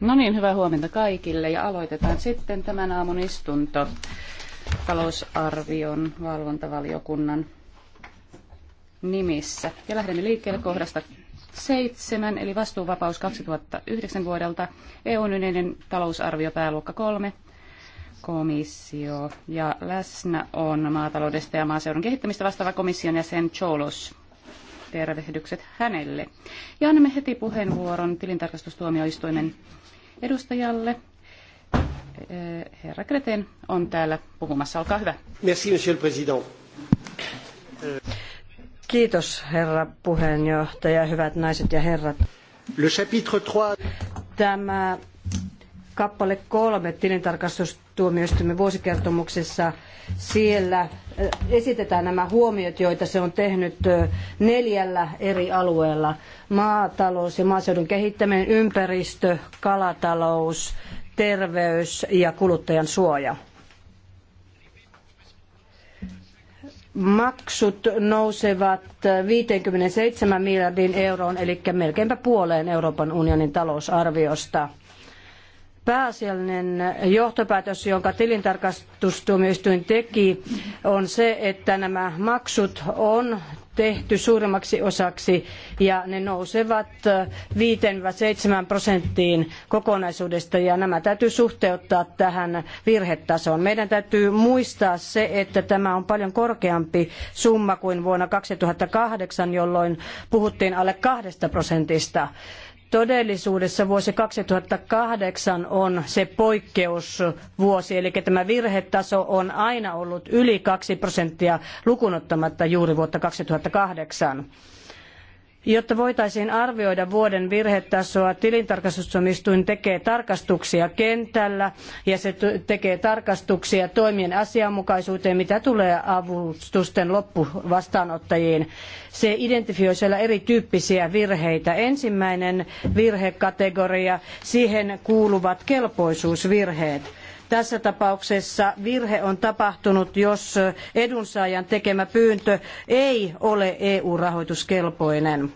No niin, hyvää huomenta kaikille ja aloitetaan sitten tämän aamun istunto talousarvion valvontavaliokunnan nimissä. Ja lähdemme liikkeelle kohdasta seitsemän, eli vastuuvapaus 2009 vuodelta, EUn yleinen talousarvio pääluokka 3, komissio. Ja läsnä on maataloudesta ja maaseudun kehittämistä vastaava komission jäsen Cholos tervehdykset hänelle. Ja annamme heti puheenvuoron tilintarkastustuomioistuimen edustajalle. Eh, herra Kreten on täällä puhumassa. Olkaa hyvä. Merci, monsieur le président. Eh. Kiitos, herra puheenjohtaja. Hyvät naiset ja herrat. Le chapitre 3. Tämä kappale kolme tilintarkastustuomioistuimen tuomioistuimen vuosikertomuksessa siellä eh, esitetään nämä huomiot, joita se on tehnyt eh, neljällä eri alueella. Maatalous ja maaseudun kehittäminen, ympäristö, kalatalous, terveys ja kuluttajan suoja. maksut nousevat 57 eh, miljardin euroon, eli melkeinpä puoleen Euroopan unionin talousarviosta pääasiallinen johtopäätös, jonka tilintarkastustuomioistuin teki, on se, että nämä maksut on tehty suurimmaksi osaksi ja ne nousevat 5-7 prosenttiin kokonaisuudesta ja nämä täytyy suhteuttaa tähän virhetasoon. Meidän täytyy muistaa se, että tämä on paljon korkeampi summa kuin vuonna 2008, jolloin puhuttiin alle kahdesta prosentista todellisuudessa vuosi 2008 on se poikkeusvuosi, eli tämä virhetaso on aina ollut yli kaksi prosenttia lukunottamatta juuri vuotta 2008. Jotta voitaisiin arvioida vuoden virhetasoa, tilintarkastustuomioistuin tekee tarkastuksia kentällä ja se tekee tarkastuksia toimien asianmukaisuuteen, mitä tulee avustusten loppuvastaanottajiin. Se identifioi siellä erityyppisiä virheitä. Ensimmäinen virhekategoria, siihen kuuluvat kelpoisuusvirheet tässä tapauksessa virhe on tapahtunut, jos edunsaajan tekemä pyyntö ei ole EU-rahoituskelpoinen.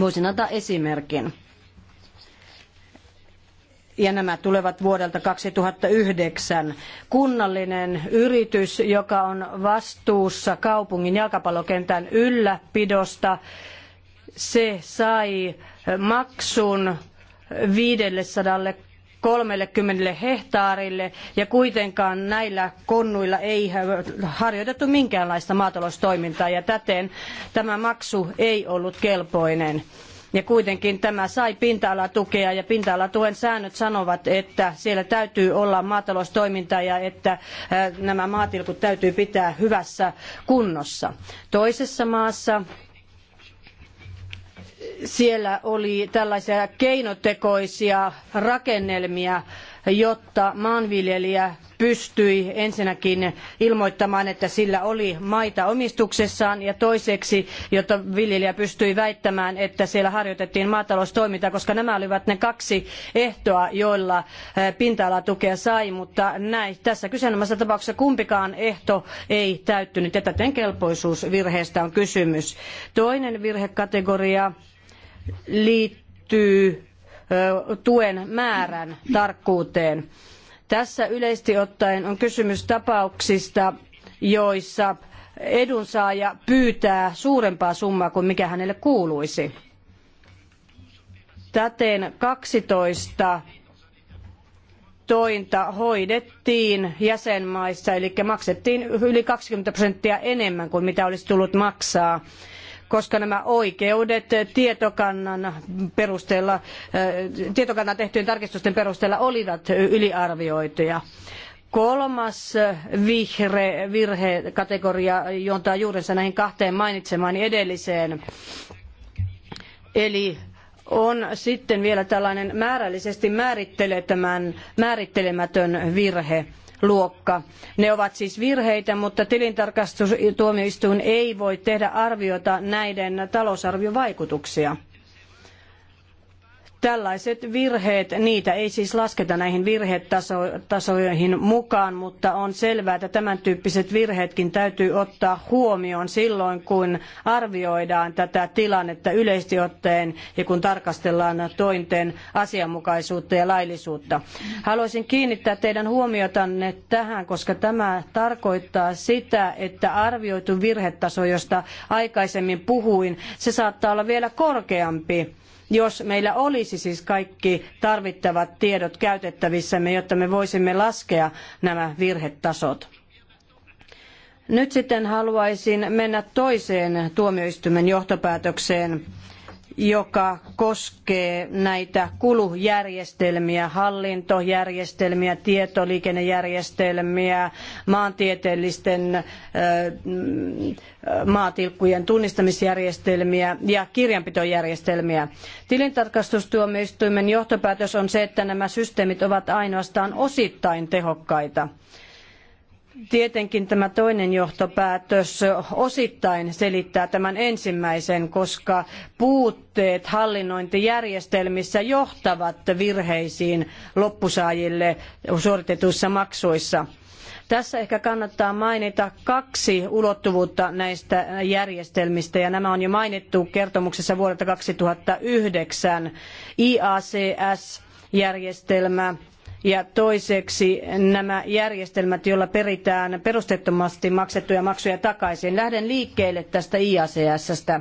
Voisin antaa esimerkin. Ja nämä tulevat vuodelta 2009. Kunnallinen yritys, joka on vastuussa kaupungin jalkapallokentän ylläpidosta, se sai maksun 500 30 hehtaarille ja kuitenkaan näillä konnuilla ei harjoitettu minkäänlaista maataloustoimintaa ja täten tämä maksu ei ollut kelpoinen. Ja kuitenkin tämä sai pinta-alatukea ja pinta-alatuen säännöt sanovat, että siellä täytyy olla maataloustoimintaa ja että äh, nämä maatilkut täytyy pitää hyvässä kunnossa. Toisessa maassa siellä oli tällaisia keinotekoisia rakennelmia, jotta maanviljelijä pystyi ensinnäkin ilmoittamaan, että sillä oli maita omistuksessaan ja toiseksi, jotta viljelijä pystyi väittämään, että siellä harjoitettiin maataloustoimintaa, koska nämä olivat ne kaksi ehtoa, joilla eh, pinta-alatukea sai, mutta näin, tässä kyseenomaisessa tapauksessa kumpikaan ehto ei täyttynyt ja täten kelpoisuusvirheestä on kysymys. Toinen virhekategoria liittyy tuen määrän tarkkuuteen. Tässä yleisesti ottaen on kysymys tapauksista, joissa edunsaaja pyytää suurempaa summaa kuin mikä hänelle kuuluisi. Täten 12 tointa hoidettiin jäsenmaissa, eli maksettiin yli 20 prosenttia enemmän kuin mitä olisi tullut maksaa koska nämä oikeudet tietokannan perusteella, äh, tietokannan tehtyjen tarkistusten perusteella olivat yliarvioituja. Kolmas vihre, virhekategoria juontaa juurensa näihin kahteen mainitsemaani edelliseen. Eli on sitten vielä tällainen määrällisesti määrittelemätön virhe luokka. Ne ovat siis virheitä, mutta tilintarkastustuomioistuin ei voi tehdä arviota näiden talousarviovaikutuksia. Tällaiset virheet, niitä ei siis lasketa näihin virhetasoihin mukaan, mutta on selvää, että tämän tyyppiset virheetkin täytyy ottaa huomioon silloin, kun arvioidaan tätä tilannetta yleisesti ottaen ja kun tarkastellaan tointen asianmukaisuutta ja laillisuutta. Haluaisin kiinnittää teidän huomiotanne tähän, koska tämä tarkoittaa sitä, että arvioitu virhetaso, josta aikaisemmin puhuin, se saattaa olla vielä korkeampi jos meillä olisi siis kaikki tarvittavat tiedot käytettävissämme, jotta me voisimme laskea nämä virhetasot. Nyt sitten haluaisin mennä toiseen tuomioistuimen johtopäätökseen joka koskee näitä kulujärjestelmiä, hallintojärjestelmiä, tietoliikennejärjestelmiä, maantieteellisten mm, maatilkkujen tunnistamisjärjestelmiä ja kirjanpitojärjestelmiä. Tilintarkastustuomioistuimen johtopäätös on se, että nämä systeemit ovat ainoastaan osittain tehokkaita. Tietenkin tämä toinen johtopäätös osittain selittää tämän ensimmäisen, koska puutteet hallinnointijärjestelmissä johtavat virheisiin loppusaajille suoritetuissa maksuissa. Tässä ehkä kannattaa mainita kaksi ulottuvuutta näistä järjestelmistä, ja nämä on jo mainittu kertomuksessa vuodelta 2009, IACS-järjestelmä ja toiseksi nämä järjestelmät, joilla peritään perusteettomasti maksettuja maksuja takaisin. Lähden liikkeelle tästä IACS-stä.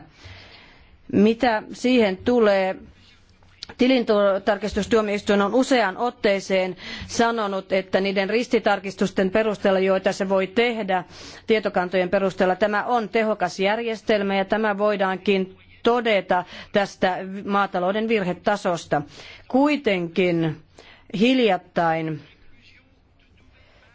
Mitä siihen tulee, tilintarkastustuomioistuin on useaan otteeseen sanonut, että niiden ristitarkistusten perusteella, joita se voi tehdä tietokantojen perusteella, tämä on tehokas järjestelmä ja tämä voidaankin todeta tästä maatalouden virhetasosta. Kuitenkin hiljattain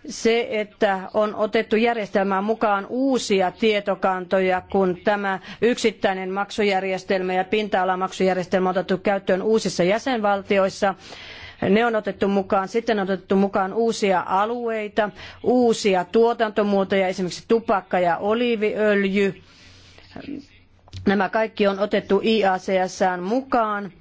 se, että on otettu järjestelmään mukaan uusia tietokantoja, kun tämä yksittäinen maksujärjestelmä ja pinta-alamaksujärjestelmä on otettu käyttöön uusissa jäsenvaltioissa, ne on otettu mukaan. Sitten on otettu mukaan uusia alueita, uusia tuotantomuotoja, esimerkiksi tupakka ja oliiviöljy. Nämä kaikki on otettu IACSään mukaan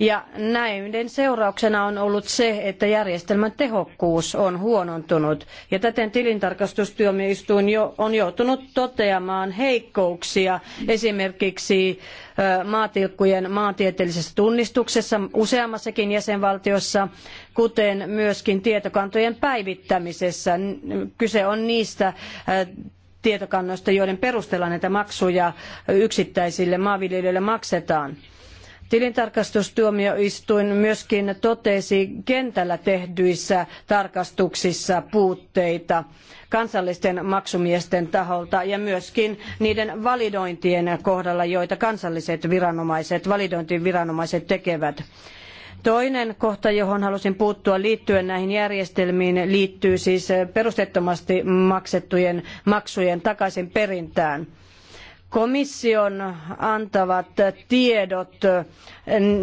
ja näiden seurauksena on ollut se, että järjestelmän tehokkuus on huonontunut. Ja täten tilintarkastustuomioistuin jo, on joutunut toteamaan heikkouksia esimerkiksi maatilkkujen maantieteellisessä tunnistuksessa useammassakin jäsenvaltiossa, kuten myöskin tietokantojen päivittämisessä. Kyse on niistä tietokannoista, joiden perusteella näitä maksuja yksittäisille maanviljelijöille maksetaan. Tilintarkastustuomioistuin myöskin totesi kentällä tehdyissä tarkastuksissa puutteita kansallisten maksumiesten taholta ja myöskin niiden validointien kohdalla, joita kansalliset viranomaiset, validointiviranomaiset tekevät. Toinen kohta, johon halusin puuttua liittyen näihin järjestelmiin, liittyy siis perusteettomasti maksettujen maksujen takaisin perintään komission antavat tiedot,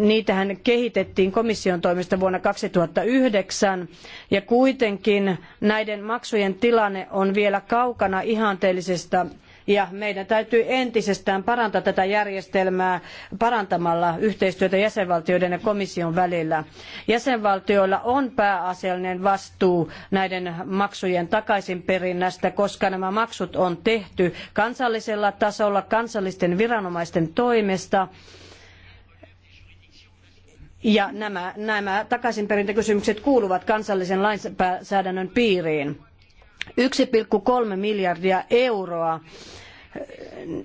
niitähän kehitettiin komission toimesta vuonna 2009 ja kuitenkin näiden maksujen tilanne on vielä kaukana ihanteellisesta ja meidän täytyy entisestään parantaa tätä järjestelmää parantamalla yhteistyötä jäsenvaltioiden ja komission välillä. Jäsenvaltioilla on pääasiallinen vastuu näiden maksujen takaisinperinnästä, koska nämä maksut on tehty kansallisella tasolla kansallisten viranomaisten toimesta. Ja nämä, nämä takaisinperintäkysymykset kuuluvat kansallisen lainsäädännön piiriin. Yksi kolme miljardia euroa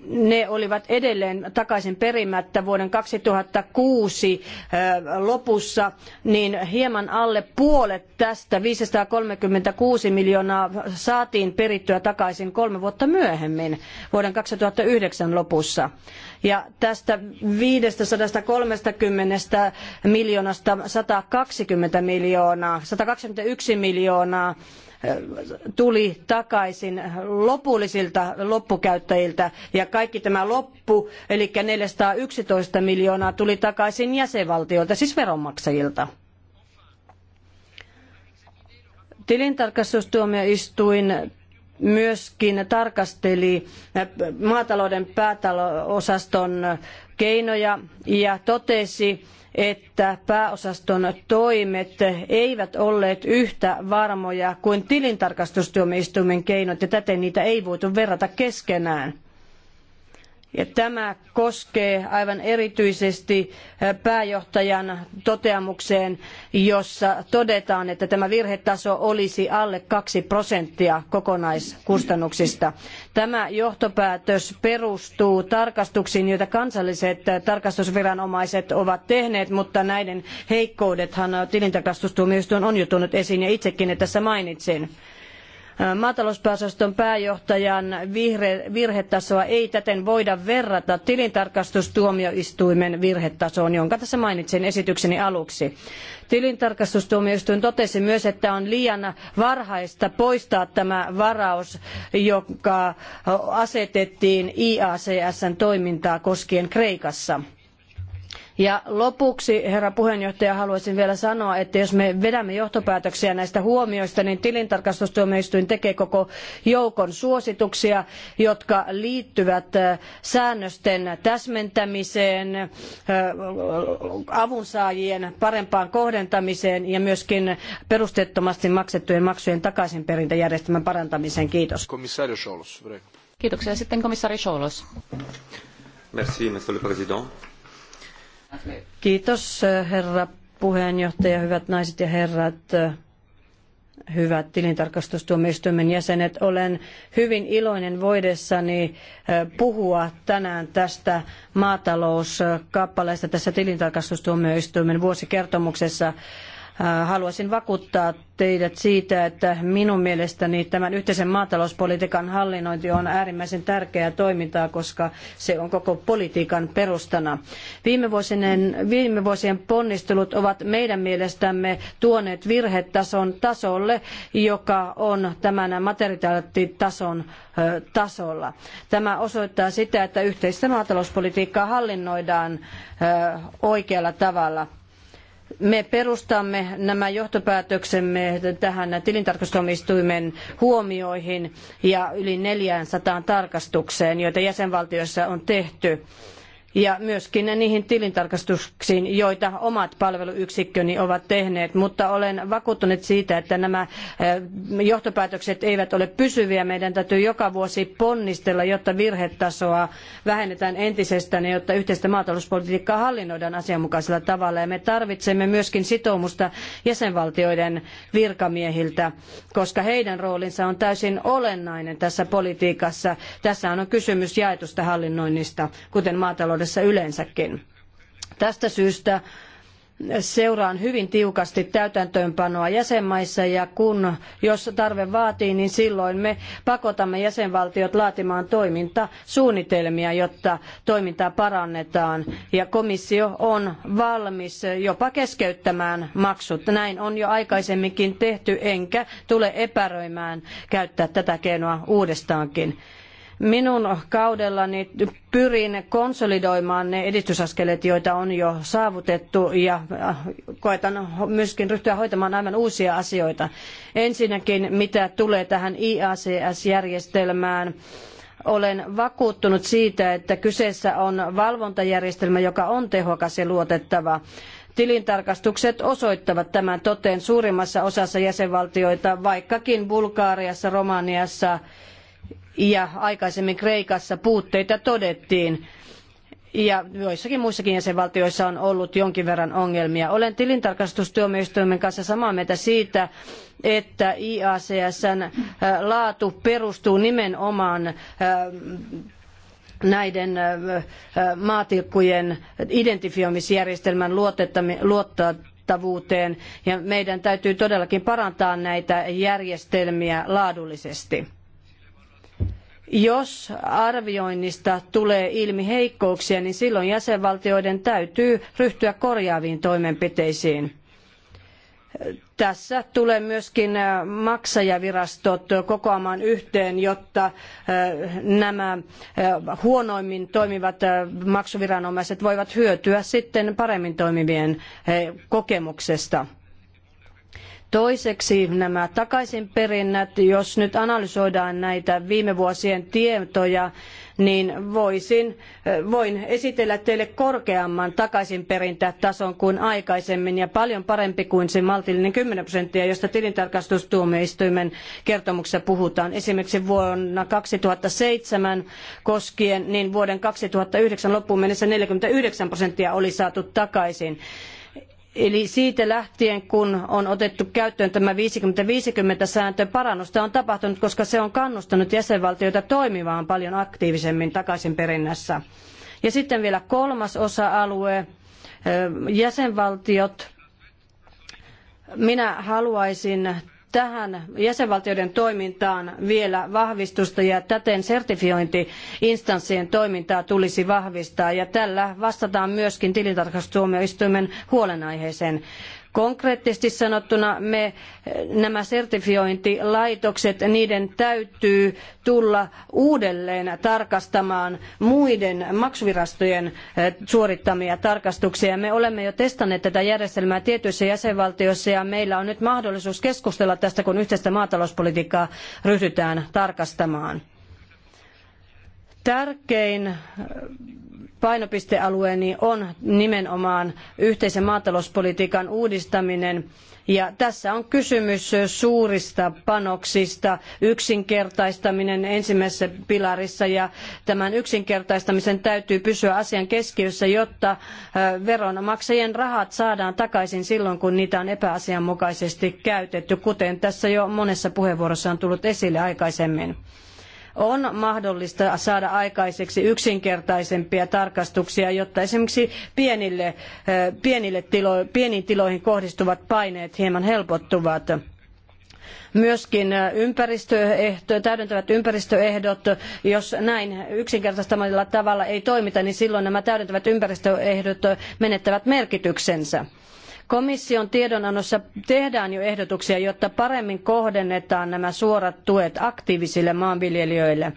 ne olivat edelleen takaisin perimättä vuoden 2006 lopussa, niin hieman alle puolet tästä 536 miljoonaa saatiin perittyä takaisin kolme vuotta myöhemmin vuoden 2009 lopussa. Ja tästä 530 miljoonasta 120 miljoonaa, 121 miljoonaa tuli takaisin lopullisilta loppukäyttäjiltä ja kaikki tämä loppu, eli 411 miljoonaa tuli takaisin jäsenvaltioilta, siis veronmaksajilta. Tilintarkastustuomioistuin myöskin tarkasteli maatalouden päätalo-osaston keinoja ja totesi, että pääosaston toimet eivät olleet yhtä varmoja kuin tilintarkastustuomioistuimen keinot ja täten niitä ei voitu verrata keskenään. Ja tämä koskee aivan erityisesti pääjohtajan toteamukseen, jossa todetaan, että tämä virhetaso olisi alle kaksi prosenttia kokonaiskustannuksista. Tämä johtopäätös perustuu tarkastuksiin, joita kansalliset tarkastusviranomaiset ovat tehneet, mutta näiden heikkoudethan tilintarkastustuomioistuin on jo tuonut esiin ja itsekin ne tässä mainitsin maatalouspääosaston pääjohtajan virhetasoa ei täten voida verrata tilintarkastustuomioistuimen virhetasoon, jonka tässä mainitsin esitykseni aluksi. Tilintarkastustuomioistuin totesi myös, että on liian varhaista poistaa tämä varaus, joka asetettiin IACSn toimintaa koskien Kreikassa. Ja lopuksi, herra puheenjohtaja, haluaisin vielä sanoa, että jos me vedämme johtopäätöksiä näistä huomioista, niin tilintarkastustuomioistuin tekee koko joukon suosituksia, jotka liittyvät äh, säännösten täsmentämiseen, äh, avunsaajien parempaan kohdentamiseen ja myöskin perusteettomasti maksettujen maksujen takaisinperintäjärjestelmän parantamiseen. Kiitos. Kiitoksia. Sitten komissaari Scholos. Merci, monsieur le président. Kiitos herra puheenjohtaja, hyvät naiset ja herrat, hyvät tilintarkastustuomioistuimen jäsenet. Olen hyvin iloinen voidessani eh, puhua tänään tästä maatalouskappaleesta tässä tilintarkastustuomioistuimen vuosikertomuksessa. Äh, haluaisin vakuuttaa teidät siitä, että minun mielestäni tämän yhteisen maatalouspolitiikan hallinnointi on äärimmäisen tärkeää toimintaa, koska se on koko politiikan perustana. Viime, vuosien, viime vuosien ponnistelut ovat meidän mielestämme tuoneet virhetason tasolle, joka on tämän materiaalitason tasolla. Tämä osoittaa sitä, että yhteistä maatalouspolitiikkaa hallinnoidaan oikealla tavalla me perustamme nämä johtopäätöksemme tähän tilintarkastustuomioistuimen huomioihin ja yli 400 tarkastukseen, joita jäsenvaltioissa on tehty ja myöskin niihin tilintarkastuksiin, joita omat palveluyksikköni ovat tehneet. Mutta olen vakuuttunut siitä, että nämä eh, johtopäätökset eivät ole pysyviä. Meidän täytyy joka vuosi ponnistella, jotta virhetasoa vähennetään entisestään ja jotta yhteistä maatalouspolitiikkaa hallinnoidaan asianmukaisella tavalla. Ja me tarvitsemme myöskin sitoumusta jäsenvaltioiden virkamiehiltä, koska heidän roolinsa on täysin olennainen tässä politiikassa. Tässä on kysymys jaetusta hallinnoinnista, kuten maataloudessa tulevaisuudessa yleensäkin. Tästä syystä seuraan hyvin tiukasti täytäntöönpanoa jäsenmaissa ja kun, jos tarve vaatii, niin silloin me pakotamme jäsenvaltiot laatimaan toimintasuunnitelmia, jotta toimintaa parannetaan ja komissio on valmis jopa keskeyttämään maksut. Näin on jo aikaisemminkin tehty, enkä tule epäröimään käyttää tätä keinoa uudestaankin. Minun kaudellani pyrin konsolidoimaan ne edistysaskeleet, joita on jo saavutettu ja äh, koetan myöskin ryhtyä hoitamaan aivan uusia asioita. Ensinnäkin mitä tulee tähän IACS-järjestelmään, olen vakuuttunut siitä, että kyseessä on valvontajärjestelmä, joka on tehokas ja luotettava. Tilintarkastukset osoittavat tämän toteen suurimmassa osassa jäsenvaltioita, vaikkakin Bulgaariassa, Romaniassa, ja aikaisemmin Kreikassa puutteita todettiin ja joissakin muissakin jäsenvaltioissa on ollut jonkin verran ongelmia. Olen tilintarkastustuomioistuimen kanssa samaa mieltä siitä, että IACSn äh, laatu perustuu nimenomaan äh, näiden äh, maatilkkujen identifioimisjärjestelmän luotettavuuteen ja meidän täytyy todellakin parantaa näitä järjestelmiä laadullisesti. Jos arvioinnista tulee ilmi heikkouksia, niin silloin jäsenvaltioiden täytyy ryhtyä korjaaviin toimenpiteisiin. Tässä tulee myöskin äh, maksajavirastot kokoamaan yhteen, jotta äh, nämä äh, huonoimmin toimivat maksuviranomaiset voivat hyötyä sitten paremmin toimivien kokemuksesta. Toiseksi nämä takaisinperinnät, jos nyt analysoidaan näitä viime vuosien tietoja, niin voisin, eh, voin esitellä teille korkeamman takaisinperintätason kuin aikaisemmin ja paljon parempi kuin se maltillinen 10 prosenttia, josta tilintarkastustuomioistuimen kertomuksessa puhutaan. Esimerkiksi vuonna 2007 koskien, niin vuoden 2009 loppuun mennessä 49 prosenttia oli saatu takaisin. Eli siitä lähtien, kun on otettu käyttöön tämä 50-50 sääntö, parannusta on tapahtunut, koska se on kannustanut jäsenvaltioita toimimaan paljon aktiivisemmin takaisinperinnässä. Ja sitten vielä kolmas osa-alue, jäsenvaltiot. Minä haluaisin tähän jäsenvaltioiden toimintaan vielä vahvistusta ja täten sertifiointiinstanssien toimintaa tulisi vahvistaa ja tällä vastataan myöskin tilintarkastustuomioistuimen huolenaiheeseen. Konkreettisesti sanottuna me, eh, nämä sertifiointilaitokset, niiden täytyy tulla uudelleen tarkastamaan muiden maksuvirastojen eh, suorittamia tarkastuksia. Me olemme jo testanneet tätä järjestelmää tietyissä jäsenvaltioissa ja meillä on nyt mahdollisuus keskustella tästä, kun yhteistä maatalouspolitiikkaa ryhdytään tarkastamaan. Tärkein eh, painopistealueeni on nimenomaan yhteisen maatalouspolitiikan uudistaminen. Ja tässä on kysymys suurista panoksista, yksinkertaistaminen ensimmäisessä pilarissa ja tämän yksinkertaistamisen täytyy pysyä asian keskiössä, jotta veronmaksajien rahat saadaan takaisin silloin, kun niitä on epäasianmukaisesti käytetty, kuten tässä jo monessa puheenvuorossa on tullut esille aikaisemmin on mahdollista saada aikaiseksi yksinkertaisempia tarkastuksia, jotta esimerkiksi pienille, eh, pienille tilo, pieniin tiloihin kohdistuvat paineet hieman helpottuvat myöskin eh, ympäristöehto, täydentävät ympäristöehdot. Jos näin yksinkertaistamalla tavalla ei toimita, niin silloin nämä täydentävät ympäristöehdot menettävät merkityksensä. Komission tiedonannossa tehdään jo ehdotuksia, jotta paremmin kohdennetaan nämä suorat tuet aktiivisille maanviljelijöille.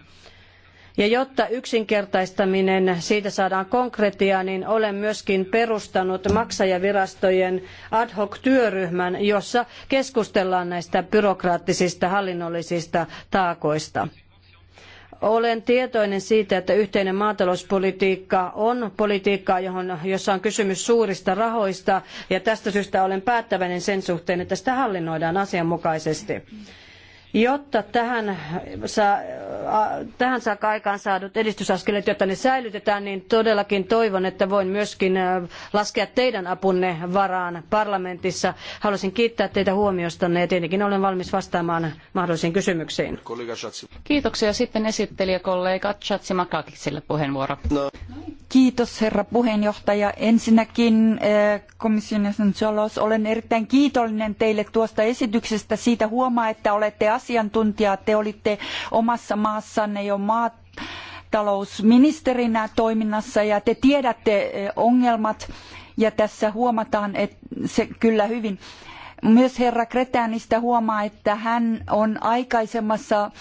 Ja jotta yksinkertaistaminen siitä saadaan konkretiaa, niin olen myöskin perustanut maksajavirastojen ad hoc työryhmän, jossa keskustellaan näistä byrokraattisista hallinnollisista taakoista. Olen tietoinen siitä, että yhteinen maatalouspolitiikka on politiikkaa, johon, jossa on kysymys suurista rahoista, ja tästä syystä olen päättäväinen sen suhteen, että sitä hallinnoidaan asianmukaisesti. Jotta tähän, saa, tähän saakka aikaan saadut edistysaskeleet, jotta ne säilytetään, niin todellakin toivon, että voin myöskin laskea teidän apunne varaan parlamentissa. Haluaisin kiittää teitä huomiostanne ja tietenkin olen valmis vastaamaan mahdollisiin kysymyksiin. Kiitoksia. Sitten esittelijäkollega Chatsi Makakisille puheenvuoro. No. Kiitos herra puheenjohtaja. Ensinnäkin komission jäsen olen erittäin kiitollinen teille tuosta esityksestä. Siitä huomaa, että olette asiantuntija. Te olitte omassa maassanne jo maatalousministerinä toiminnassa ja te tiedätte eh, ongelmat ja tässä huomataan, että se kyllä hyvin myös herra Kretänistä huomaa, että hän on aikaisemmassa eh,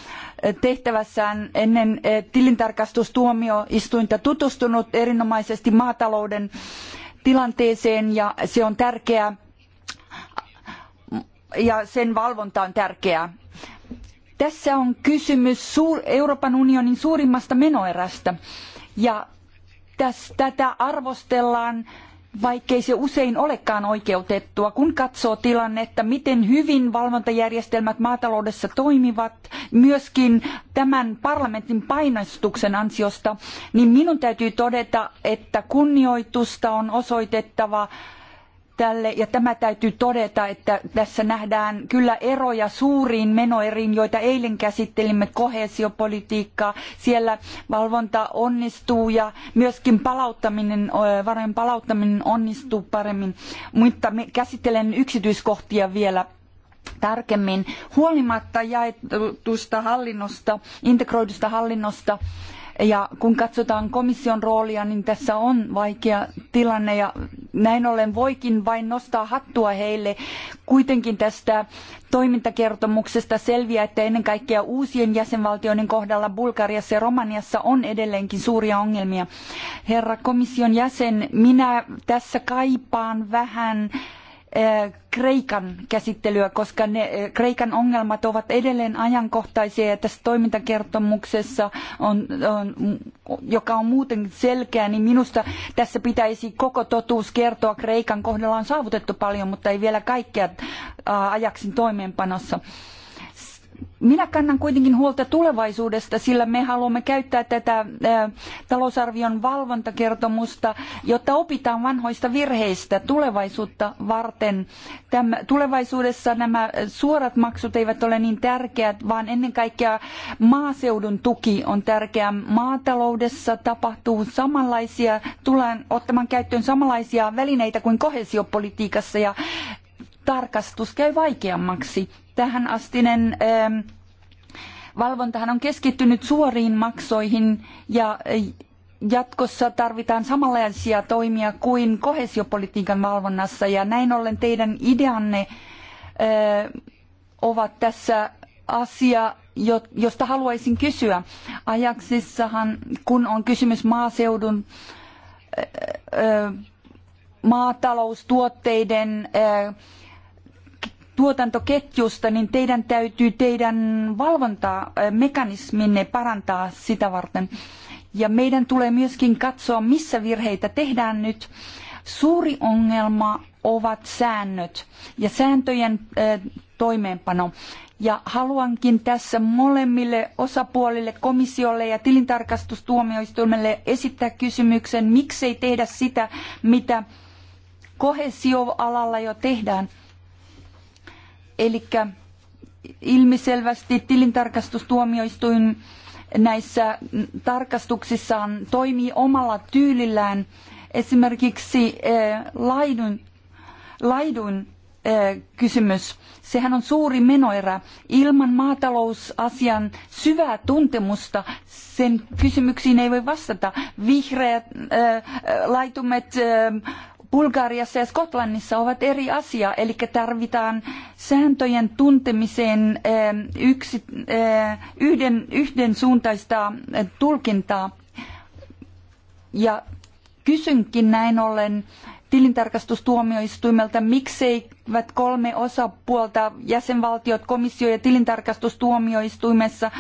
tehtävässään ennen eh, tilintarkastustuomioistuinta tutustunut erinomaisesti maatalouden tilanteeseen ja se on tärkeää ja sen valvonta on tärkeää. Tässä on kysymys Euroopan unionin suurimmasta menoerästä ja täs, tätä arvostellaan vaikkei se usein olekaan oikeutettua, kun katsoo tilannetta, miten hyvin valvontajärjestelmät maataloudessa toimivat, myöskin tämän parlamentin painostuksen ansiosta, niin minun täytyy todeta, että kunnioitusta on osoitettava tälle, ja tämä täytyy todeta, että tässä nähdään kyllä eroja suuriin menoeriin, joita eilen käsittelimme, koheesiopolitiikkaa Siellä valvonta onnistuu ja myöskin palauttaminen, varojen palauttaminen onnistuu paremmin, mutta käsittelen yksityiskohtia vielä tarkemmin. Huolimatta jaetusta hallinnosta, integroidusta hallinnosta, ja kun katsotaan komission roolia, niin tässä on vaikea tilanne ja näin ollen voikin vain nostaa hattua heille. Kuitenkin tästä toimintakertomuksesta selviää, että ennen kaikkea uusien jäsenvaltioiden kohdalla Bulgariassa ja Romaniassa on edelleenkin suuria ongelmia. Herra komission jäsen, minä tässä kaipaan vähän Kreikan käsittelyä, koska ne, Kreikan ongelmat ovat edelleen ajankohtaisia ja tässä toimintakertomuksessa, on, on, joka on muuten selkeä, niin minusta tässä pitäisi koko totuus kertoa. Kreikan kohdalla on saavutettu paljon, mutta ei vielä kaikkea ajaksin toimeenpanossa minä kannan kuitenkin huolta tulevaisuudesta, sillä me haluamme käyttää tätä talousarvion valvontakertomusta, jotta opitaan vanhoista virheistä tulevaisuutta varten. Täm, tulevaisuudessa nämä suorat maksut eivät ole niin tärkeät, vaan ennen kaikkea maaseudun tuki on tärkeä. Maataloudessa tapahtuu samanlaisia, tullaan ottamaan käyttöön samanlaisia välineitä kuin kohesiopolitiikassa ja tarkastus käy vaikeammaksi. Tähän astinen ähm, valvontahan on keskittynyt suoriin maksoihin ja äh, jatkossa tarvitaan samanlaisia toimia kuin koheesiopolitiikan valvonnassa ja näin ollen teidän ideanne äh, ovat tässä asia, josta haluaisin kysyä. Ajaksissahan, kun on kysymys maaseudun äh, maataloustuotteiden tuotantoketjusta, niin teidän täytyy teidän valvontamekanisminne parantaa sitä varten. Ja meidän tulee myöskin katsoa, missä virheitä tehdään nyt. Suuri ongelma ovat säännöt ja sääntöjen toimeenpano. Ja haluankin tässä molemmille osapuolille, komissiolle ja tilintarkastustuomioistuimelle esittää kysymyksen, miksei tehdä sitä, mitä kohesioalalla jo tehdään. Eli ilmiselvästi tilintarkastustuomioistuin näissä tarkastuksissaan toimii omalla tyylillään. Esimerkiksi eh, laidun, laidun eh, kysymys. Sehän on suuri menoerä. Ilman maatalousasian syvää tuntemusta sen kysymyksiin ei voi vastata. Vihreät eh, laitumet, Bulgariassa ja Skotlannissa ovat eri asia, eli tarvitaan sääntöjen tuntemiseen eh, yksi, eh, yhden, yhdensuuntaista eh, tulkintaa. Ja kysynkin näin ollen tilintarkastustuomioistuimelta, mikseivät kolme osapuolta, jäsenvaltiot, komissio ja tilintarkastustuomioistuimessa,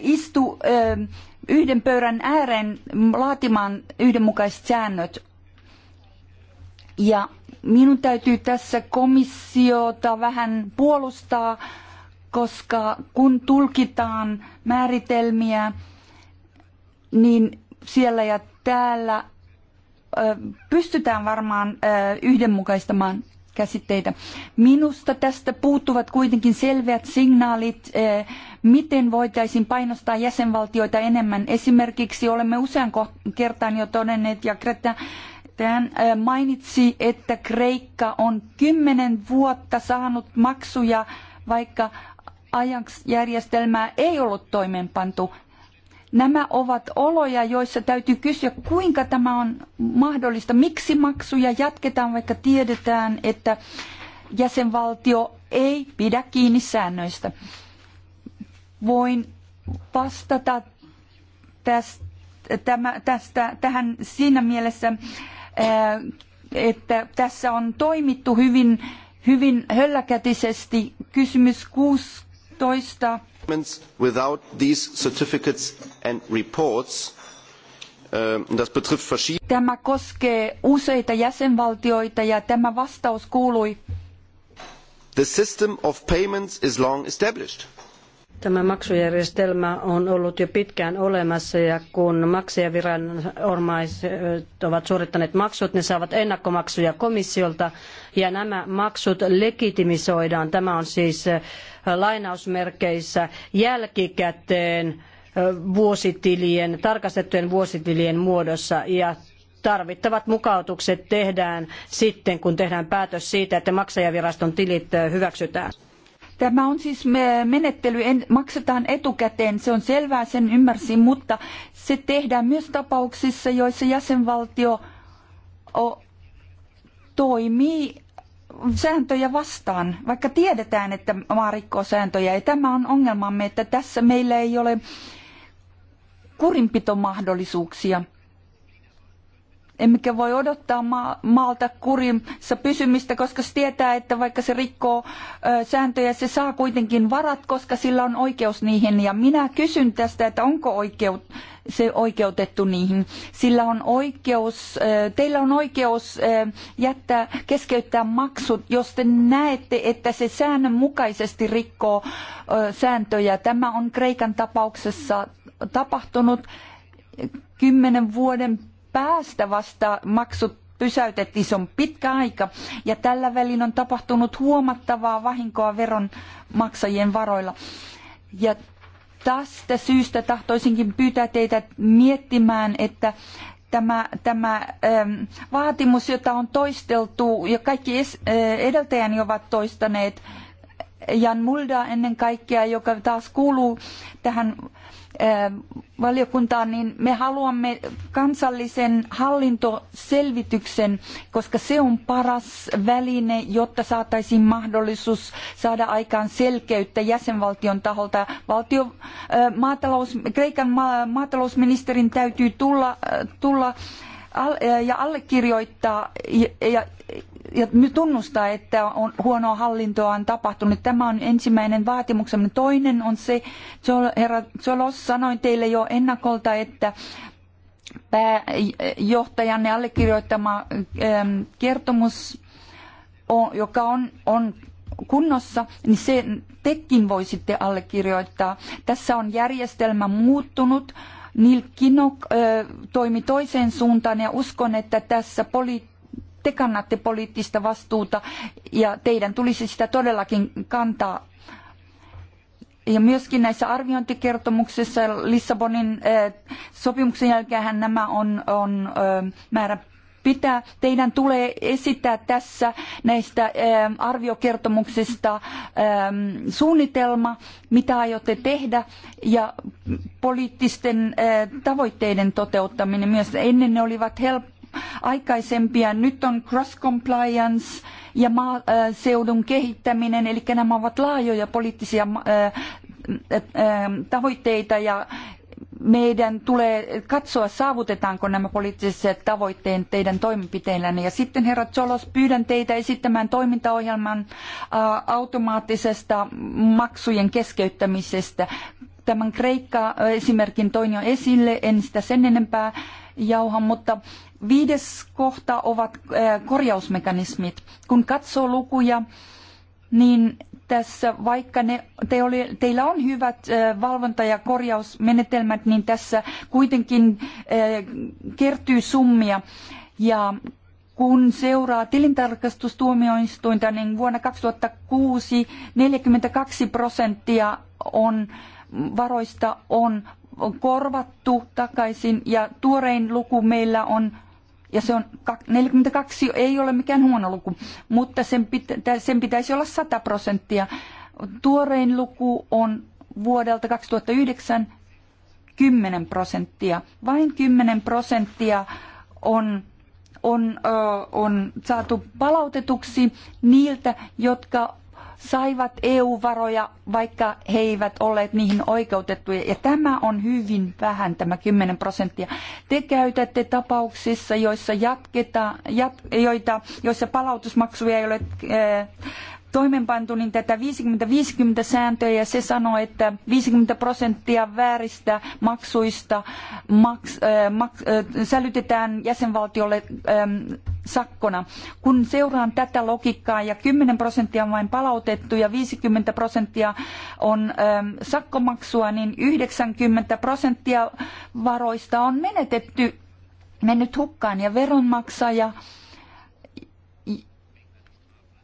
istu yhden pöydän ääreen laatimaan yhdenmukaiset säännöt ja minun täytyy tässä komissiota vähän puolustaa, koska kun tulkitaan määritelmiä, niin siellä ja täällä pystytään varmaan yhdenmukaistamaan käsitteitä. Minusta tästä puuttuvat kuitenkin selveät signaalit, miten voitaisiin painostaa jäsenvaltioita enemmän. Esimerkiksi olemme usean kertaan jo todenneet, ja Greta hän mainitsi, että Kreikka on kymmenen vuotta saanut maksuja, vaikka ajaksjärjestelmää ei ollut toimeenpantu. Nämä ovat oloja, joissa täytyy kysyä, kuinka tämä on mahdollista, miksi maksuja jatketaan, vaikka tiedetään, että jäsenvaltio ei pidä kiinni säännöistä. Voin vastata tästä, tästä tähän siinä mielessä, Äh, että tässä on toimittu hyvin, hyvin hölläkätisesti. Kysymys 16. Without these certificates and reports, ähm, Tämä koskee useita jäsenvaltioita ja tämä vastaus kuului. The system of payments is long established Tämä maksujärjestelmä on ollut jo pitkään olemassa ja kun maksajaviranomaiset ovat suorittaneet maksut, ne saavat ennakkomaksuja komissiolta ja nämä maksut legitimisoidaan. Tämä on siis äh, lainausmerkeissä jälkikäteen äh, vuositilien, tarkastettujen vuositilien muodossa ja tarvittavat mukautukset tehdään sitten, kun tehdään päätös siitä, että maksajaviraston tilit äh, hyväksytään. Tämä on siis menettely, maksetaan etukäteen, se on selvää, sen ymmärsin, mutta se tehdään myös tapauksissa, joissa jäsenvaltio toimii sääntöjä vastaan, vaikka tiedetään, että maa rikkoo sääntöjä. Ja tämä on ongelmamme, että tässä meillä ei ole kurinpitomahdollisuuksia. Emmekä voi odottaa ma- maalta kurimassa pysymistä, koska se tietää, että vaikka se rikkoo ö, sääntöjä, se saa kuitenkin varat, koska sillä on oikeus niihin. Ja minä kysyn tästä, että onko oikeut, se oikeutettu niihin. Sillä on oikeus, ö, teillä on oikeus ö, jättää, keskeyttää maksut, jos te näette, että se säännönmukaisesti rikkoo ö, sääntöjä. Tämä on Kreikan tapauksessa tapahtunut kymmenen vuoden päästä vasta maksut pysäytettiin, se on pitkä aika ja tällä välin on tapahtunut huomattavaa vahinkoa veronmaksajien varoilla. Ja tästä syystä tahtoisinkin pyytää teitä miettimään, että tämä, tämä ähm, vaatimus, jota on toisteltu ja kaikki es, äh, edeltäjäni ovat toistaneet, Jan Mulda ennen kaikkea, joka taas kuuluu tähän äh, Äh, valiokuntaan, niin me haluamme kansallisen hallintoselvityksen, koska se on paras väline, jotta saataisiin mahdollisuus saada aikaan selkeyttä jäsenvaltion taholta. Valtio, äh, maatalous, Kreikan maatalousministerin täytyy tulla, äh, tulla ja allekirjoittaa ja tunnustaa, että on, huonoa hallintoa on tapahtunut. Tämä on ensimmäinen vaatimuksemme. Toinen on se, herra Zolos, sanoin teille jo ennakolta, että pääjohtajanne allekirjoittama ähm, kertomus, joka on, on kunnossa, niin se tekin voisitte allekirjoittaa. Tässä on järjestelmä muuttunut. Nilkinok äh, toimi toiseen suuntaan ja uskon, että tässä poli te kannatte poliittista vastuuta ja teidän tulisi sitä todellakin kantaa. Ja myöskin näissä arviointikertomuksissa Lissabonin eh, sopimuksen jälkeen nämä on, on eh, määrä pitää, teidän tulee esittää tässä näistä eh, arviokertomuksista suunnitelma, mitä aiotte tehdä ja poliittisten tavoitteiden toteuttaminen myös. Ennen ne olivat helppoja aikaisempia. Nyt on cross compliance ja maaseudun äh, kehittäminen, eli nämä ovat laajoja poliittisia äh, äh, tavoitteita ja meidän tulee katsoa, saavutetaanko nämä poliittiset tavoitteet teidän toimenpiteillänne. Ja sitten herra Cholos, pyydän teitä esittämään toimintaohjelman automaattisesta maksujen keskeyttämisestä. Tämän Kreikka-esimerkin toin jo esille, en sitä sen enempää jauha, mutta Viides kohta ovat eh, korjausmekanismit. Kun katsoo lukuja, niin tässä vaikka ne, te oli, teillä on hyvät eh, valvonta- ja korjausmenetelmät, niin tässä kuitenkin eh, kertyy summia. Ja kun seuraa tilintarkastustuomioistuinta, niin vuonna 2006 42 prosenttia on, varoista on korvattu takaisin ja tuorein luku meillä on ja se on 42 ei ole mikään huono luku, mutta sen, pitä, sen pitäisi olla 100 prosenttia. Tuorein luku on vuodelta 2009 10 prosenttia. Vain 10 prosenttia on, on, on saatu palautetuksi niiltä, jotka saivat EU-varoja, vaikka he eivät olleet niihin oikeutettuja. Ja tämä on hyvin vähän, tämä 10 prosenttia. Te käytätte tapauksissa, joissa, jatketa, jat, joita, joissa palautusmaksuja ei ole eh, toimeenpantu niin tätä 50-50 sääntöä ja se sanoo, että 50 prosenttia vääristä maksuista maks, äh, maks, äh, sälytetään jäsenvaltiolle ähm, sakkona. Kun seuraan tätä logiikkaa ja 10 prosenttia on vain palautettu ja 50 prosenttia on ähm, sakkomaksua, niin 90 prosenttia varoista on menetetty, mennyt hukkaan ja veronmaksaja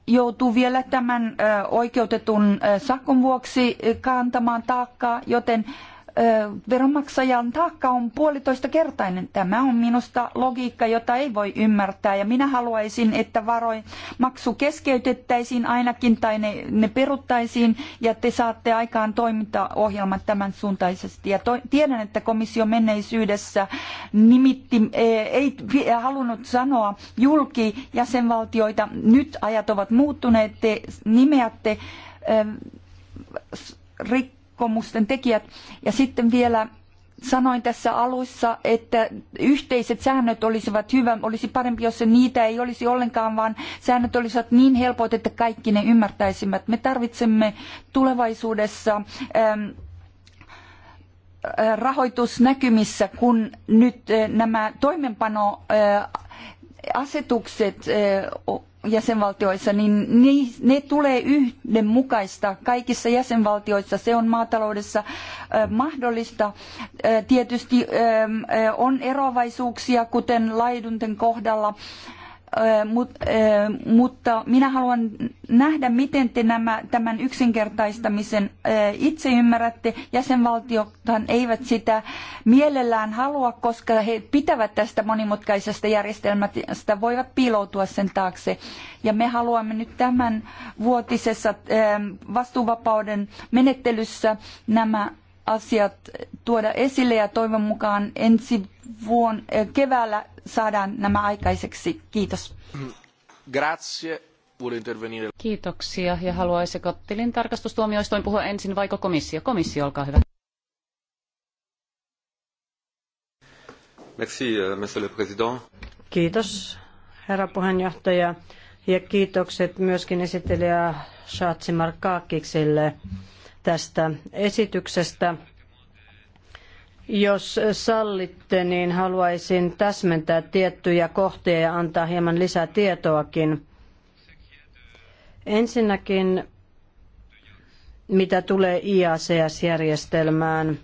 joutuu vielä tämän oikeutetun sakon vuoksi kantamaan taakkaa, joten veronmaksajan taakka on puolitoista kertainen. Tämä on minusta logiikka, jota ei voi ymmärtää ja minä haluaisin, että varoin maksu keskeytettäisiin ainakin tai ne, ne peruttaisiin ja te saatte aikaan toimintaohjelmat tämän suuntaisesti. Ja to, tiedän, että komissio menneisyydessä nimitti, e, ei, ei halunnut sanoa julki jäsenvaltioita, nyt ajat ovat muuttuneet, te nimeätte rik- rikkomusten tekijät. Ja sitten vielä sanoin tässä alussa, että yhteiset säännöt olisivat hyvä, olisi parempi, jos niitä ei olisi ollenkaan, vaan säännöt olisivat niin helpot, että kaikki ne ymmärtäisivät. Me tarvitsemme tulevaisuudessa ähm, äh, rahoitusnäkymissä, kun nyt äh, nämä toimenpanoasetukset äh, jäsenvaltioissa, niin ne tulee yhdenmukaista kaikissa jäsenvaltioissa. Se on maataloudessa mahdollista. Tietysti on eroavaisuuksia, kuten laidunten kohdalla mutta minä haluan nähdä, miten te nämä, tämän yksinkertaistamisen itse ymmärrätte. Jäsenvaltiothan eivät sitä mielellään halua, koska he pitävät tästä monimutkaisesta järjestelmästä, voivat piiloutua sen taakse. Ja me haluamme nyt tämän vuotisessa vastuuvapauden menettelyssä nämä asiat tuoda esille ja toivon mukaan ensi vuon eh, keväällä saadaan nämä aikaiseksi. Kiitos. Grazie. Kiitoksia. Ja haluaisiko tilintarkastustuomioistuin puhua ensin vaiko komissio? Komissio, olkaa hyvä. Merci, euh, monsieur le président. Kiitos, herra puheenjohtaja. Ja kiitokset myöskin esittelijä Shaatsi tästä esityksestä. Jos sallitte, niin haluaisin täsmentää tiettyjä kohtia ja antaa hieman lisää tietoakin. Ensinnäkin, mitä tulee IACS-järjestelmään.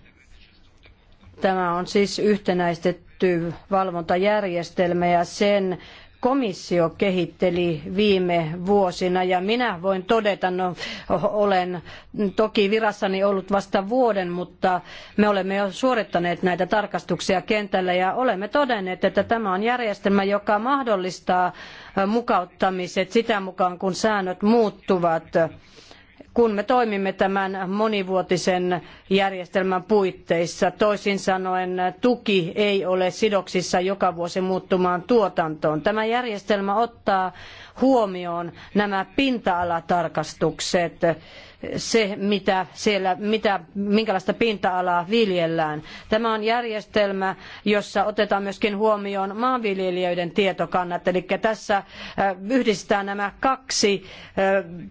Tämä on siis yhtenäistetty valvontajärjestelmä ja sen komissio kehitteli viime vuosina ja minä voin todeta, no olen toki virassani ollut vasta vuoden, mutta me olemme jo suorittaneet näitä tarkastuksia kentällä ja olemme todenneet, että tämä on järjestelmä, joka mahdollistaa mukauttamiset sitä mukaan, kun säännöt muuttuvat kun me toimimme tämän monivuotisen järjestelmän puitteissa. Toisin sanoen tuki ei ole sidoksissa joka vuosi muuttumaan tuotantoon. Tämä järjestelmä ottaa huomioon nämä pinta-alatarkastukset, se mitä siellä, mitä, minkälaista pinta-alaa viljellään. Tämä on järjestelmä, jossa otetaan myöskin huomioon maanviljelijöiden tietokannat, eli tässä äh, yhdistetään nämä kaksi äh,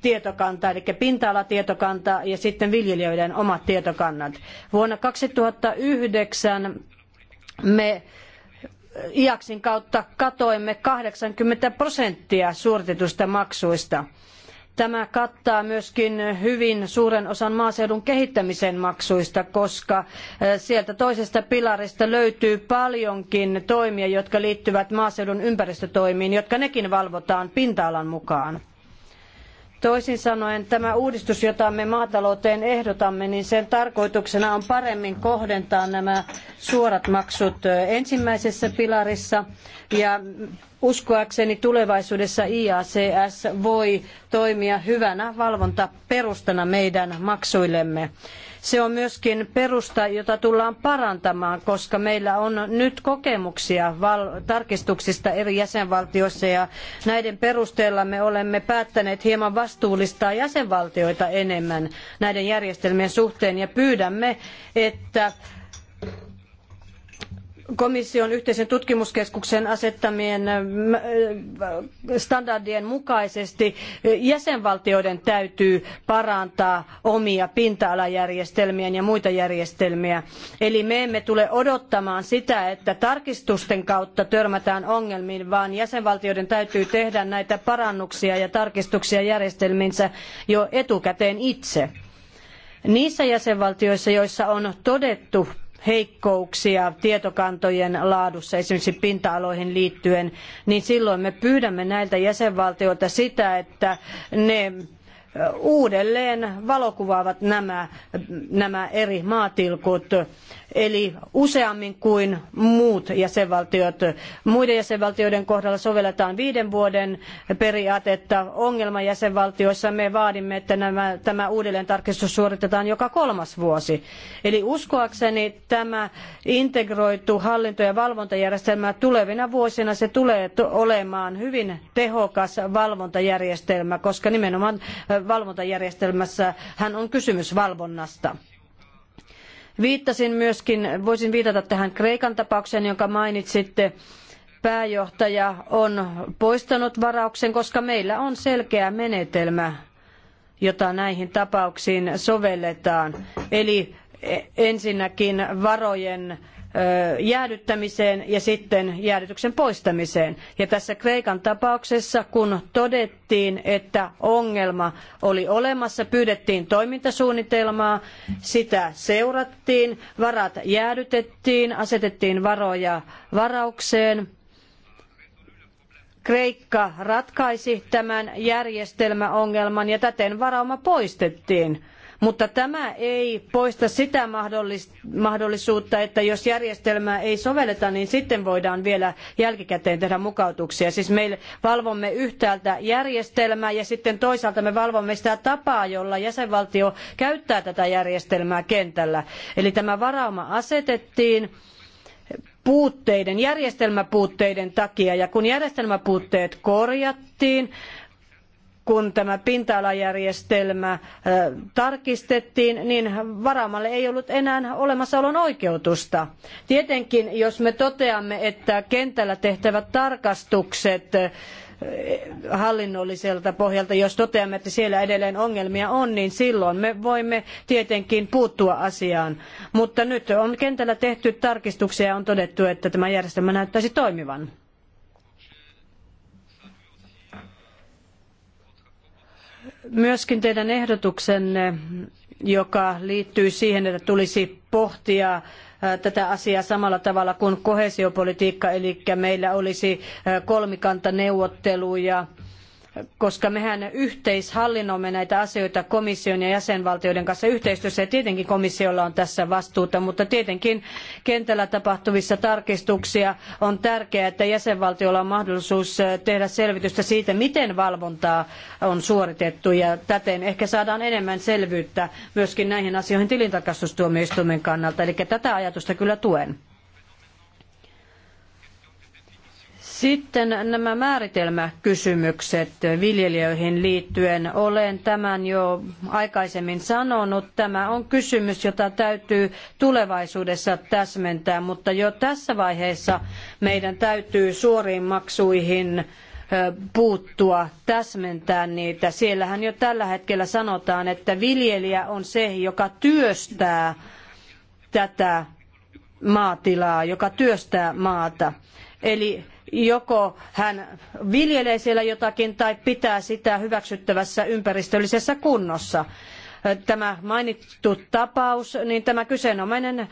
tietokantaa, eli pinta-alatietokanta ja sitten viljelijöiden omat tietokannat. Vuonna 2009 me IAKSin kautta katoimme 80 prosenttia suoritetuista maksuista. Tämä kattaa myöskin hyvin suuren osan maaseudun kehittämisen maksuista, koska eh, sieltä toisesta pilarista löytyy paljonkin toimia, jotka liittyvät maaseudun ympäristötoimiin, jotka nekin valvotaan pinta-alan mukaan. Toisin sanoen tämä uudistus, jota me maatalouteen ehdotamme, niin sen tarkoituksena on paremmin kohdentaa nämä suorat maksut ensimmäisessä pilarissa ja uskoakseni tulevaisuudessa IACS voi toimia hyvänä valvontaperustana meidän maksuillemme. Se on myöskin perusta, jota tullaan parantamaan, koska meillä on nyt kokemuksia tarkistuksista eri jäsenvaltioissa ja näiden perusteella me olemme päättäneet hieman vastuullistaa jäsenvaltioita enemmän näiden järjestelmien suhteen ja pyydämme, että komission yhteisen tutkimuskeskuksen asettamien äh, standardien mukaisesti jäsenvaltioiden täytyy parantaa omia pinta-alajärjestelmiään ja muita järjestelmiä. Eli me emme tule odottamaan sitä, että tarkistusten kautta törmätään ongelmiin, vaan jäsenvaltioiden täytyy tehdä näitä parannuksia ja tarkistuksia järjestelmiinsä jo etukäteen itse. Niissä jäsenvaltioissa, joissa on todettu heikkouksia tietokantojen laadussa, esimerkiksi pinta-aloihin liittyen, niin silloin me pyydämme näiltä jäsenvaltioilta sitä, että ne uudelleen valokuvaavat nämä, nämä eri maatilkut, eli useammin kuin muut jäsenvaltiot. Muiden jäsenvaltioiden kohdalla sovelletaan viiden vuoden periaatetta. Ongelma jäsenvaltioissa me vaadimme, että nämä, tämä uudelleen tarkistus suoritetaan joka kolmas vuosi. Eli uskoakseni tämä integroitu hallinto- ja valvontajärjestelmä tulevina vuosina se tulee olemaan hyvin tehokas valvontajärjestelmä, koska nimenomaan valvontajärjestelmässä hän on kysymys valvonnasta. Viittasin myöskin, voisin viitata tähän Kreikan tapaukseen, jonka mainitsitte pääjohtaja on poistanut varauksen, koska meillä on selkeä menetelmä, jota näihin tapauksiin sovelletaan. Eli e, ensinnäkin varojen jäädyttämiseen ja sitten jäädytyksen poistamiseen. Ja tässä Kreikan tapauksessa, kun todettiin, että ongelma oli olemassa, pyydettiin toimintasuunnitelmaa, sitä seurattiin, varat jäädytettiin, asetettiin varoja varaukseen, Kreikka ratkaisi tämän järjestelmäongelman ja täten varauma poistettiin. Mutta tämä ei poista sitä mahdollisuutta, että jos järjestelmää ei sovelleta, niin sitten voidaan vielä jälkikäteen tehdä mukautuksia. Siis me valvomme yhtäältä järjestelmää ja sitten toisaalta me valvomme sitä tapaa, jolla jäsenvaltio käyttää tätä järjestelmää kentällä. Eli tämä varauma asetettiin puutteiden, järjestelmäpuutteiden takia. Ja kun järjestelmäpuutteet korjattiin, kun tämä pinta-alajärjestelmä tarkistettiin, niin varamalle ei ollut enää olemassaolon oikeutusta. Tietenkin, jos me toteamme, että kentällä tehtävät tarkastukset hallinnolliselta pohjalta, jos toteamme, että siellä edelleen ongelmia on, niin silloin me voimme tietenkin puuttua asiaan. Mutta nyt on kentällä tehty tarkistuksia ja on todettu, että tämä järjestelmä näyttäisi toimivan. myöskin teidän ehdotuksenne, joka liittyy siihen, että tulisi pohtia tätä asiaa samalla tavalla kuin koheesiopolitiikka, eli meillä olisi kolmikantaneuvotteluja koska mehän yhteishallinnoimme näitä asioita komission ja jäsenvaltioiden kanssa yhteistyössä ja tietenkin komissiolla on tässä vastuuta, mutta tietenkin kentällä tapahtuvissa tarkistuksia on tärkeää, että jäsenvaltioilla on mahdollisuus äh, tehdä selvitystä siitä, miten valvontaa on suoritettu ja täten ehkä saadaan enemmän selvyyttä myöskin näihin asioihin tilintarkastustuomioistuimen kannalta. Eli tätä ajatusta kyllä tuen. Sitten nämä määritelmäkysymykset viljelijöihin liittyen. Olen tämän jo aikaisemmin sanonut. Tämä on kysymys, jota täytyy tulevaisuudessa täsmentää, mutta jo tässä vaiheessa meidän täytyy suoriin maksuihin puuttua, täsmentää niitä. Siellähän jo tällä hetkellä sanotaan, että viljelijä on se, joka työstää tätä maatilaa, joka työstää maata. Eli joko hän viljelee siellä jotakin tai pitää sitä hyväksyttävässä ympäristöllisessä kunnossa tämä mainittu tapaus, niin tämä kyseenomainen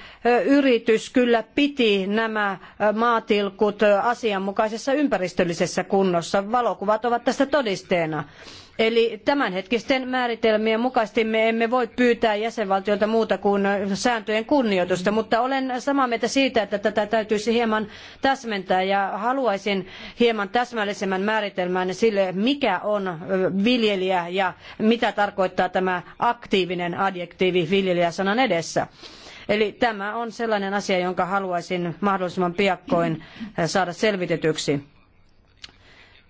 yritys kyllä piti nämä maatilkut asianmukaisessa ympäristöllisessä kunnossa. Valokuvat ovat tästä todisteena. Eli tämänhetkisten määritelmien mukaisesti me emme voi pyytää jäsenvaltioilta muuta kuin sääntöjen kunnioitusta, mutta olen samaa mieltä siitä, että tätä täytyisi hieman täsmentää ja haluaisin hieman täsmällisemmän määritelmän sille, mikä on viljelijä ja mitä tarkoittaa tämä aktiivinen adjektiivi viljelijäsanan edessä. Eli tämä on sellainen asia, jonka haluaisin mahdollisimman piakkoin saada selvitetyksi.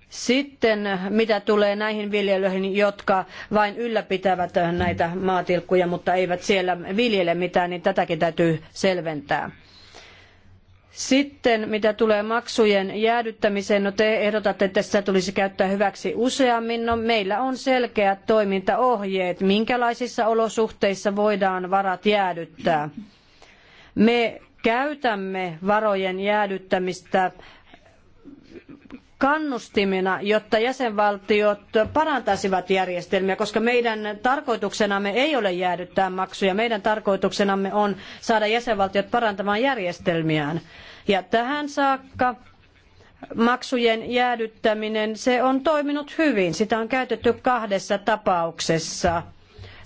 Sitten mitä tulee näihin viljelijöihin, jotka vain ylläpitävät näitä maatilkkuja, mutta eivät siellä viljele mitään, niin tätäkin täytyy selventää. Sitten mitä tulee maksujen jäädyttämiseen, no te ehdotatte, että sitä tulisi käyttää hyväksi useammin. No meillä on selkeät toimintaohjeet, minkälaisissa olosuhteissa voidaan varat jäädyttää. Me käytämme varojen jäädyttämistä kannustimena, jotta jäsenvaltiot parantaisivat järjestelmiä, koska meidän tarkoituksenamme ei ole jäädyttää maksuja. Meidän tarkoituksenamme on saada jäsenvaltiot parantamaan järjestelmiään. Ja tähän saakka maksujen jäädyttäminen, se on toiminut hyvin. Sitä on käytetty kahdessa tapauksessa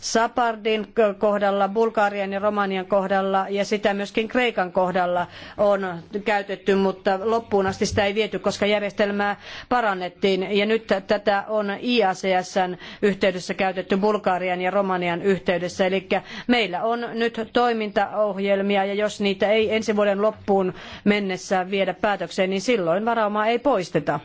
Sapardin kohdalla, Bulgarian ja Romanian kohdalla ja sitä myöskin Kreikan kohdalla on käytetty, mutta loppuun asti sitä ei viety, koska järjestelmää parannettiin. Ja nyt tätä on IACSn yhteydessä käytetty Bulgarian ja Romanian yhteydessä. Eli meillä on nyt toimintaohjelmia ja jos niitä ei ensi vuoden loppuun mennessä viedä päätökseen, niin silloin varaumaa ei poisteta.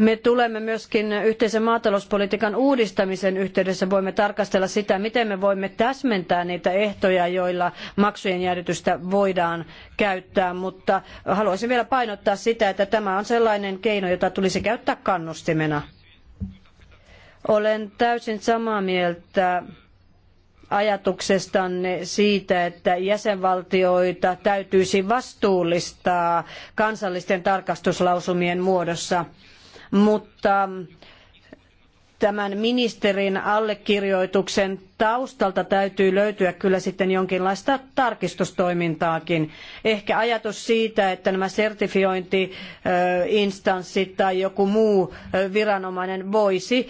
Me tulemme myöskin yhteisen maatalouspolitiikan uudistamisen yhteydessä voimme tarkastella sitä, miten me voimme täsmentää niitä ehtoja, joilla maksujen jäädytystä voidaan käyttää, mutta haluaisin vielä painottaa sitä, että tämä on sellainen keino, jota tulisi käyttää kannustimena. Olen täysin samaa mieltä ajatuksestanne siitä, että jäsenvaltioita täytyisi vastuullistaa kansallisten tarkastuslausumien muodossa mutta tämän ministerin allekirjoituksen taustalta täytyy löytyä kyllä sitten jonkinlaista tarkistustoimintaakin. Ehkä ajatus siitä, että nämä sertifiointiinstanssit tai joku muu viranomainen voisi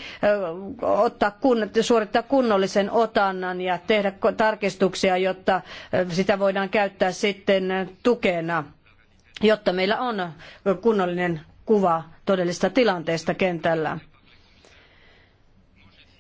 ottaa kun, suorittaa kunnollisen otannan ja tehdä tarkistuksia, jotta sitä voidaan käyttää sitten tukena jotta meillä on kunnollinen kuva todellista tilanteesta kentällä.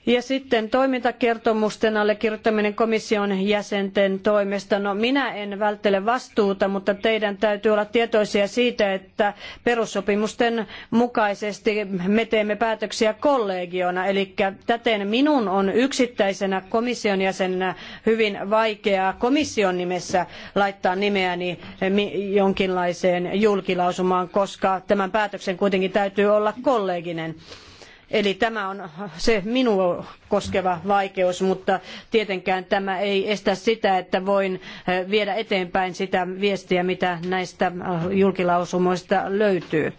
Ja sitten toimintakertomusten allekirjoittaminen komission jäsenten toimesta. No minä en välttele vastuuta, mutta teidän täytyy olla tietoisia siitä, että perussopimusten mukaisesti me teemme päätöksiä kollegiona. Eli täten minun on yksittäisenä komission jäsenenä hyvin vaikeaa komission nimessä laittaa nimeäni jonkinlaiseen julkilausumaan, koska tämän päätöksen kuitenkin täytyy olla kolleginen. Eli tämä on se minua koskeva vaikeus, mutta tietenkään tämä ei estä sitä, että voin eh, viedä eteenpäin sitä viestiä, mitä näistä eh, julkilausumoista löytyy.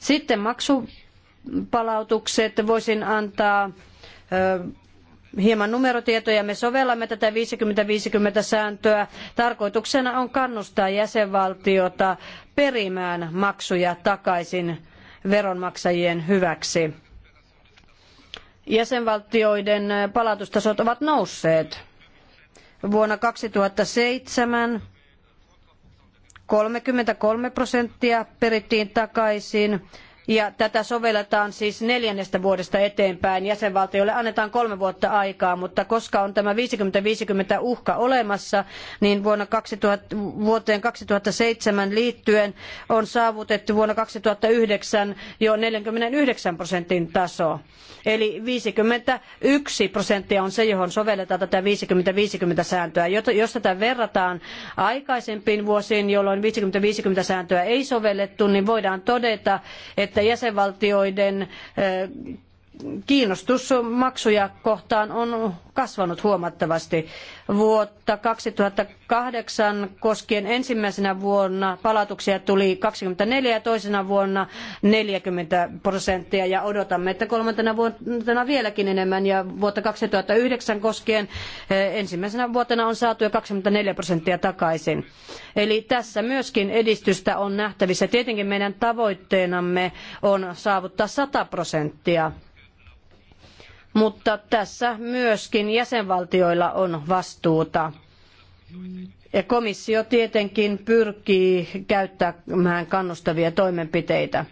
Sitten maksupalautukset voisin antaa eh, hieman numerotietoja. Me sovellamme tätä 50-50 sääntöä. Tarkoituksena on kannustaa jäsenvaltiota perimään maksuja takaisin veronmaksajien hyväksi jäsenvaltioiden eh, palautustasot ovat nousseet. Vuonna 2007 33 prosenttia perittiin takaisin ja tätä sovelletaan siis neljännestä vuodesta eteenpäin. Jäsenvaltioille annetaan kolme vuotta aikaa, mutta koska on tämä 50-50 uhka olemassa, niin vuonna 2000, vuoteen 2007 liittyen on saavutettu vuonna 2009 jo 49 prosentin taso. Eli 51 prosenttia on se, johon sovelletaan tätä 50-50 sääntöä. Jos tätä verrataan aikaisempiin vuosiin, jolloin 50-50 sääntöä ei sovellettu, niin voidaan todeta, että jäsenvaltioiden kiinnostus maksuja kohtaan on kasvanut huomattavasti. Vuotta 2008 koskien ensimmäisenä vuonna palautuksia tuli 24 ja toisena vuonna 40 prosenttia ja odotamme, että kolmantena vuotena vieläkin enemmän ja vuotta 2009 koskien eh, ensimmäisenä vuotena on saatu jo 24 prosenttia takaisin. Eli tässä myöskin edistystä on nähtävissä. Tietenkin meidän tavoitteenamme on saavuttaa 100 prosenttia mutta tässä myöskin jäsenvaltioilla on vastuuta. Ja komissio tietenkin pyrkii käyttämään kannustavia toimenpiteitä.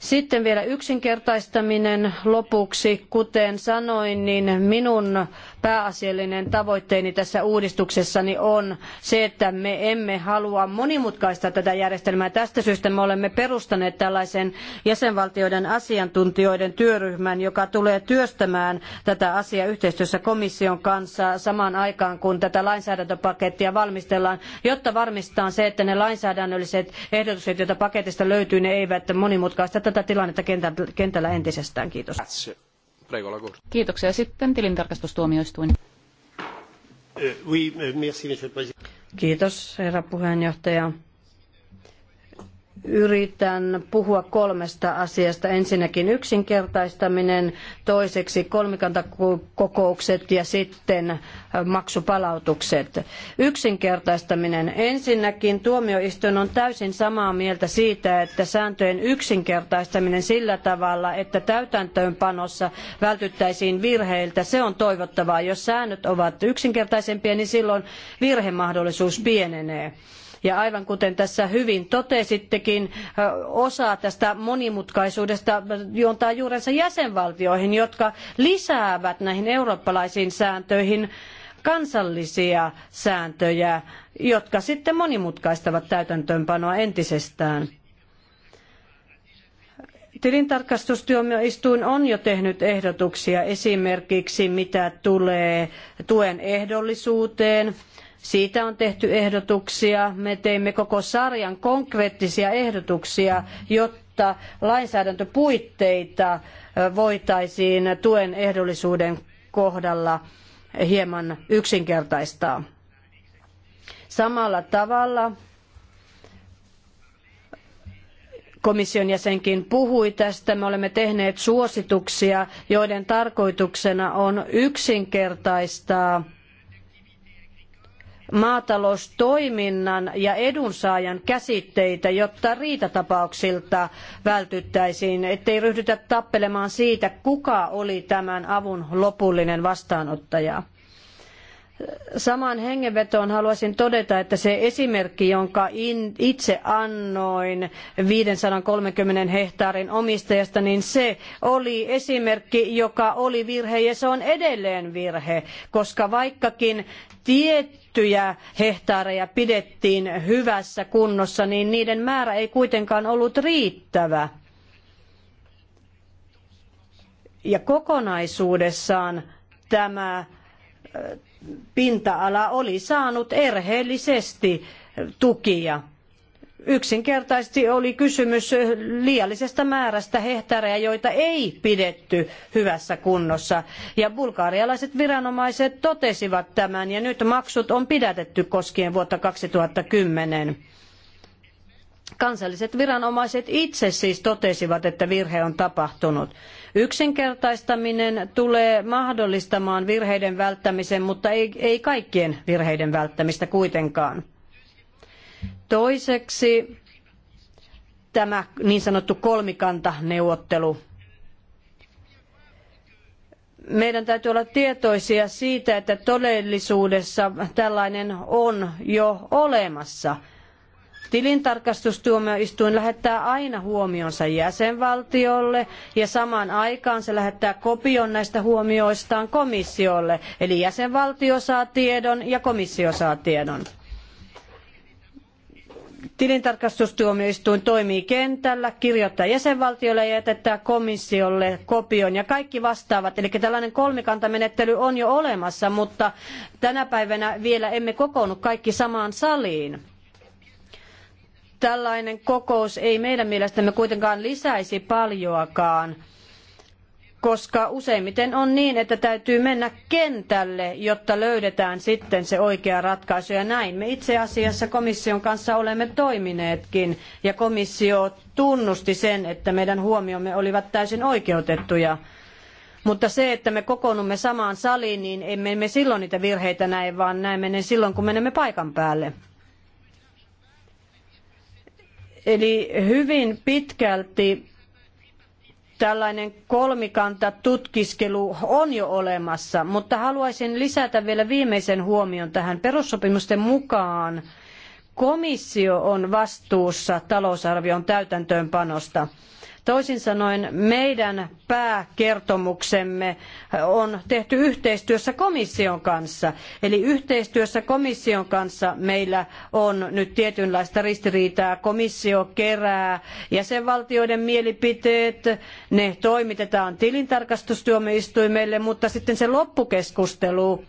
Sitten vielä yksinkertaistaminen lopuksi. Kuten sanoin, niin minun pääasiallinen tavoitteeni tässä uudistuksessani on se, että me emme halua monimutkaista tätä järjestelmää. Tästä syystä me olemme perustaneet tällaisen jäsenvaltioiden asiantuntijoiden työryhmän, joka tulee työstämään tätä asiaa yhteistyössä komission kanssa samaan aikaan, kun tätä lainsäädäntöpakettia valmistellaan, jotta varmistetaan se, että ne lainsäädännölliset ehdotukset, joita paketista löytyy, ne eivät monimutkaista tätä tilannetta kentällä entisestään. Kiitos. Prego, Kiitoksia. Sitten tilintarkastustuomioistuin. Eh, eh, Kiitos, herra puheenjohtaja yritän puhua kolmesta asiasta. Ensinnäkin yksinkertaistaminen, toiseksi kolmikantakokoukset ja sitten maksupalautukset. Yksinkertaistaminen. Ensinnäkin tuomioistuin on täysin samaa mieltä siitä, että sääntöjen yksinkertaistaminen sillä tavalla, että täytäntöönpanossa vältyttäisiin virheiltä, se on toivottavaa. Jos säännöt ovat yksinkertaisempia, niin silloin virhemahdollisuus pienenee. Ja aivan kuten tässä hyvin totesittekin, osa tästä monimutkaisuudesta juontaa juurensa jäsenvaltioihin, jotka lisäävät näihin eurooppalaisiin sääntöihin kansallisia sääntöjä, jotka sitten monimutkaistavat täytäntöönpanoa entisestään. Tilintarkastustuomioistuin on jo tehnyt ehdotuksia esimerkiksi mitä tulee tuen ehdollisuuteen, siitä on tehty ehdotuksia. Me teimme koko sarjan konkreettisia ehdotuksia, jotta lainsäädäntöpuitteita voitaisiin tuen ehdollisuuden kohdalla hieman yksinkertaistaa. Samalla tavalla komission jäsenkin puhui tästä. Me olemme tehneet suosituksia, joiden tarkoituksena on yksinkertaistaa maataloustoiminnan ja edunsaajan käsitteitä, jotta riitatapauksilta vältyttäisiin, ettei ryhdytä tappelemaan siitä, kuka oli tämän avun lopullinen vastaanottaja. Samaan hengenvetoon haluaisin todeta, että se esimerkki, jonka itse annoin 530 hehtaarin omistajasta, niin se oli esimerkki, joka oli virhe ja se on edelleen virhe, koska vaikkakin tietty tiettyjä hehtaareja pidettiin hyvässä kunnossa, niin niiden määrä ei kuitenkaan ollut riittävä. Ja kokonaisuudessaan tämä äh, pinta-ala oli saanut erheellisesti tukia. Yksinkertaisesti oli kysymys liiallisesta määrästä hehtaareja, joita ei pidetty hyvässä kunnossa. Ja bulgaarialaiset viranomaiset totesivat tämän ja nyt maksut on pidätetty koskien vuotta 2010. Kansalliset viranomaiset itse siis totesivat, että virhe on tapahtunut. Yksinkertaistaminen tulee mahdollistamaan virheiden välttämisen, mutta ei, ei kaikkien virheiden välttämistä kuitenkaan. Toiseksi tämä niin sanottu kolmikantaneuvottelu. Meidän täytyy olla tietoisia siitä, että todellisuudessa tällainen on jo olemassa. Tilintarkastustuomioistuin lähettää aina huomionsa jäsenvaltiolle ja samaan aikaan se lähettää kopion näistä huomioistaan komissiolle. Eli jäsenvaltio saa tiedon ja komissio saa tiedon tilintarkastustuomioistuin toimii kentällä, kirjoittaa jäsenvaltiolle ja jätetään komissiolle kopion ja kaikki vastaavat. Eli tällainen kolmikantamenettely on jo olemassa, mutta tänä päivänä vielä emme kokoonnu kaikki samaan saliin tällainen kokous ei meidän mielestämme kuitenkaan lisäisi paljoakaan koska useimmiten on niin, että täytyy mennä kentälle, jotta löydetään sitten se oikea ratkaisu. Ja näin me itse asiassa komission kanssa olemme toimineetkin, ja komissio tunnusti sen, että meidän huomiomme olivat täysin oikeutettuja. Mutta se, että me kokoonnumme samaan saliin, niin emme me silloin niitä virheitä näe, vaan näemme ne silloin, kun menemme paikan päälle. Eli hyvin pitkälti tällainen kolmikanta tutkiskelu on jo olemassa, mutta haluaisin lisätä vielä viimeisen huomion tähän perussopimusten mukaan. Komissio on vastuussa talousarvion täytäntöönpanosta. Toisin sanoen meidän pääkertomuksemme on tehty yhteistyössä komission kanssa. Eli yhteistyössä komission kanssa meillä on nyt tietynlaista ristiriitaa. Komissio kerää jäsenvaltioiden mielipiteet, ne toimitetaan tilintarkastustuomioistuimelle, mutta sitten se loppukeskustelu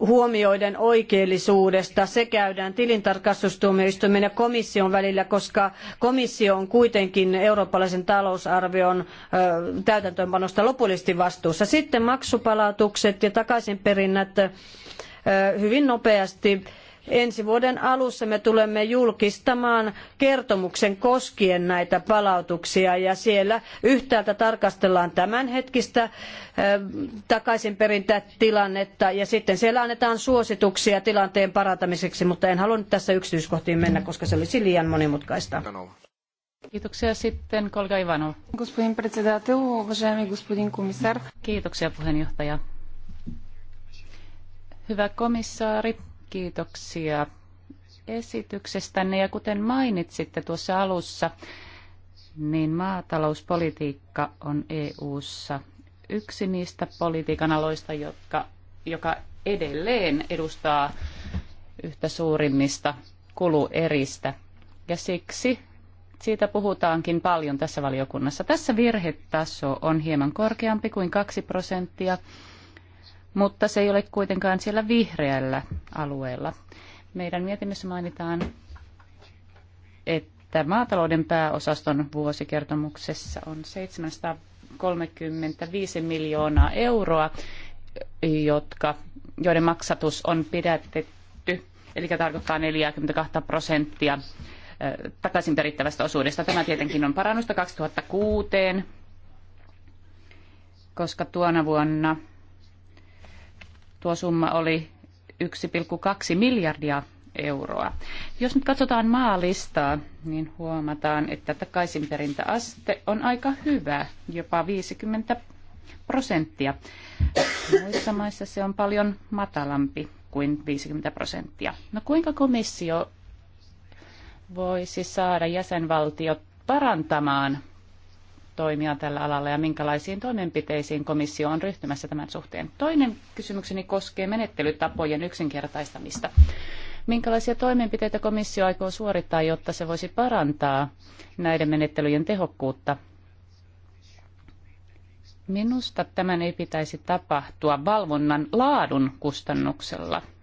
huomioiden oikeellisuudesta. Se käydään tilintarkastustuomioistuimen ja komission välillä, koska komissio on kuitenkin eurooppalaisen talousarvion täytäntöönpanosta lopullisesti vastuussa. Sitten maksupalautukset ja takaisinperinnät hyvin nopeasti Ensi vuoden alussa me tulemme julkistamaan kertomuksen koskien näitä palautuksia ja siellä yhtäältä tarkastellaan tämänhetkistä takaisinperintätilannetta ja sitten siellä annetaan suosituksia tilanteen parantamiseksi, mutta en halua nyt tässä yksityiskohtiin mennä, koska se olisi liian monimutkaista. Kiitoksia sitten Kolga Ivanov. Kiitoksia puheenjohtaja. Hyvä komissaari, kiitoksia esityksestänne ja kuten mainitsitte tuossa alussa, niin maatalouspolitiikka on EU:ssa yksi niistä politiikan aloista, jotka, joka edelleen edustaa yhtä suurimmista kulueristä. Ja siksi siitä puhutaankin paljon tässä valiokunnassa. Tässä virhetaso on hieman korkeampi kuin 2 prosenttia mutta se ei ole kuitenkaan siellä vihreällä alueella. Meidän mietinnössä mainitaan, että maatalouden pääosaston vuosikertomuksessa on 735 miljoonaa euroa, jotka, joiden maksatus on pidätetty, eli tarkoittaa 42 prosenttia takaisin perittävästä osuudesta. Tämä tietenkin on parannusta 2006, koska tuona vuonna Tuo summa oli 1,2 miljardia euroa. Jos nyt katsotaan maalistaa, niin huomataan, että takaisinperintäaste on aika hyvä, jopa 50 prosenttia. Muissa maissa se on paljon matalampi kuin 50 prosenttia. No kuinka komissio voisi saada jäsenvaltiot parantamaan toimia tällä alalla ja minkälaisiin toimenpiteisiin komissio on ryhtymässä tämän suhteen. Toinen kysymykseni koskee menettelytapojen yksinkertaistamista. Minkälaisia toimenpiteitä komissio aikoo suorittaa, jotta se voisi parantaa näiden menettelyjen tehokkuutta? Minusta tämän ei pitäisi tapahtua valvonnan laadun kustannuksella –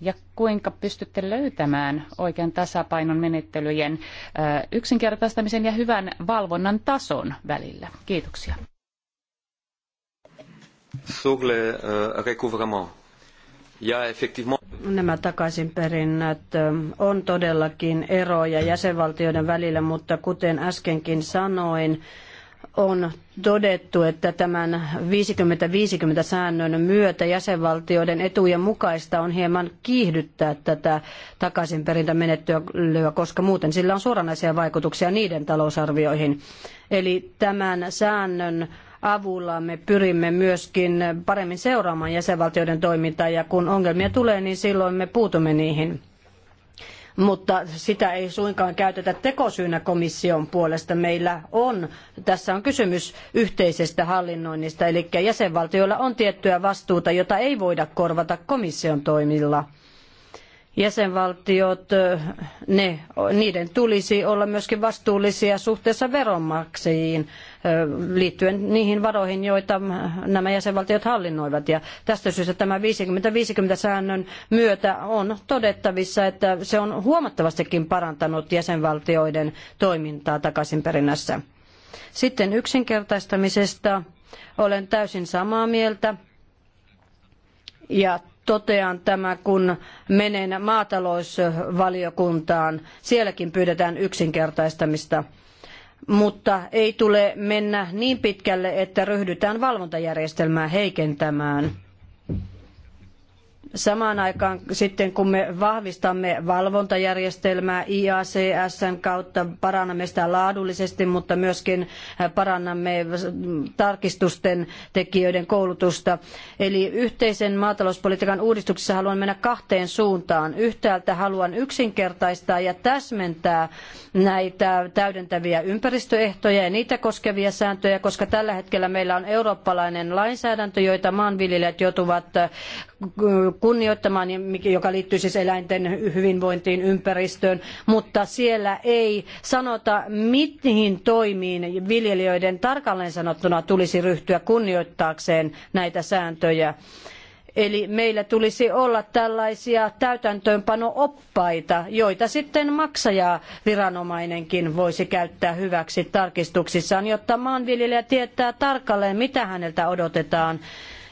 ja kuinka pystytte löytämään oikean tasapainon menettelyjen äh, yksinkertaistamisen ja hyvän valvonnan tason välillä. Kiitoksia. Euh, Nämä takaisinperinnät äh, on todellakin eroja jäsenvaltioiden välillä, mutta kuten äskenkin sanoin, on todettu, että tämän 50-50 säännön myötä jäsenvaltioiden etujen mukaista on hieman kiihdyttää tätä takaisinperintämenettelyä, koska muuten sillä on suoranaisia vaikutuksia niiden talousarvioihin. Eli tämän säännön avulla me pyrimme myöskin paremmin seuraamaan jäsenvaltioiden toimintaa ja kun ongelmia tulee, niin silloin me puutumme niihin mutta sitä ei suinkaan käytetä tekosyynä komission puolesta. Meillä on, tässä on kysymys yhteisestä hallinnoinnista, eli jäsenvaltioilla on tiettyä vastuuta, jota ei voida korvata komission toimilla jäsenvaltiot, ne, niiden tulisi olla myöskin vastuullisia suhteessa veronmaksajiin liittyen niihin varoihin, joita nämä jäsenvaltiot hallinnoivat. Ja tästä syystä tämä 50-50 säännön myötä on todettavissa, että se on huomattavastikin parantanut jäsenvaltioiden toimintaa takaisinperinnässä. Sitten yksinkertaistamisesta olen täysin samaa mieltä. Ja totean tämä, kun menen maatalousvaliokuntaan. Sielläkin pyydetään yksinkertaistamista, mutta ei tule mennä niin pitkälle, että ryhdytään valvontajärjestelmää heikentämään Samaan aikaan sitten, kun me vahvistamme valvontajärjestelmää IACSn kautta, parannamme sitä laadullisesti, mutta myöskin parannamme tarkistusten tekijöiden koulutusta. Eli yhteisen maatalouspolitiikan uudistuksessa haluan mennä kahteen suuntaan. Yhtäältä haluan yksinkertaistaa ja täsmentää näitä täydentäviä ympäristöehtoja ja niitä koskevia sääntöjä, koska tällä hetkellä meillä on eurooppalainen lainsäädäntö, joita maanviljelijät joutuvat kunnioittamaan, joka liittyy siis eläinten hyvinvointiin, ympäristöön, mutta siellä ei sanota, mihin toimiin viljelijöiden tarkalleen sanottuna tulisi ryhtyä kunnioittaakseen näitä sääntöjä. Eli meillä tulisi olla tällaisia täytäntöönpano-oppaita, joita sitten maksaja viranomainenkin voisi käyttää hyväksi tarkistuksissaan, jotta maanviljelijä tietää tarkalleen, mitä häneltä odotetaan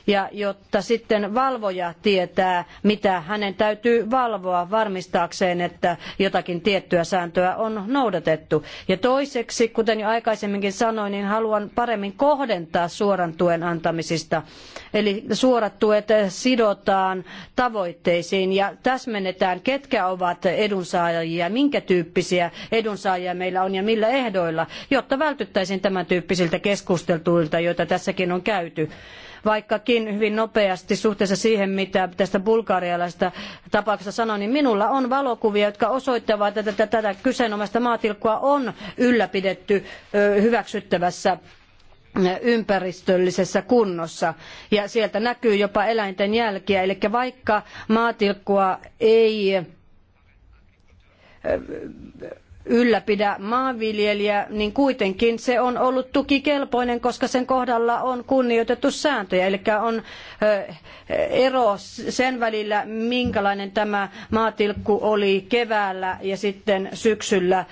ja jotta sitten valvoja tietää, mitä hänen täytyy valvoa varmistaakseen, että jotakin tiettyä sääntöä on noudatettu. Ja toiseksi, kuten jo aikaisemminkin sanoin, niin haluan paremmin kohdentaa suoran tuen antamisista. Eli suorat tuet sidotaan tavoitteisiin ja täsmennetään, ketkä ovat edunsaajia, minkä tyyppisiä edunsaajia meillä on ja millä ehdoilla, jotta vältyttäisiin tämän tyyppisiltä keskusteluilta, joita tässäkin on käyty vaikkakin hyvin nopeasti suhteessa siihen, mitä tästä bulgarialaista tapauksesta sanoin, niin minulla on valokuvia, jotka osoittavat, että tätä, tätä kyseenomaista maatilkkua on ylläpidetty hyväksyttävässä ympäristöllisessä kunnossa. Ja sieltä näkyy jopa eläinten jälkiä. Eli vaikka maatilkkua ei ylläpidä maanviljelijä, niin kuitenkin se on ollut tukikelpoinen, koska sen kohdalla on kunnioitettu sääntöjä. Eli on ero sen välillä, minkälainen tämä maatilkku oli keväällä ja sitten syksyllä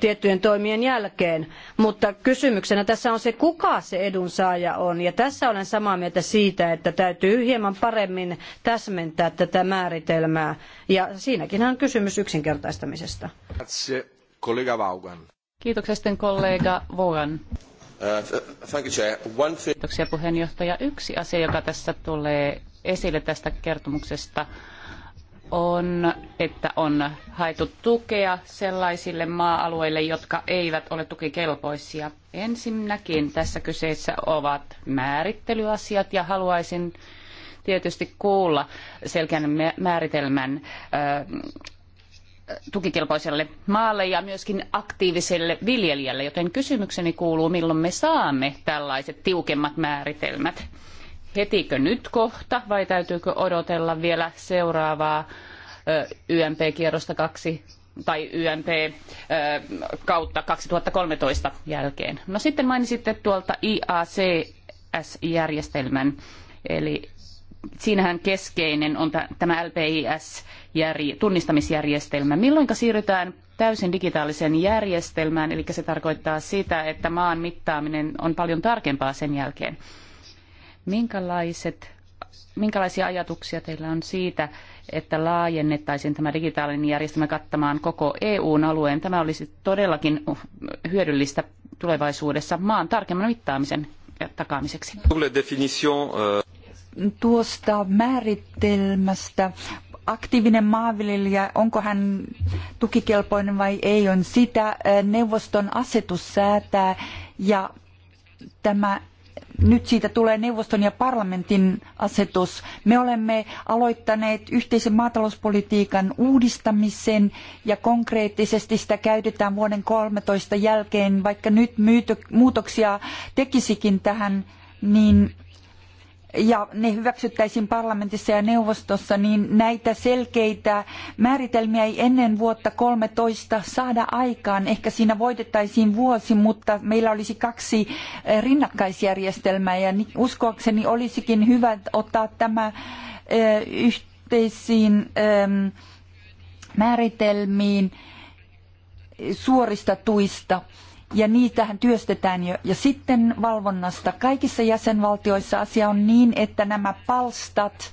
tiettyjen toimien jälkeen. Mutta kysymyksenä tässä on se, kuka se edunsaaja on. Ja tässä olen samaa mieltä siitä, että täytyy hieman paremmin täsmentää tätä määritelmää. Ja siinäkin on kysymys yksinkertaistamisesta. Kiitoksia, kollega Vaughan. Kiitoksia sitten kollega Vaughan. Uh, Kiitoksia puheenjohtaja. Yksi asia, joka tässä tulee esille tästä kertomuksesta, on, että on haettu tukea sellaisille maa-alueille, jotka eivät ole tukikelpoisia. Ensinnäkin tässä kyseessä ovat määrittelyasiat ja haluaisin tietysti kuulla selkeän määritelmän tukikelpoiselle maalle ja myöskin aktiiviselle viljelijälle, joten kysymykseni kuuluu, milloin me saamme tällaiset tiukemmat määritelmät hetikö nyt kohta vai täytyykö odotella vielä seuraavaa YMP-kierrosta kaksi tai YMP kautta 2013 jälkeen. No sitten mainitsitte tuolta IACS-järjestelmän, eli siinähän keskeinen on tämä LPIS-tunnistamisjärjestelmä. Milloin siirrytään täysin digitaaliseen järjestelmään, eli se tarkoittaa sitä, että maan mittaaminen on paljon tarkempaa sen jälkeen. Minkälaiset, minkälaisia ajatuksia teillä on siitä, että laajennettaisiin tämä digitaalinen järjestelmä kattamaan koko EUn alueen? Tämä olisi todellakin uh, hyödyllistä tulevaisuudessa maan tarkemman mittaamisen äh, takaamiseksi. Äh. Tuosta määritelmästä aktiivinen maanviljelijä, onko hän tukikelpoinen vai ei, on sitä äh, neuvoston asetus säätää ja tämä nyt siitä tulee neuvoston ja parlamentin asetus. Me olemme aloittaneet yhteisen maatalouspolitiikan uudistamisen ja konkreettisesti sitä käytetään vuoden 13 jälkeen, vaikka nyt muutoksia tekisikin tähän, niin ja ne hyväksyttäisiin parlamentissa ja neuvostossa, niin näitä selkeitä määritelmiä ei ennen vuotta 13 saada aikaan. Ehkä siinä voitettaisiin vuosi, mutta meillä olisi kaksi eh, rinnakkaisjärjestelmää ja uskoakseni olisikin hyvä ottaa tämä eh, yhteisiin ehm, määritelmiin suorista tuista ja niitähän työstetään jo. Ja sitten valvonnasta. Kaikissa jäsenvaltioissa asia on niin, että nämä palstat,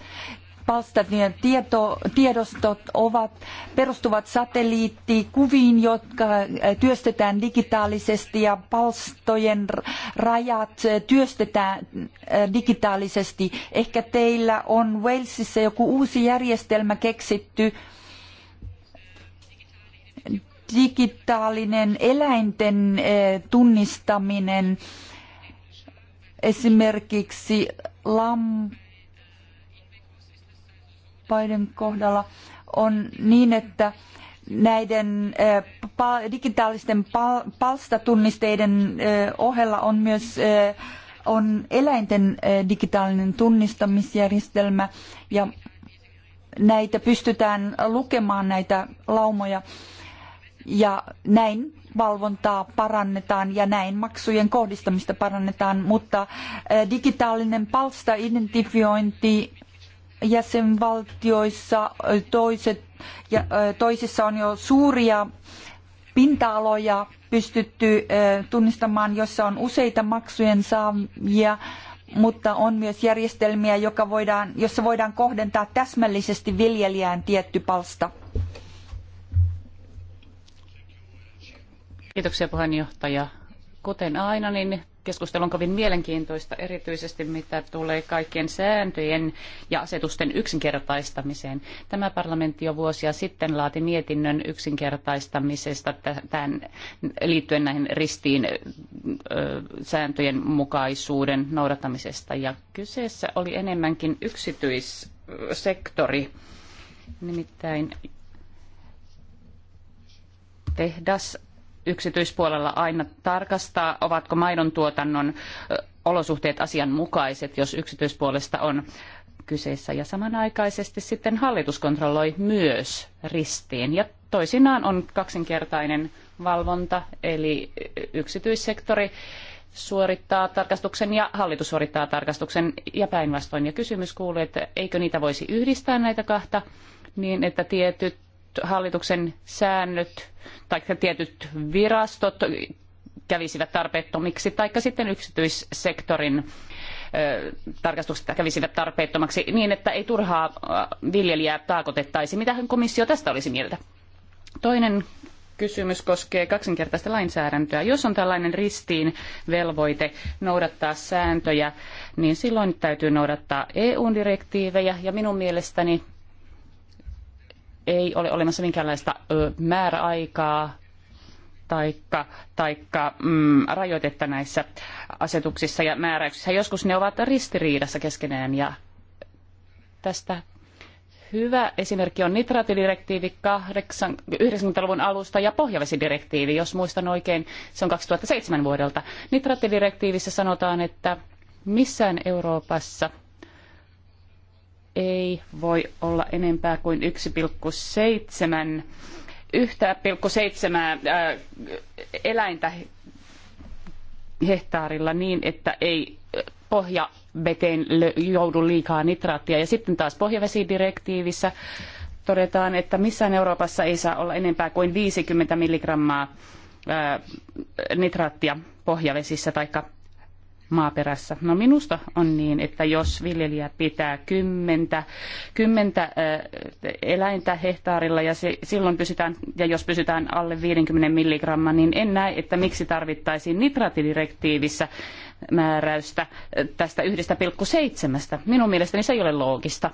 palstat niin tieto, tiedostot ovat, perustuvat satelliittikuviin, jotka työstetään digitaalisesti ja palstojen rajat työstetään digitaalisesti. Ehkä teillä on Walesissa joku uusi järjestelmä keksitty, digitaalinen eläinten eh, tunnistaminen, esimerkiksi lampaiden kohdalla on niin, että näiden eh, digitaalisten palstatunnisteiden eh, ohella on myös on eläinten digitaalinen tunnistamisjärjestelmä ja näitä pystytään lukemaan näitä laumoja ja näin valvontaa parannetaan ja näin maksujen kohdistamista parannetaan, mutta eh, digitaalinen palsta identifiointi jäsenvaltioissa eh, toiset, ja, eh, toisissa on jo suuria pinta-aloja pystytty tunnistamaan, jossa on useita maksujen saajia, mutta on myös järjestelmiä, joka voidaan, jossa voidaan kohdentaa täsmällisesti viljelijään tietty palsta. Kiitoksia puheenjohtaja. Kuten aina, niin keskustelu on kovin mielenkiintoista, erityisesti mitä tulee kaikkien sääntöjen ja asetusten yksinkertaistamiseen. Tämä parlamentti jo vuosia sitten laati mietinnön yksinkertaistamisesta tämän, liittyen näihin ristiin sääntöjen mukaisuuden noudattamisesta. Ja kyseessä oli enemmänkin yksityissektori, nimittäin tehdas yksityispuolella aina tarkastaa, ovatko maidon tuotannon olosuhteet asianmukaiset, jos yksityispuolesta on kyseessä. Ja samanaikaisesti sitten hallitus kontrolloi myös ristiin. Ja toisinaan on kaksinkertainen valvonta, eli yksityissektori suorittaa tarkastuksen ja hallitus suorittaa tarkastuksen ja päinvastoin. Ja kysymys kuuluu, että eikö niitä voisi yhdistää näitä kahta niin, että tietyt hallituksen säännöt tai tietyt virastot kävisivät tarpeettomiksi, tai sitten yksityissektorin tarkastukset kävisivät tarpeettomaksi niin, että ei turhaa viljelijää taakotettaisi. Mitähän komissio tästä olisi mieltä? Toinen kysymys koskee kaksinkertaista lainsäädäntöä. Jos on tällainen ristiin velvoite noudattaa sääntöjä, niin silloin täytyy noudattaa EU-direktiivejä ja minun mielestäni ei ole olemassa minkäänlaista määräaikaa taikka, taikka mm, rajoitetta näissä asetuksissa ja määräyksissä. Joskus ne ovat ristiriidassa keskenään ja tästä hyvä esimerkki on nitraatidirektiivi 90-luvun alusta ja pohjavesidirektiivi, jos muistan oikein, se on 2007 vuodelta. Nitraattidirektiivissä sanotaan, että missään Euroopassa – ei voi olla enempää kuin 1,7 1,7 äh, eläintä hehtaarilla niin, että ei äh, pohjaveteen joudu liikaa nitraattia. Ja sitten taas pohjavesidirektiivissä todetaan, että missään Euroopassa ei saa olla enempää kuin 50 milligrammaa äh, nitraattia pohjavesissä tai maaperässä. No minusta on niin, että jos viljelijä pitää kymmentä, kymmentä eläintä hehtaarilla ja se, silloin pysytään, ja jos pysytään alle 50 milligrammaa, niin en näe, että miksi tarvittaisiin nitraatidirektiivissä määräystä tästä 1,7. Minun mielestäni se ei ole loogista.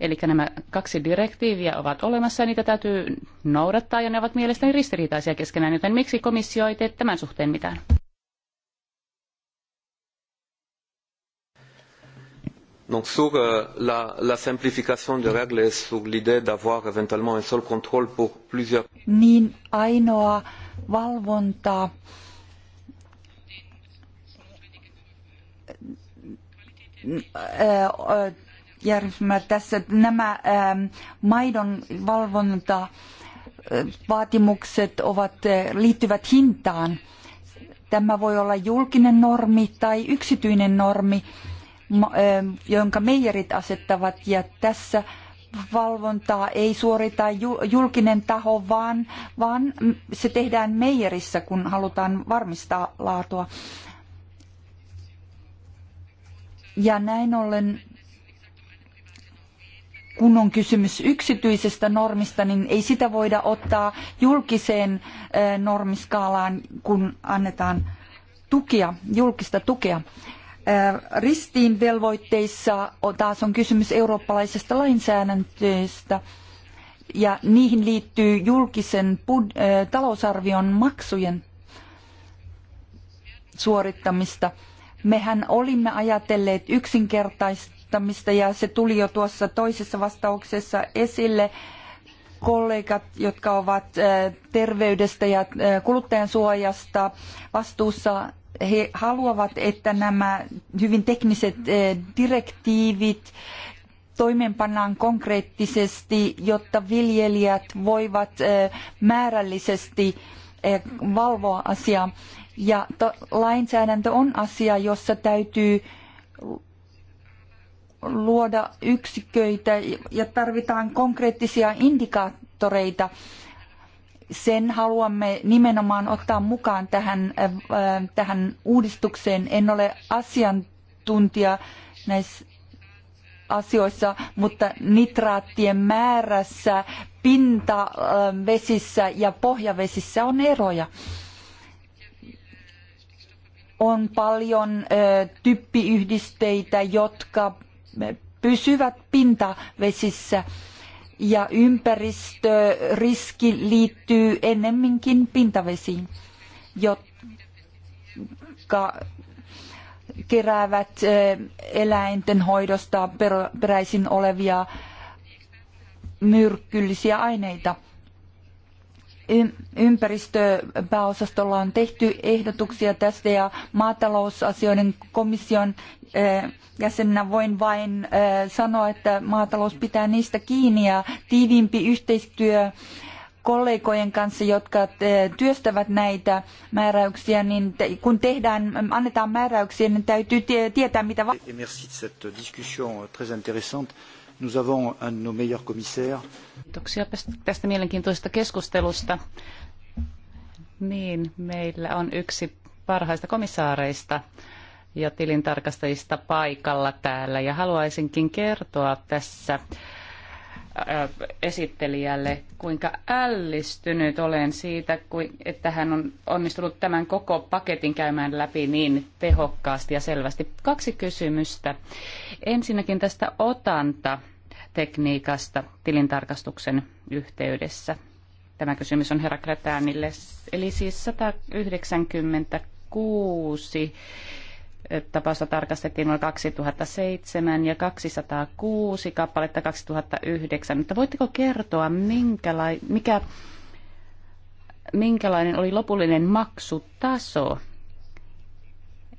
Eli nämä kaksi direktiiviä ovat olemassa ja niitä täytyy noudattaa ja ne ovat mielestäni ristiriitaisia keskenään, joten miksi komissio ei tee tämän suhteen mitään? Donc sur euh, la, la simplification des règles et sur l'idée d'avoir éventuellement un seul contrôle pour plusieurs... Niin ainoa valvonta äh, järjestelmä tässä nämä ähm, maidon valvonta äh, vaatimukset ovat, äh, liittyvät hintaan. Tämä voi olla julkinen normi tai yksityinen normi Ähm, jonka meijerit asettavat ja tässä valvontaa ei suorita julkinen taho, vaan, vaan se tehdään meijerissä, kun halutaan varmistaa laatua. Ja näin ollen, kun on kysymys yksityisestä normista, niin ei sitä voida ottaa julkiseen äh, normiskaalaan, kun annetaan tukia, julkista tukea ristiinvelvoitteissa taas on kysymys eurooppalaisesta lainsäädäntöstä ja niihin liittyy julkisen talousarvion maksujen suorittamista. Mehän olimme ajatelleet yksinkertaistamista ja se tuli jo tuossa toisessa vastauksessa esille. Kollegat, jotka ovat terveydestä ja kuluttajansuojasta vastuussa, he haluavat, että nämä hyvin tekniset eh, direktiivit toimeenpannaan konkreettisesti, jotta viljelijät voivat eh, määrällisesti eh, valvoa asiaa. Ja to, lainsäädäntö on asia, jossa täytyy luoda yksiköitä ja tarvitaan konkreettisia indikaattoreita sen haluamme nimenomaan ottaa mukaan tähän, äh, äh, tähän uudistukseen. En ole asiantuntija näissä asioissa, mutta nitraattien määrässä pintavesissä äh, ja pohjavesissä on eroja. On paljon typpiyhdisteitä, jotka pysyvät pintavesissä ja ympäristöriski liittyy ennemminkin pintavesiin, jotka keräävät eläinten hoidosta peräisin olevia myrkyllisiä aineita ympäristöpääosastolla on tehty ehdotuksia tästä ja maatalousasioiden komission eh, jäsenenä voin vain eh, sanoa, että maatalous pitää niistä kiinni ja tiiviimpi yhteistyö kollegojen kanssa, jotka eh, työstävät näitä määräyksiä, niin kun tehdään, annetaan määräyksiä, niin täytyy tietää, mitä... Merci de cette discussion très intéressante. Nous avons un de nos meilleurs commissaires. Kiitoksia tästä mielenkiintoisesta keskustelusta. Niin, meillä on yksi parhaista komissaareista ja tilintarkastajista paikalla täällä ja haluaisinkin kertoa tässä Äh, esittelijälle, kuinka ällistynyt olen siitä, että hän on onnistunut tämän koko paketin käymään läpi niin tehokkaasti ja selvästi. Kaksi kysymystä. Ensinnäkin tästä otantatekniikasta tilintarkastuksen yhteydessä. Tämä kysymys on herra Kretäänille. Eli siis 196 tapausta tarkastettiin vuonna 2007 ja 206 kappaletta 2009. Mutta voitteko kertoa, minkälai, mikä, minkälainen oli lopullinen maksutaso?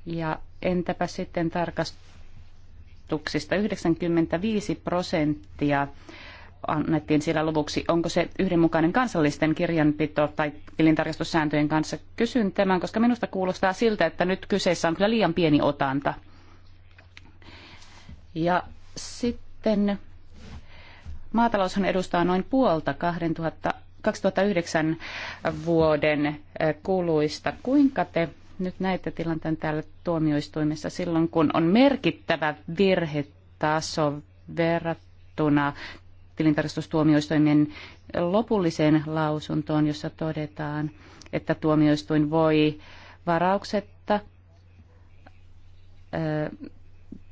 Ja entäpä sitten tarkastuksista 95 prosenttia annettiin siellä luvuksi. Onko se yhdenmukainen kansallisten kirjanpito- tai tilintarkastussääntöjen kanssa? Kysyn tämän, koska minusta kuulostaa siltä, että nyt kyseessä on kyllä liian pieni otanta. Ja sitten maataloushan edustaa noin puolta 2000, 2009 vuoden eh, kuluista. Kuinka te nyt näitä tilanteen täällä tuomioistuimessa silloin, kun on merkittävä virhetaso verrattuna tilintarkastustuomioistuimen lopulliseen lausuntoon, jossa todetaan, että tuomioistuin voi varauksetta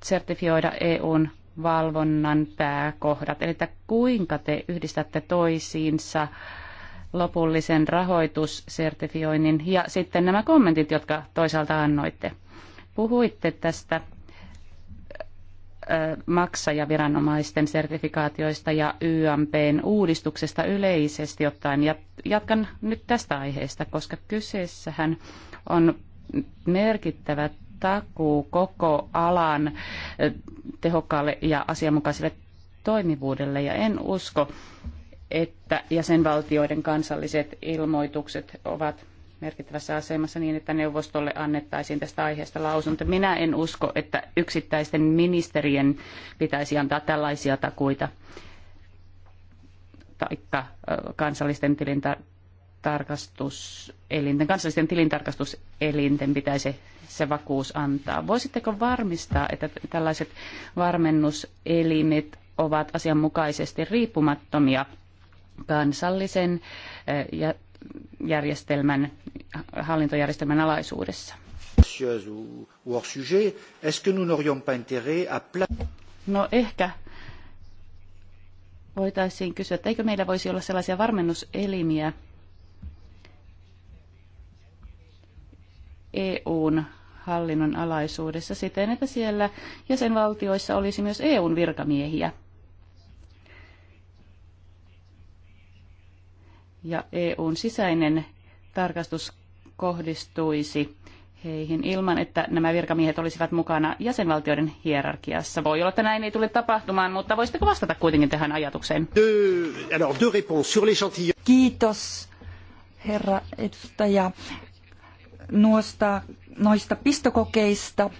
sertifioida EUn valvonnan pääkohdat, eli että kuinka te yhdistätte toisiinsa lopullisen rahoitussertifioinnin ja sitten nämä kommentit, jotka toisaalta annoitte. Puhuitte tästä maksajaviranomaisten sertifikaatioista ja YMPn uudistuksesta yleisesti ottaen. Ja jatkan nyt tästä aiheesta, koska kyseessähän on merkittävä takuu koko alan tehokkaalle ja asianmukaiselle toimivuudelle. Ja en usko, että jäsenvaltioiden kansalliset ilmoitukset ovat merkittävässä asemassa niin, että neuvostolle annettaisiin tästä aiheesta lausunto. Minä en usko, että yksittäisten ministerien pitäisi antaa tällaisia takuita taikka kansallisten tilintarkastuselinten, kansallisten tilintarkastuselinten pitäisi se vakuus antaa. Voisitteko varmistaa, että tällaiset varmennuselimet ovat asianmukaisesti riippumattomia kansallisen ja järjestelmän, hallintojärjestelmän alaisuudessa. No ehkä voitaisiin kysyä, että eikö meillä voisi olla sellaisia varmennuselimiä EUn hallinnon alaisuudessa siten, että siellä jäsenvaltioissa olisi myös EUn virkamiehiä – ja EUn sisäinen tarkastus kohdistuisi heihin ilman, että nämä virkamiehet olisivat mukana jäsenvaltioiden hierarkiassa. Voi olla, että näin ei tule tapahtumaan, mutta voisitteko vastata kuitenkin tähän ajatukseen? Kiitos, herra edustaja, noista, noista pistokokeista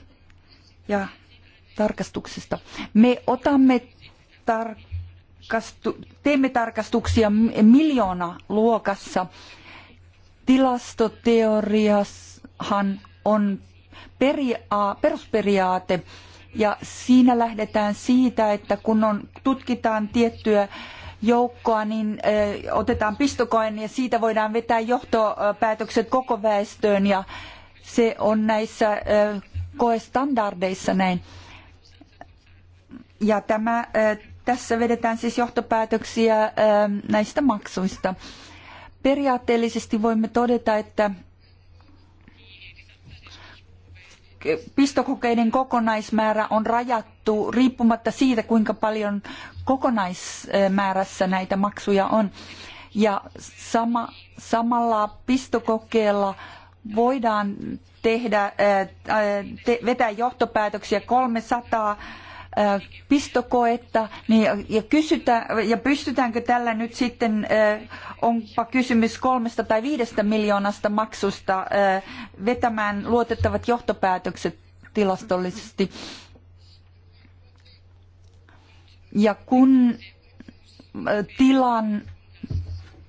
ja tarkastuksista. Me otamme tarkastuksia teemme tarkastuksia miljoona luokassa. Tilastoteoriahan on peria- perusperiaate ja siinä lähdetään siitä, että kun on, tutkitaan tiettyä joukkoa, niin otetaan pistokoen ja siitä voidaan vetää johtopäätökset koko väestöön ja se on näissä koestandardeissa näin. Ja tämä tässä vedetään siis johtopäätöksiä ähm, näistä maksuista. Periaatteellisesti voimme todeta, että pistokokeiden kokonaismäärä on rajattu riippumatta siitä, kuinka paljon kokonaismäärässä näitä maksuja on. Ja sama, samalla pistokokeella voidaan tehdä, äh, äh, te, vetää johtopäätöksiä 300 pistokoetta niin, ja, kysytään, ja pystytäänkö tällä nyt sitten, onpa kysymys kolmesta tai viidestä miljoonasta maksusta, vetämään luotettavat johtopäätökset tilastollisesti. Ja kun tilan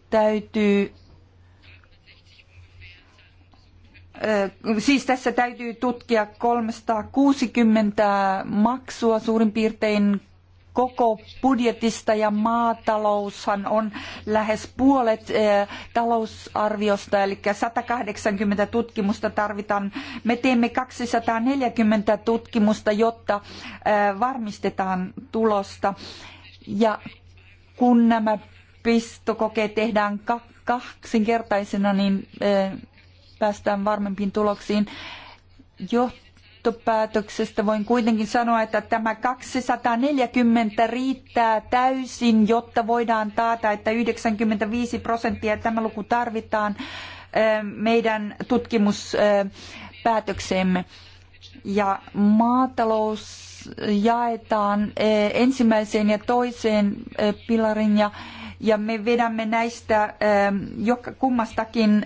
täytyy siis tässä täytyy tutkia 360 maksua suurin piirtein koko budjetista ja maataloushan on lähes puolet talousarviosta, eli 180 tutkimusta tarvitaan. Me teemme 240 tutkimusta, jotta varmistetaan tulosta. Ja kun nämä pistokokeet tehdään kaksinkertaisena, niin päästään varmempiin tuloksiin. Johtopäätöksestä voin kuitenkin sanoa, että tämä 240 riittää täysin, jotta voidaan taata, että 95 prosenttia tämä luku tarvitaan meidän tutkimuspäätökseemme. Ja maatalous jaetaan ensimmäiseen ja toiseen pilarin ja, ja me vedämme näistä joka kummastakin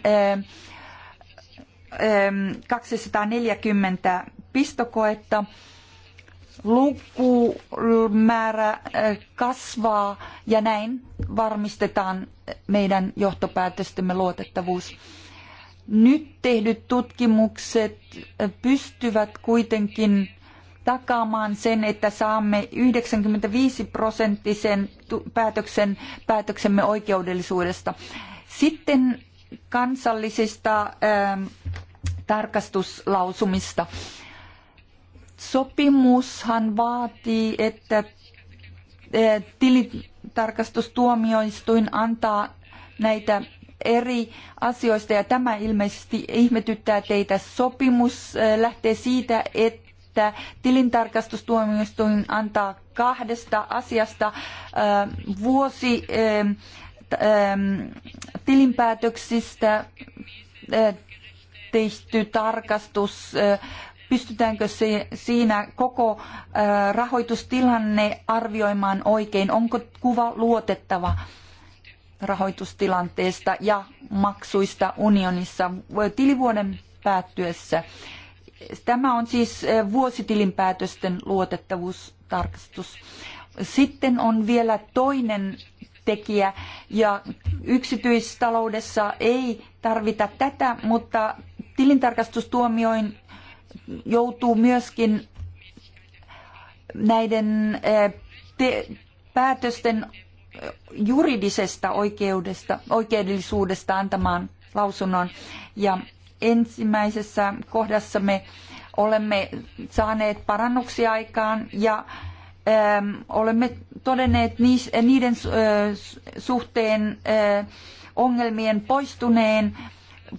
240 pistokoetta. Lukumäärä kasvaa ja näin varmistetaan meidän johtopäätöstemme luotettavuus. Nyt tehdyt tutkimukset pystyvät kuitenkin takaamaan sen, että saamme 95 prosenttisen päätöksen, päätöksemme oikeudellisuudesta. Sitten kansallisista ähm, tarkastuslausumista. Sopimushan vaatii, että äh, tilitarkastustuomioistuin antaa näitä eri asioista ja tämä ilmeisesti ihmetyttää teitä. Sopimus äh, lähtee siitä, että tilintarkastustuomioistuin antaa kahdesta asiasta äh, vuosi Ähm, tilinpäätöksistä äh, tehty tarkastus, äh, pystytäänkö se, siinä koko äh, rahoitustilanne arvioimaan oikein, onko kuva luotettava rahoitustilanteesta ja maksuista unionissa tilivuoden päättyessä. Tämä on siis vuositilinpäätösten luotettavuustarkastus. Sitten on vielä toinen tekijä ja yksityistaloudessa ei tarvita tätä, mutta tilintarkastustuomioin joutuu myöskin näiden eh, päätösten juridisesta oikeudesta, oikeudellisuudesta antamaan lausunnon. Ja ensimmäisessä kohdassa me olemme saaneet parannuksia aikaan ja Ähm, olemme todenneet niiden äh, suhteen äh, ongelmien poistuneen.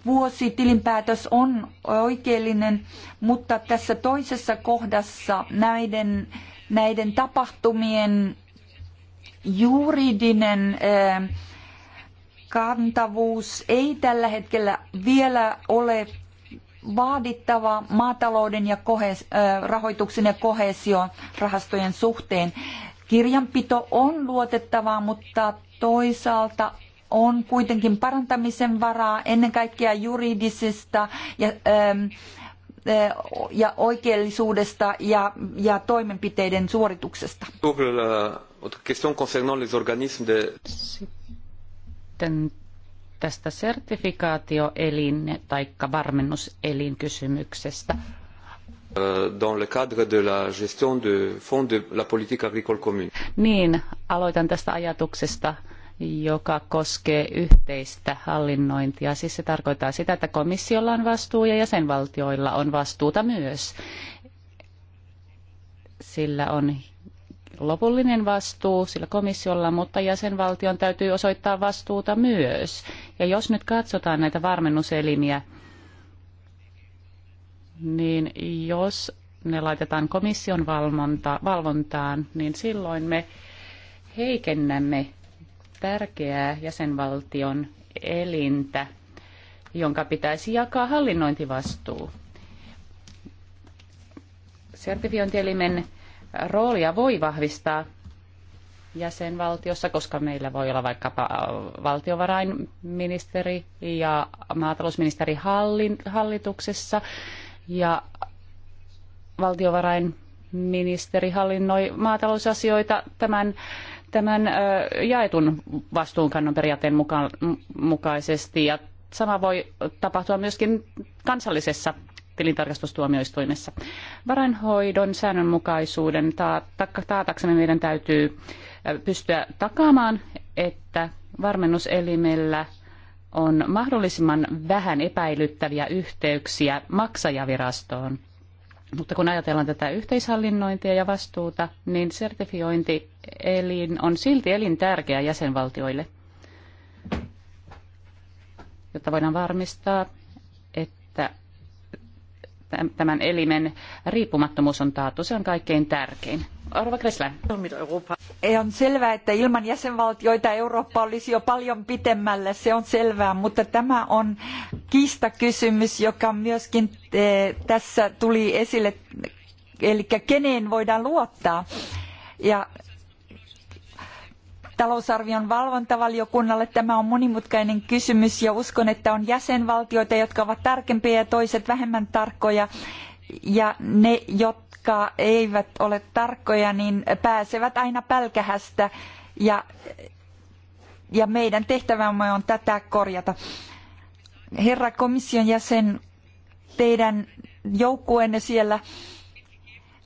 vuosi tilinpäätös on oikeellinen, mutta tässä toisessa kohdassa näiden, näiden tapahtumien juridinen äh, kantavuus ei tällä hetkellä vielä ole vaadittava maatalouden ja kohes, rahoituksen ja rahastojen suhteen. Kirjanpito on luotettavaa, mutta toisaalta on kuitenkin parantamisen varaa ennen kaikkea juridisesta ja, ähm, ja oikeellisuudesta ja, ja toimenpiteiden suorituksesta. Sitten tästä sertifikaatioelin tai varmennuselin kysymyksestä. Dans le cadre de la gestion de fonds de la politique agricole commune. Niin, aloitan tästä ajatuksesta joka koskee yhteistä hallinnointia. Siis se tarkoittaa sitä, että komissiolla on vastuu ja jäsenvaltioilla on vastuuta myös. Sillä on lopullinen vastuu sillä komissiolla, mutta jäsenvaltion täytyy osoittaa vastuuta myös. Ja jos nyt katsotaan näitä varmennuselimiä, niin jos ne laitetaan komission valvonta, valvontaan, niin silloin me heikennämme tärkeää jäsenvaltion elintä, jonka pitäisi jakaa hallinnointivastuu. Sertifiointielimen roolia voi vahvistaa jäsenvaltiossa, koska meillä voi olla vaikkapa äh, valtiovarainministeri ja maatalousministeri hallituksessa ja valtiovarainministeri hallinnoi maatalousasioita tämän, tämän äh, jaetun vastuunkannon periaatteen mukaan, mukaisesti ja sama voi tapahtua myöskin kansallisessa tilintarkastustuomioistuimessa. Varainhoidon säännönmukaisuuden taataksemme meidän täytyy äh, pystyä takaamaan, että varmennuselimellä on mahdollisimman vähän epäilyttäviä yhteyksiä maksajavirastoon. Mutta kun ajatellaan tätä yhteishallinnointia ja vastuuta, niin sertifiointielin on silti elintärkeä jäsenvaltioille, jotta voidaan varmistaa, tämän elimen riippumattomuus on taattu. Se on kaikkein tärkein. Arva Ei On selvää, että ilman jäsenvaltioita Eurooppa olisi jo paljon pitemmällä, se on selvää, mutta tämä on kiistakysymys, joka myöskin eh, tässä tuli esille, eli keneen voidaan luottaa. Ja talousarvion valvontavaliokunnalle. Tämä on monimutkainen kysymys ja uskon, että on jäsenvaltioita, jotka ovat tarkempia ja toiset vähemmän tarkkoja. Ja ne, jotka eivät ole tarkkoja, niin pääsevät aina pälkähästä ja, ja meidän tehtävämme on tätä korjata. Herra komission jäsen, teidän joukkueenne siellä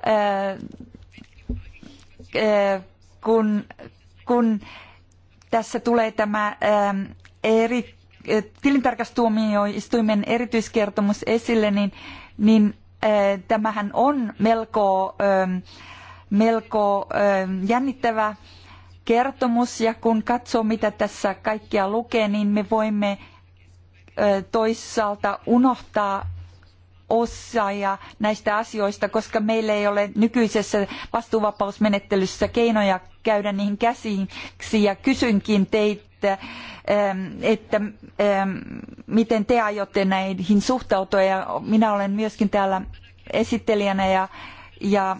ää, ää, kun kun tässä tulee tämä ähm, eri, äh, tilintarkastuomioistuimen erityiskertomus esille, niin, niin äh, tämähän on melko, ähm, melko ähm, jännittävä kertomus ja kun katsoo mitä tässä kaikkea lukee, niin me voimme äh, toisaalta unohtaa ja näistä asioista, koska meillä ei ole nykyisessä vastuuvapausmenettelyssä keinoja käydä niihin käsiksi ja kysynkin teitä, ähm, että ähm, miten te aiotte näihin suhtautua ja minä olen myöskin täällä esittelijänä ja, ja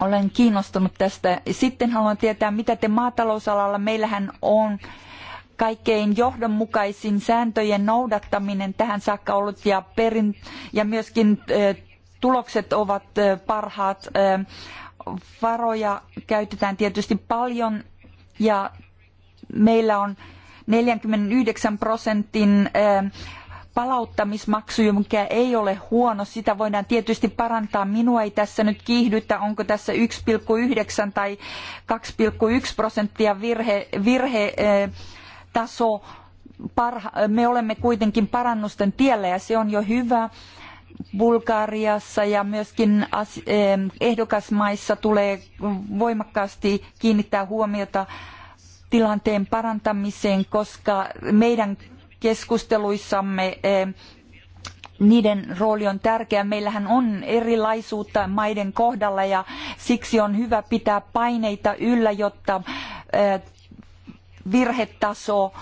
olen kiinnostunut tästä. Sitten haluan tietää, mitä te maatalousalalla, meillähän on kaikkein johdonmukaisin sääntöjen noudattaminen tähän saakka ollut ja, perin, ja myöskin äh, tulokset ovat äh, parhaat äh, varoja käytetään tietysti paljon ja meillä on 49 prosentin eh, palauttamismaksu, mikä ei ole huono. Sitä voidaan tietysti parantaa. Minua ei tässä nyt kiihdytä, onko tässä 1,9 tai 2,1 prosenttia virhe, virhetaso. Eh, me olemme kuitenkin parannusten tiellä ja se on jo hyvä. Bulgariassa ja myöskin ehdokasmaissa tulee voimakkaasti kiinnittää huomiota tilanteen parantamiseen, koska meidän keskusteluissamme niiden rooli on tärkeä. Meillähän on erilaisuutta maiden kohdalla ja siksi on hyvä pitää paineita yllä, jotta e, virhetaso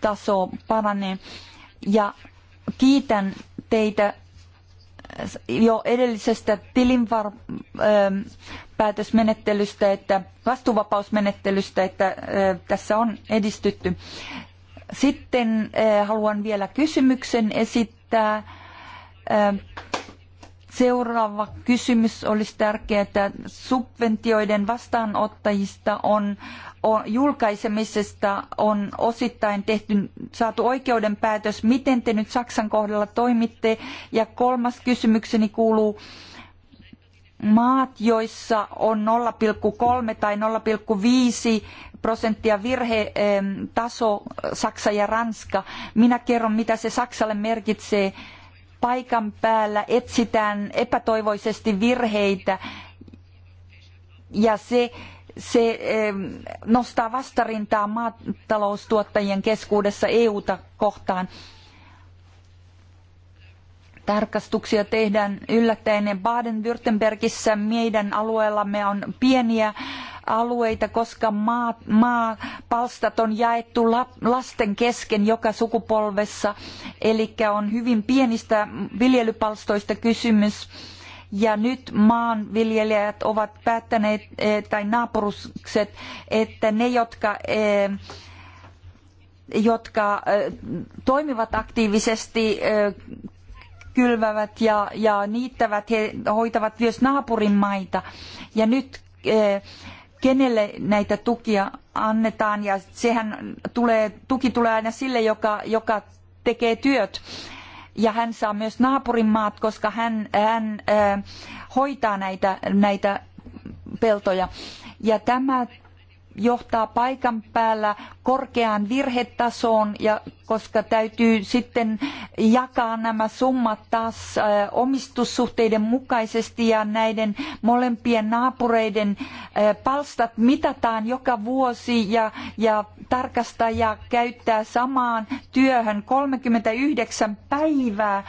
taso paranee. Ja kiitän teitä jo edellisestä tilinpäätösmenettelystä, ähm, että vastuuvapausmenettelystä, että äh, tässä on edistytty. Sitten äh, haluan vielä kysymyksen esittää ähm, Seuraava kysymys olisi tärkeää, että subventioiden vastaanottajista on, on julkaisemisesta on osittain tehty, saatu oikeudenpäätös. Miten te nyt Saksan kohdalla toimitte? Ja kolmas kysymykseni kuuluu, maat, joissa on 0,3 tai 0,5 prosenttia virhetaso, Saksa ja Ranska. Minä kerron, mitä se Saksalle merkitsee paikan päällä etsitään epätoivoisesti virheitä ja se, se nostaa vastarintaa maataloustuottajien keskuudessa EUta kohtaan. Tarkastuksia tehdään yllättäen Baden-Württembergissä. Meidän alueellamme on pieniä alueita, koska maa, maa palstat on jaettu la, lasten kesken joka sukupolvessa. Eli on hyvin pienistä viljelypalstoista kysymys. Ja nyt maanviljelijät ovat päättäneet, eh, tai naapurukset, että ne, jotka eh, jotka eh, toimivat aktiivisesti, kylvävät ja, ja niittävät, he hoitavat myös naapurin maita. Ja nyt kenelle näitä tukia annetaan ja sehän tulee, tuki tulee aina sille, joka, joka tekee työt. Ja hän saa myös naapurimaat, koska hän, hän äh, hoitaa näitä, näitä peltoja. Ja tämä johtaa paikan päällä korkeaan virhetasoon, ja koska täytyy sitten jakaa nämä summat taas äh, omistussuhteiden mukaisesti ja näiden molempien naapureiden äh, palstat mitataan joka vuosi ja, ja tarkastaja käyttää samaan työhön 39 päivää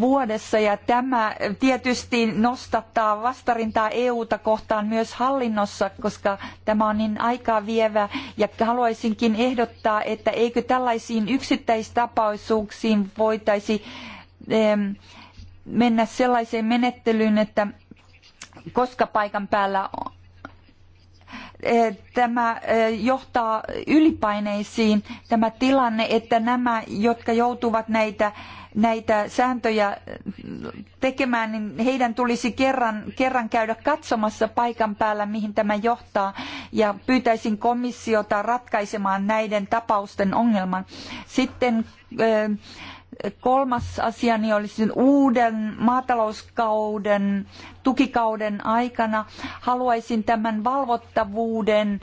vuodessa ja tämä tietysti nostattaa vastarintaa EUta kohtaan myös hallinnossa, koska tämä on niin aikaa vievä ja haluaisinkin ehdottaa, että eikö tällaisiin yksittäistapausuuksiin voitaisi mennä sellaiseen menettelyyn, että koska paikan päällä eh, tämä eh, johtaa ylipaineisiin tämä tilanne, että nämä, jotka joutuvat näitä näitä sääntöjä tekemään, niin heidän tulisi kerran, kerran käydä katsomassa paikan päällä, mihin tämä johtaa, ja pyytäisin komissiota ratkaisemaan näiden tapausten ongelman. Sitten kolmas asiani niin olisi uuden maatalouskauden, tukikauden aikana. Haluaisin tämän valvottavuuden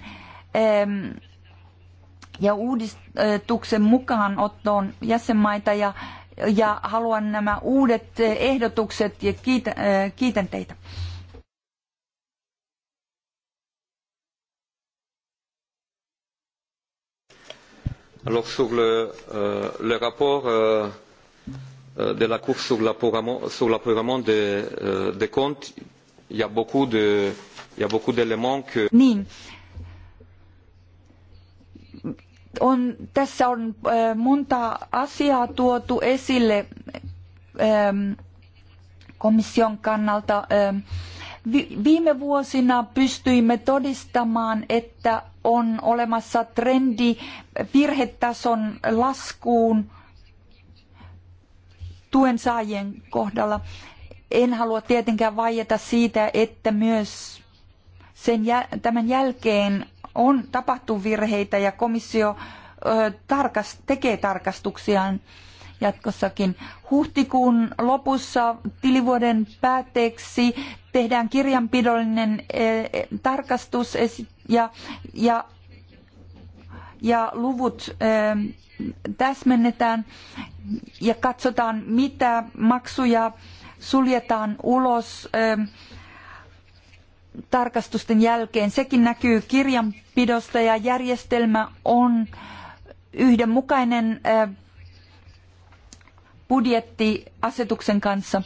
ja uudistuksen mukaanottoon jäsenmaita ja ja haluan nämä uudet ehdotukset ja kiitän, äh, kiitän teitä. Alors sur le, euh, le rapport euh, euh de la Cour sur l'apurement des, euh, des comptes, il y a beaucoup d'éléments que... Niin on, tässä on monta asiaa tuotu esille komission kannalta. Viime vuosina pystyimme todistamaan, että on olemassa trendi virhetason laskuun tuen saajien kohdalla. En halua tietenkään vaieta siitä, että myös sen, tämän jälkeen on tapahtunut virheitä ja komissio ö, tekee tarkastuksiaan jatkossakin. Huhtikuun lopussa tilivuoden päätteeksi tehdään kirjanpidollinen ö, e, e, tarkastus ja, ja, ja luvut ö, täsmennetään ja katsotaan, mitä maksuja suljetaan ulos. Ö, tarkastusten jälkeen. Sekin näkyy kirjanpidosta ja järjestelmä on yhdenmukainen budjettiasetuksen kanssa.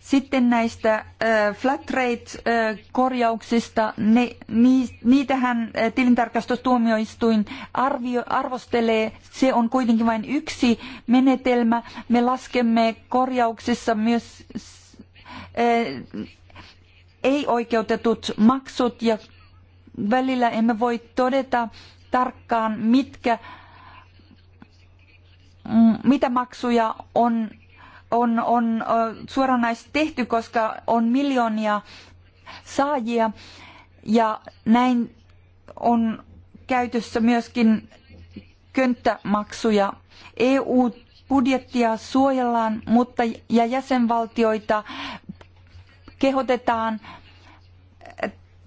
Sitten näistä flat rate-korjauksista, niitähän tilintarkastustuomioistuin arvio, arvostelee. Se on kuitenkin vain yksi menetelmä. Me laskemme korjauksissa myös ei-oikeutetut maksut ja välillä emme voi todeta tarkkaan, mitkä, mm, mitä maksuja on, on, on suoranaisesti tehty, koska on miljoonia saajia ja näin on käytössä myöskin könttämaksuja. EU-budjettia suojellaan mutta, ja jäsenvaltioita kehotetaan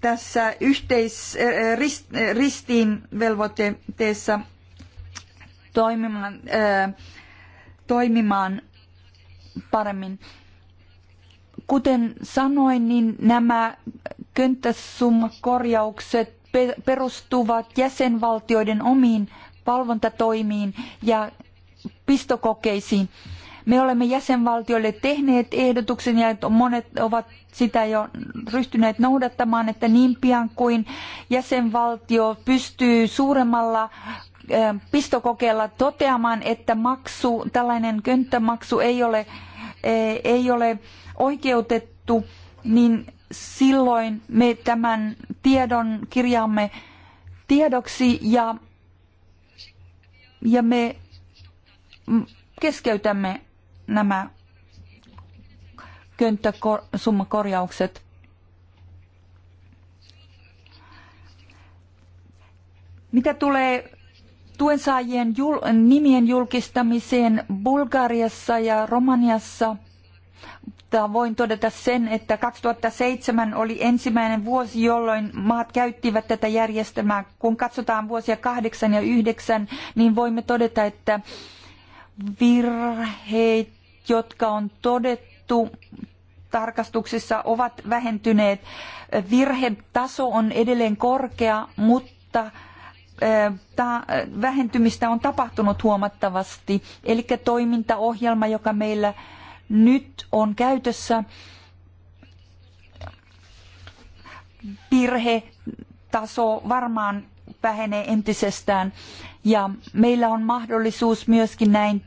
tässä yhteisristiinvelvoitteessa äh, toimimaan, äh, toimimaan paremmin. Kuten sanoin, niin nämä könttäsummakorjaukset perustuvat jäsenvaltioiden omiin valvontatoimiin ja pistokokeisiin. Me olemme jäsenvaltioille tehneet ehdotuksen ja monet ovat sitä jo ryhtyneet noudattamaan, että niin pian kuin jäsenvaltio pystyy suuremmalla pistokokeella toteamaan, että maksu, tällainen könttämaksu ei ole, ei ole oikeutettu, niin silloin me tämän tiedon kirjaamme tiedoksi ja, ja me keskeytämme nämä könttäsummakorjaukset. Mitä tulee tuensaajien jul- nimien julkistamiseen Bulgariassa ja Romaniassa, voin todeta sen, että 2007 oli ensimmäinen vuosi, jolloin maat käyttivät tätä järjestelmää. Kun katsotaan vuosia 8 ja 9, niin voimme todeta, että virheitä jotka on todettu tarkastuksissa ovat vähentyneet. Virhetaso on edelleen korkea, mutta vähentymistä on tapahtunut huomattavasti. Eli toimintaohjelma, joka meillä nyt on käytössä, virhetaso varmaan vähenee entisestään ja meillä on mahdollisuus myöskin näin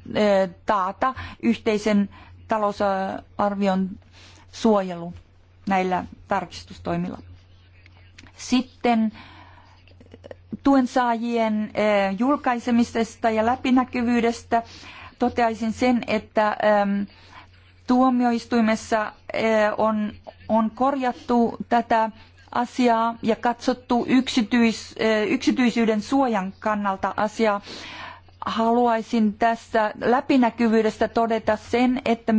taata yhteisen talousarvion suojelu näillä tarkistustoimilla. Sitten tuensaajien julkaisemisesta ja läpinäkyvyydestä toteaisin sen, että tuomioistuimessa on, on korjattu tätä asiaa ja katsottu yksityis, yksityisyyden suojan kannalta asiaa. Haluaisin tässä läpinäkyvyydestä todeta sen, että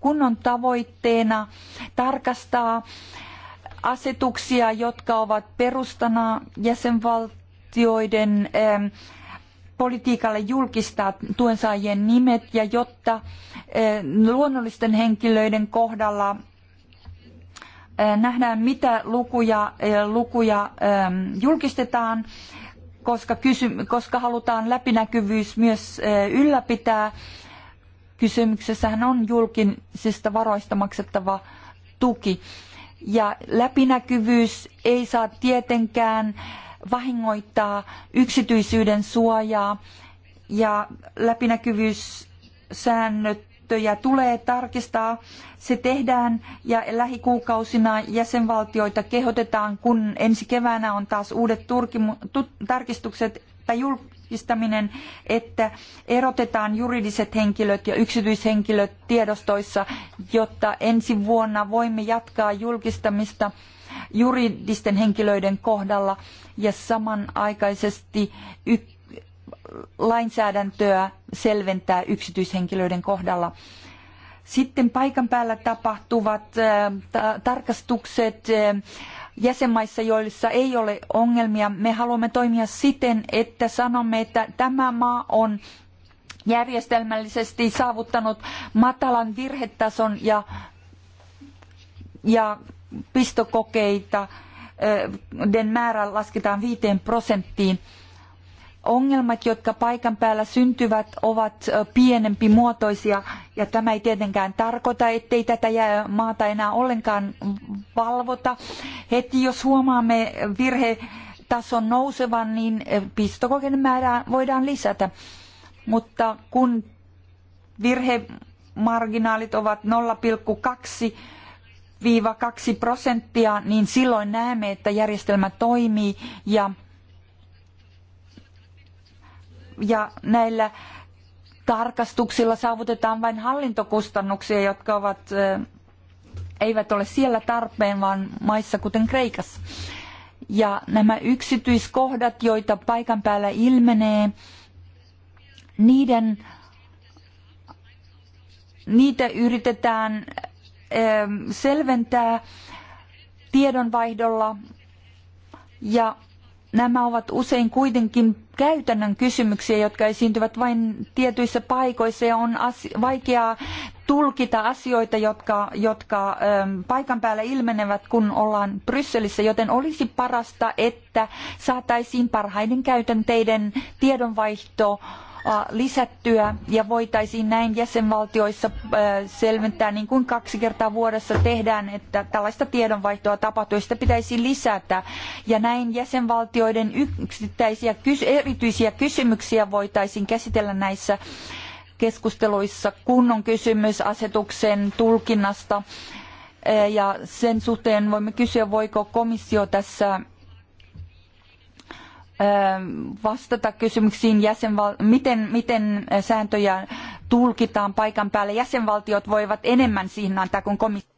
kun on tavoitteena tarkastaa asetuksia, jotka ovat perustana jäsenvaltioiden politiikalle julkistaa tuensaajien nimet ja jotta luonnollisten henkilöiden kohdalla Äh, nähdään, mitä lukuja, äh, lukuja ähm, julkistetaan, koska, kysy, koska halutaan läpinäkyvyys myös äh, ylläpitää. Kysymyksessähän on julkisista varoista maksettava tuki. Ja läpinäkyvyys ei saa tietenkään vahingoittaa yksityisyyden suojaa ja läpinäkyvyyssäännöt sääntöjä tulee tarkistaa. Se tehdään ja lähikuukausina jäsenvaltioita kehotetaan, kun ensi keväänä on taas uudet tarkistukset tai julkistaminen, että erotetaan juridiset henkilöt ja yksityishenkilöt tiedostoissa, jotta ensi vuonna voimme jatkaa julkistamista juridisten henkilöiden kohdalla ja samanaikaisesti yksi lainsäädäntöä selventää yksityishenkilöiden kohdalla. Sitten paikan päällä tapahtuvat tarkastukset jäsenmaissa, joissa ei ole ongelmia. Me haluamme toimia siten, että sanomme, että tämä maa on järjestelmällisesti saavuttanut matalan virhetason ja, ja pistokokeita den määrä lasketaan viiteen prosenttiin ongelmat, jotka paikan päällä syntyvät, ovat pienempi muotoisia ja tämä ei tietenkään tarkoita, ettei tätä maata enää ollenkaan valvota. Heti jos huomaamme virhetason nousevan, niin pistokokeiden määrää voidaan lisätä. Mutta kun virhemarginaalit ovat 0,2 2 prosenttia, niin silloin näemme, että järjestelmä toimii ja ja näillä tarkastuksilla saavutetaan vain hallintokustannuksia, jotka ovat, eivät ole siellä tarpeen, vaan maissa kuten Kreikassa. Ja nämä yksityiskohdat, joita paikan päällä ilmenee, niiden, niitä yritetään selventää tiedonvaihdolla ja nämä ovat usein kuitenkin käytännön kysymyksiä, jotka esiintyvät vain tietyissä paikoissa ja on vaikeaa tulkita asioita, jotka, jotka ähm, paikan päällä ilmenevät, kun ollaan Brysselissä, joten olisi parasta, että saataisiin parhaiden käytänteiden tiedonvaihto äh, lisättyä ja voitaisiin näin jäsenvaltioissa selventää, niin kuin kaksi kertaa vuodessa tehdään, että tällaista tiedonvaihtoa tapahtuu, sitä pitäisi lisätä. Ja näin jäsenvaltioiden yksittäisiä erityisiä kysymyksiä voitaisiin käsitellä näissä keskusteluissa, kun on kysymys asetuksen tulkinnasta. Ja sen suhteen voimme kysyä, voiko komissio tässä vastata kysymyksiin, jäsenval- miten, miten sääntöjä tulkitaan paikan päällä. Jäsenvaltiot voivat enemmän siihen antaa kuin komissio.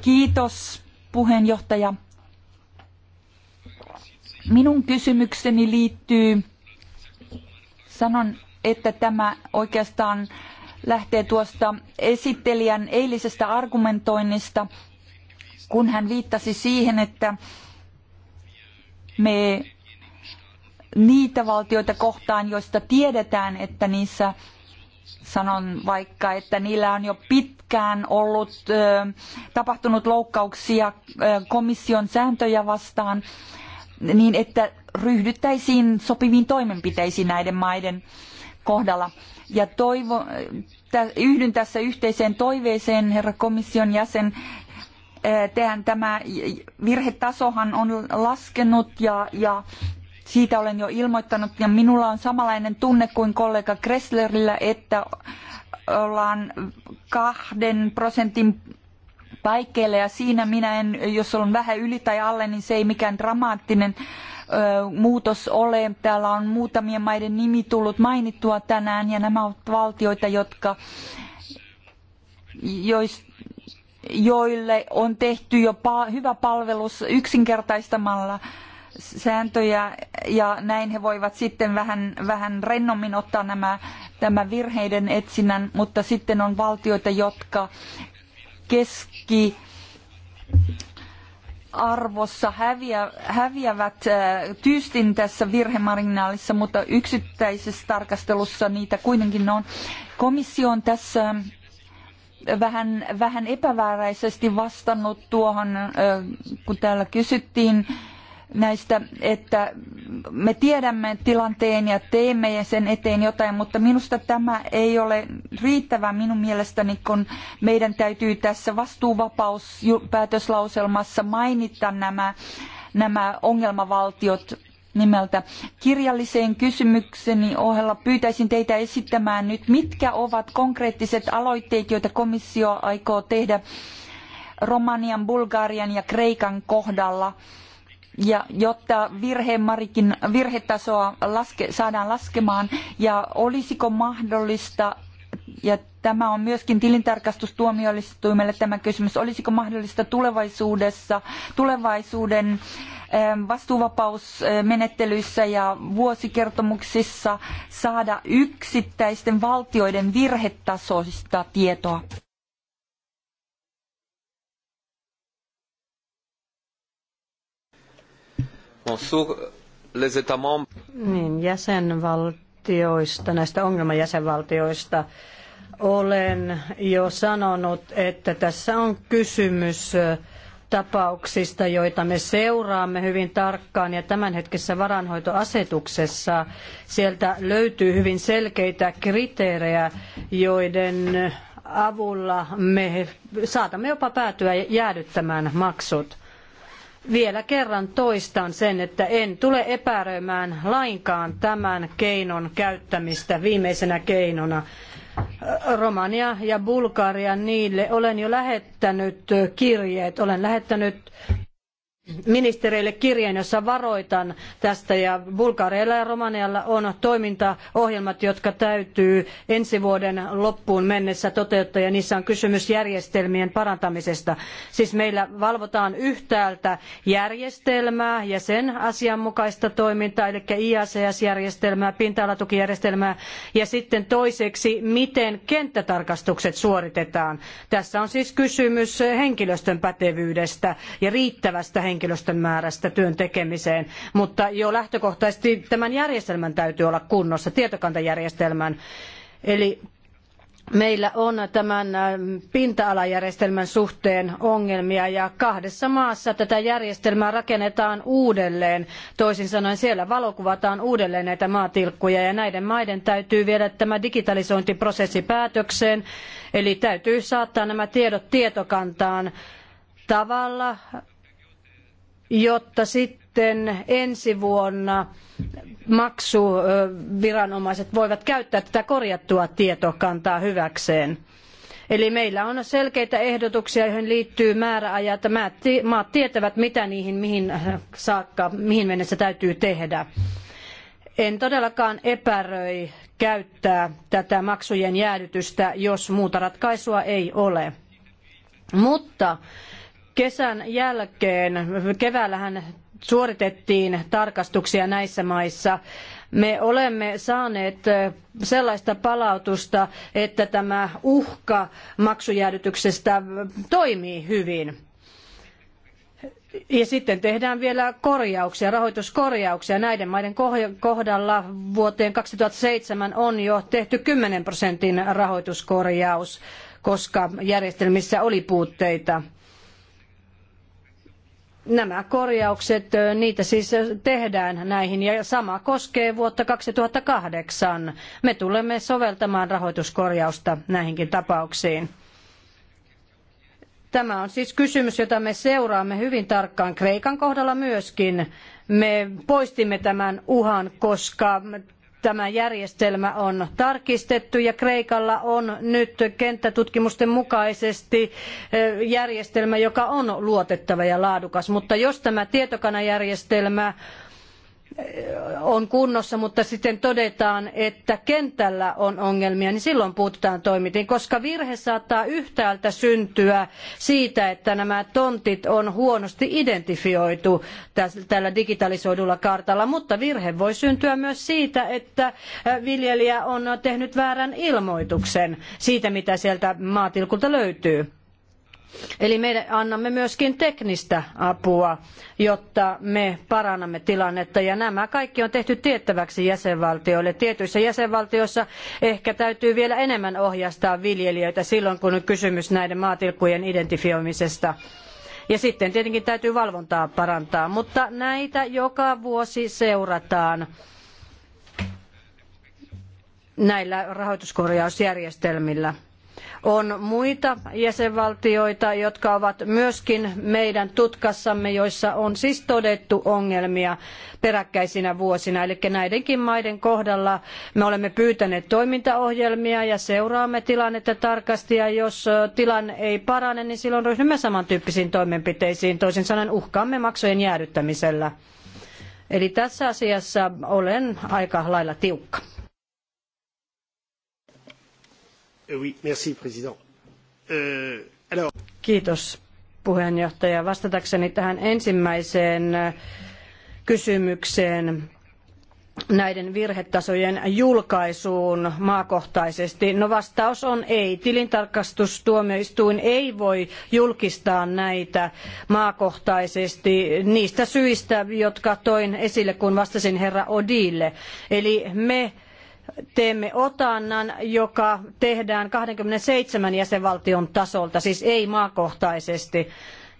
Kiitos puheenjohtaja. Minun kysymykseni liittyy, sanon, että tämä oikeastaan lähtee tuosta esittelijän eilisestä argumentoinnista, kun hän viittasi siihen, että me niitä valtioita kohtaan, joista tiedetään, että niissä sanon vaikka, että niillä on jo pitkään ollut tapahtunut loukkauksia komission sääntöjä vastaan, niin että ryhdyttäisiin sopiviin toimenpiteisiin näiden maiden kohdalla. Ja toivo, yhdyn tässä yhteiseen toiveeseen, herra komission jäsen. Tehän tämä virhetasohan on laskenut ja, ja siitä olen jo ilmoittanut ja minulla on samanlainen tunne kuin kollega Kresslerillä, että ollaan kahden prosentin paikkeilla ja siinä minä en, jos on vähän yli tai alle, niin se ei mikään dramaattinen muutos ole. Täällä on muutamien maiden nimi tullut mainittua tänään ja nämä ovat valtioita, jotka, joille on tehty jo hyvä palvelus yksinkertaistamalla sääntöjä ja näin he voivat sitten vähän, vähän rennommin ottaa nämä, tämä virheiden etsinnän, mutta sitten on valtioita, jotka keski arvossa häviä, häviävät äh, tyystin tässä virhemarginaalissa, mutta yksittäisessä tarkastelussa niitä kuitenkin on. Komissio on tässä vähän, vähän vastannut tuohon, äh, kun täällä kysyttiin näistä, että me tiedämme tilanteen ja teemme sen eteen jotain, mutta minusta tämä ei ole riittävä minun mielestäni, kun meidän täytyy tässä vastuuvapauspäätöslauselmassa mainita nämä, nämä ongelmavaltiot nimeltä. Kirjalliseen kysymykseni ohella pyytäisin teitä esittämään nyt, mitkä ovat konkreettiset aloitteet, joita komissio aikoo tehdä Romanian, Bulgarian ja Kreikan kohdalla – ja jotta virhemarikin, virhetasoa laske, saadaan laskemaan ja olisiko mahdollista ja tämä on myöskin tilintarkastustuomioistuimelle tämä kysymys, olisiko mahdollista tulevaisuudessa, tulevaisuuden ähm, vastuuvapausmenettelyissä ja vuosikertomuksissa saada yksittäisten valtioiden virhetasoista tietoa? Niin, jäsenvaltioista, näistä ongelmajäsenvaltioista olen jo sanonut, että tässä on kysymys tapauksista, joita me seuraamme hyvin tarkkaan ja tämänhetkisessä varanhoitoasetuksessa sieltä löytyy hyvin selkeitä kriteerejä, joiden avulla me saatamme jopa päätyä jäädyttämään maksut vielä kerran toistan sen, että en tule epäröimään lainkaan tämän keinon käyttämistä viimeisenä keinona. Romania ja Bulgaria, niille olen jo lähettänyt kirjeet, olen lähettänyt ministereille kirjeen, jossa varoitan tästä ja Bulgarialla ja Romanialla on toimintaohjelmat, jotka täytyy ensi vuoden loppuun mennessä toteuttaa ja niissä on kysymys järjestelmien parantamisesta. Siis meillä valvotaan yhtäältä järjestelmää ja sen asianmukaista toimintaa, eli IACS-järjestelmää, pinta-alatukijärjestelmää ja sitten toiseksi, miten kenttätarkastukset suoritetaan. Tässä on siis kysymys henkilöstön pätevyydestä ja riittävästä henkilöstöstä henkilöstön määrästä työn tekemiseen, mutta jo lähtökohtaisesti tämän järjestelmän täytyy olla kunnossa, tietokantajärjestelmän. Eli meillä on tämän pinta-alajärjestelmän suhteen ongelmia ja kahdessa maassa tätä järjestelmää rakennetaan uudelleen. Toisin sanoen siellä valokuvataan uudelleen näitä maatilkkuja ja näiden maiden täytyy viedä tämä digitalisointiprosessi päätökseen. Eli täytyy saattaa nämä tiedot tietokantaan tavalla, jotta sitten ensi vuonna maksuviranomaiset voivat käyttää tätä korjattua tietokantaa hyväkseen. Eli meillä on selkeitä ehdotuksia, joihin liittyy määräajat. Maat tietävät, mitä niihin mihin äh, saakka, mihin mennessä täytyy tehdä. En todellakaan epäröi käyttää tätä maksujen jäädytystä, jos muuta ratkaisua ei ole. Mutta Kesän jälkeen, keväällähän suoritettiin tarkastuksia näissä maissa. Me olemme saaneet sellaista palautusta, että tämä uhka maksujäädytyksestä toimii hyvin. Ja sitten tehdään vielä korjauksia, rahoituskorjauksia. Näiden maiden kohdalla vuoteen 2007 on jo tehty 10 prosentin rahoituskorjaus, koska järjestelmissä oli puutteita nämä korjaukset, niitä siis tehdään näihin ja sama koskee vuotta 2008. Me tulemme soveltamaan rahoituskorjausta näihinkin tapauksiin. Tämä on siis kysymys, jota me seuraamme hyvin tarkkaan Kreikan kohdalla myöskin. Me poistimme tämän uhan, koska tämä järjestelmä on tarkistettu ja Kreikalla on nyt kenttätutkimusten mukaisesti eh, järjestelmä, joka on luotettava ja laadukas. Mutta jos tämä tietokanajärjestelmä on kunnossa, mutta sitten todetaan, että kentällä on ongelmia, niin silloin puututaan toimintiin, koska virhe saattaa yhtäältä syntyä siitä, että nämä tontit on huonosti identifioitu tällä digitalisoidulla kartalla, mutta virhe voi syntyä myös siitä, että äh, viljelijä on tehnyt väärän ilmoituksen siitä, mitä sieltä maatilkulta löytyy. Eli me annamme myöskin teknistä apua, jotta me parannamme tilannetta. Ja nämä kaikki on tehty tiettäväksi jäsenvaltioille. Tietyissä jäsenvaltioissa ehkä täytyy vielä enemmän ohjastaa viljelijöitä silloin, kun on kysymys näiden maatilkkujen identifioimisesta. Ja sitten tietenkin täytyy valvontaa parantaa, mutta näitä joka vuosi seurataan näillä rahoituskorjausjärjestelmillä. On muita jäsenvaltioita, jotka ovat myöskin meidän tutkassamme, joissa on siis todettu ongelmia peräkkäisinä vuosina. Eli näidenkin maiden kohdalla me olemme pyytäneet toimintaohjelmia ja seuraamme tilannetta tarkasti. Ja jos tilanne ei parane, niin silloin ryhdymme samantyyppisiin toimenpiteisiin. Toisin sanoen uhkaamme maksujen jäädyttämisellä. Eli tässä asiassa olen aika lailla tiukka. Euh, oui, merci, euh, Kiitos puheenjohtaja. Vastatakseni tähän ensimmäiseen äh, kysymykseen näiden virhetasojen julkaisuun maakohtaisesti? No vastaus on ei. Tilintarkastustuomioistuin ei voi julkistaa näitä maakohtaisesti niistä syistä, jotka toin esille, kun vastasin herra Odille. Eli me teemme otannan, joka tehdään 27 jäsenvaltion tasolta, siis ei maakohtaisesti.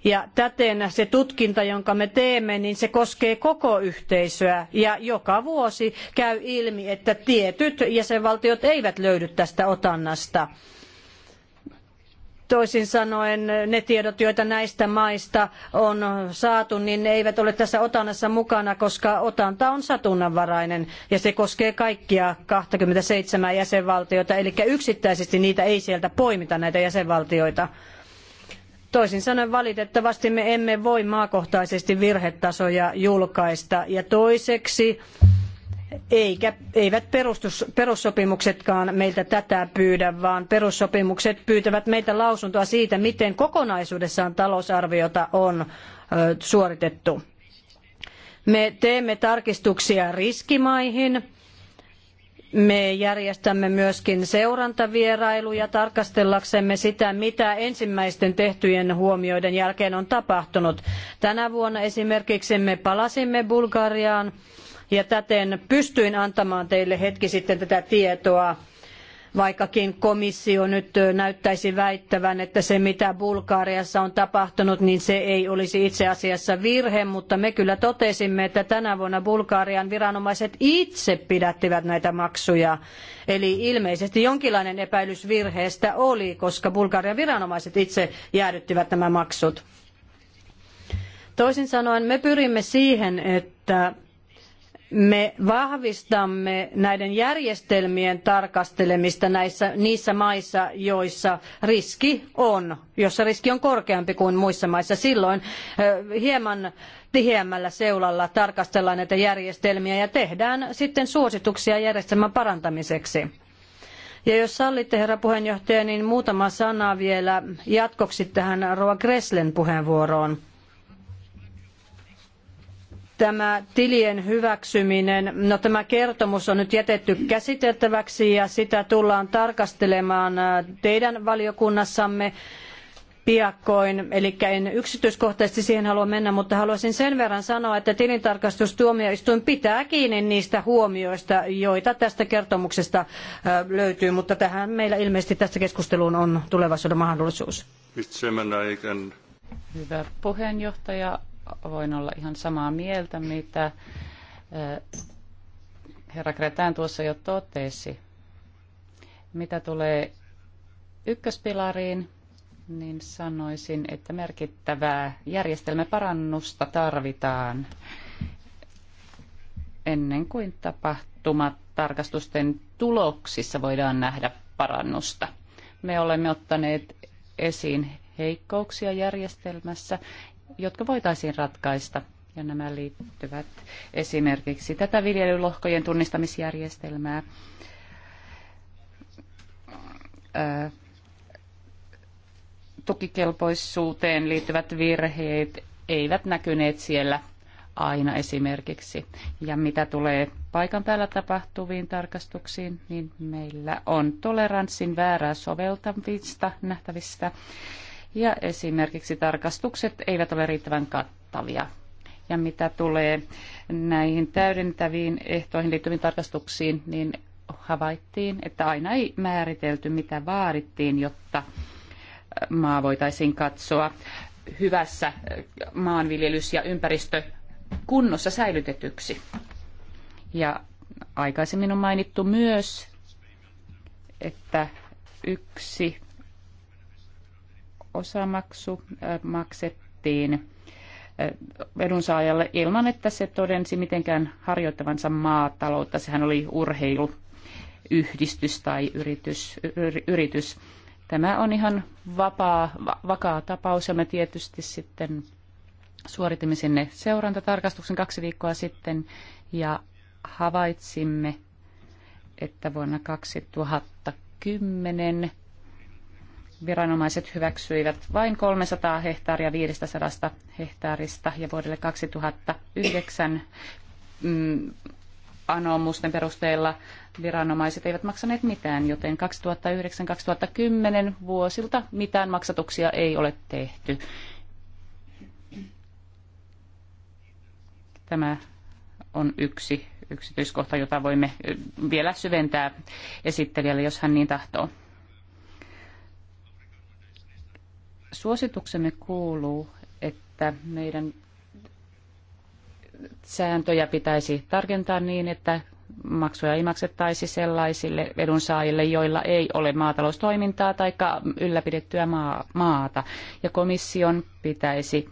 Ja täten se tutkinta, jonka me teemme, niin se koskee koko yhteisöä ja joka vuosi käy ilmi, että tietyt jäsenvaltiot eivät löydy tästä otannasta. Toisin sanoen ne tiedot, joita näistä maista on saatu, niin ne eivät ole tässä otanassa mukana, koska otanta on satunnanvarainen ja se koskee kaikkia 27 jäsenvaltiota, eli yksittäisesti niitä ei sieltä poimita näitä jäsenvaltioita. Toisin sanoen valitettavasti me emme voi maakohtaisesti virhetasoja julkaista. Ja toiseksi eikä, eivät perustus, perussopimuksetkaan meiltä tätä pyydä, vaan perussopimukset pyytävät meiltä lausuntoa siitä, miten kokonaisuudessaan talousarviota on ö, suoritettu. Me teemme tarkistuksia riskimaihin. Me järjestämme myöskin seurantavierailuja tarkastellaksemme sitä, mitä ensimmäisten tehtyjen huomioiden jälkeen on tapahtunut. Tänä vuonna esimerkiksi me palasimme Bulgariaan ja täten pystyin antamaan teille hetki sitten tätä tietoa vaikkakin komissio nyt näyttäisi väittävän, että se mitä Bulgariassa on tapahtunut, niin se ei olisi itse asiassa virhe, mutta me kyllä totesimme, että tänä vuonna Bulgarian viranomaiset itse pidättivät näitä maksuja. Eli ilmeisesti jonkinlainen epäilys virheestä oli, koska Bulgarian viranomaiset itse jäädyttivät nämä maksut. Toisin sanoen me pyrimme siihen, että me vahvistamme näiden järjestelmien tarkastelemista näissä, niissä maissa, joissa riski on, jossa riski on korkeampi kuin muissa maissa. Silloin hieman tiheämmällä seulalla tarkastellaan näitä järjestelmiä ja tehdään sitten suosituksia järjestelmän parantamiseksi. Ja jos sallitte, herra puheenjohtaja, niin muutama sana vielä jatkoksi tähän Roa Gresslen puheenvuoroon tämä tilien hyväksyminen, no tämä kertomus on nyt jätetty käsiteltäväksi ja sitä tullaan tarkastelemaan äh, teidän valiokunnassamme piakkoin, eli en yksityiskohtaisesti siihen halua mennä, mutta haluaisin sen verran sanoa, että tilintarkastustuomioistuin pitää kiinni niistä huomioista, joita tästä kertomuksesta äh, löytyy, mutta tähän meillä ilmeisesti tästä keskusteluun on tulevaisuuden mahdollisuus. Hyvä puheenjohtaja, voin olla ihan samaa mieltä, mitä herra Kretään tuossa jo totesi. Mitä tulee ykköspilariin, niin sanoisin, että merkittävää järjestelmäparannusta tarvitaan ennen kuin tapahtumat tarkastusten tuloksissa voidaan nähdä parannusta. Me olemme ottaneet esiin heikkouksia järjestelmässä jotka voitaisiin ratkaista. Ja nämä liittyvät esimerkiksi tätä viljelylohkojen tunnistamisjärjestelmää, tukikelpoisuuteen liittyvät virheet eivät näkyneet siellä aina esimerkiksi. Ja mitä tulee paikan päällä tapahtuviin tarkastuksiin, niin meillä on toleranssin väärää soveltamista nähtävissä ja esimerkiksi tarkastukset eivät ole riittävän kattavia. Ja mitä tulee näihin täydentäviin ehtoihin liittyviin tarkastuksiin, niin havaittiin, että aina ei määritelty, mitä vaadittiin, jotta äh, maa voitaisiin katsoa hyvässä äh, maanviljelys- ja ympäristökunnossa säilytetyksi. Ja aikaisemmin on mainittu myös, että yksi osamaksu maksettiin edunsaajalle ilman, että se todensi mitenkään harjoittavansa maataloutta. Sehän oli urheiluyhdistys tai yritys. yritys. Tämä on ihan vapaa, vakaa tapaus ja me tietysti sitten suoritimme sinne seurantatarkastuksen kaksi viikkoa sitten ja havaitsimme, että vuonna 2010 viranomaiset hyväksyivät vain 300 hehtaaria 500 hehtaarista ja vuodelle 2009 mm, anomusten perusteella viranomaiset eivät maksaneet mitään, joten 2009-2010 vuosilta mitään maksatuksia ei ole tehty. Tämä on yksi yksityiskohta, jota voimme vielä syventää esittelijälle, jos hän niin tahtoo. Suosituksemme kuuluu, että meidän sääntöjä pitäisi tarkentaa niin, että maksuja ei maksettaisi sellaisille edunsaajille, joilla ei ole maataloustoimintaa tai ylläpidettyä maata. Ja komission pitäisi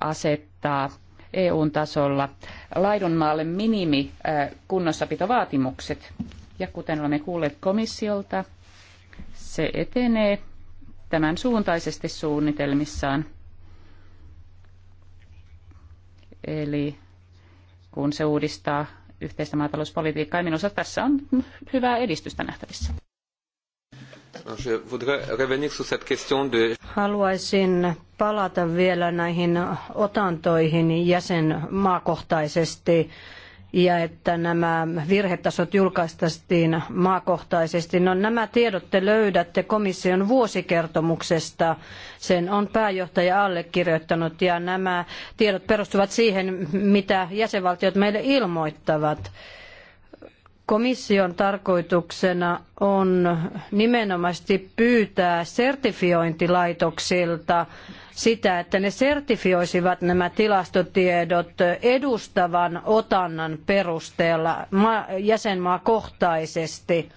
asettaa EU-tasolla laidunmaalle minimi kunnossapitovaatimukset. Ja kuten olemme kuulleet komissiolta, se etenee tämän suuntaisesti suunnitelmissaan. Eli kun se uudistaa yhteistä maatalouspolitiikkaa, minusta niin tässä on hyvää edistystä nähtävissä. Haluaisin palata vielä näihin otantoihin jäsenmaakohtaisesti. maakohtaisesti ja että nämä virhetasot julkaistaisiin maakohtaisesti. No, nämä tiedot te löydätte komission vuosikertomuksesta. Sen on pääjohtaja allekirjoittanut ja nämä tiedot perustuvat siihen, mitä jäsenvaltiot meille ilmoittavat. Komission tarkoituksena on nimenomaisesti pyytää sertifiointilaitoksilta sitä, että ne sertifioisivat nämä tilastotiedot edustavan otannan perusteella jäsenmaakohtaisesti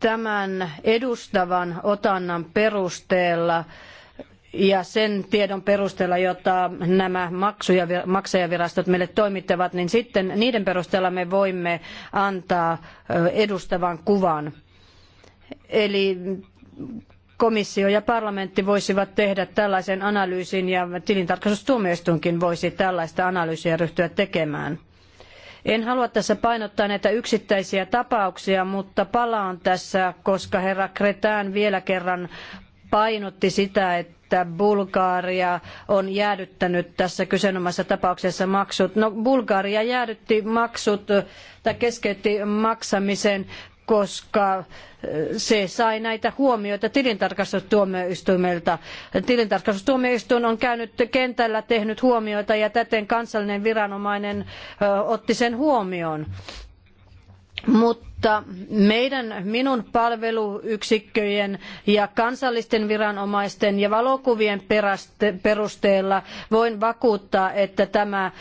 tämän edustavan otannan perusteella ja sen tiedon perusteella, jota nämä maksuja, maksajavirastot meille toimittavat, niin sitten niiden perusteella me voimme antaa edustavan kuvan. Eli komissio ja parlamentti voisivat tehdä tällaisen analyysin ja tilintarkastustuomioistuinkin voisi tällaista analyysiä ryhtyä tekemään. En halua tässä painottaa näitä yksittäisiä tapauksia, mutta palaan tässä, koska herra Kretään vielä kerran painotti sitä, että Bulgaria on jäädyttänyt tässä kyseenomaisessa tapauksessa maksut. No Bulgaria jäädytti maksut tai keskeytti maksamisen koska se sai näitä huomioita tilintarkastustuomioistuimelta. Tilintarkastustuomioistuin on käynyt kentällä, tehnyt huomioita ja täten kansallinen viranomainen otti sen huomioon. Mutta mutta meidän, minun palveluyksikköjen ja kansallisten viranomaisten ja valokuvien perusteella voin vakuuttaa, että tämä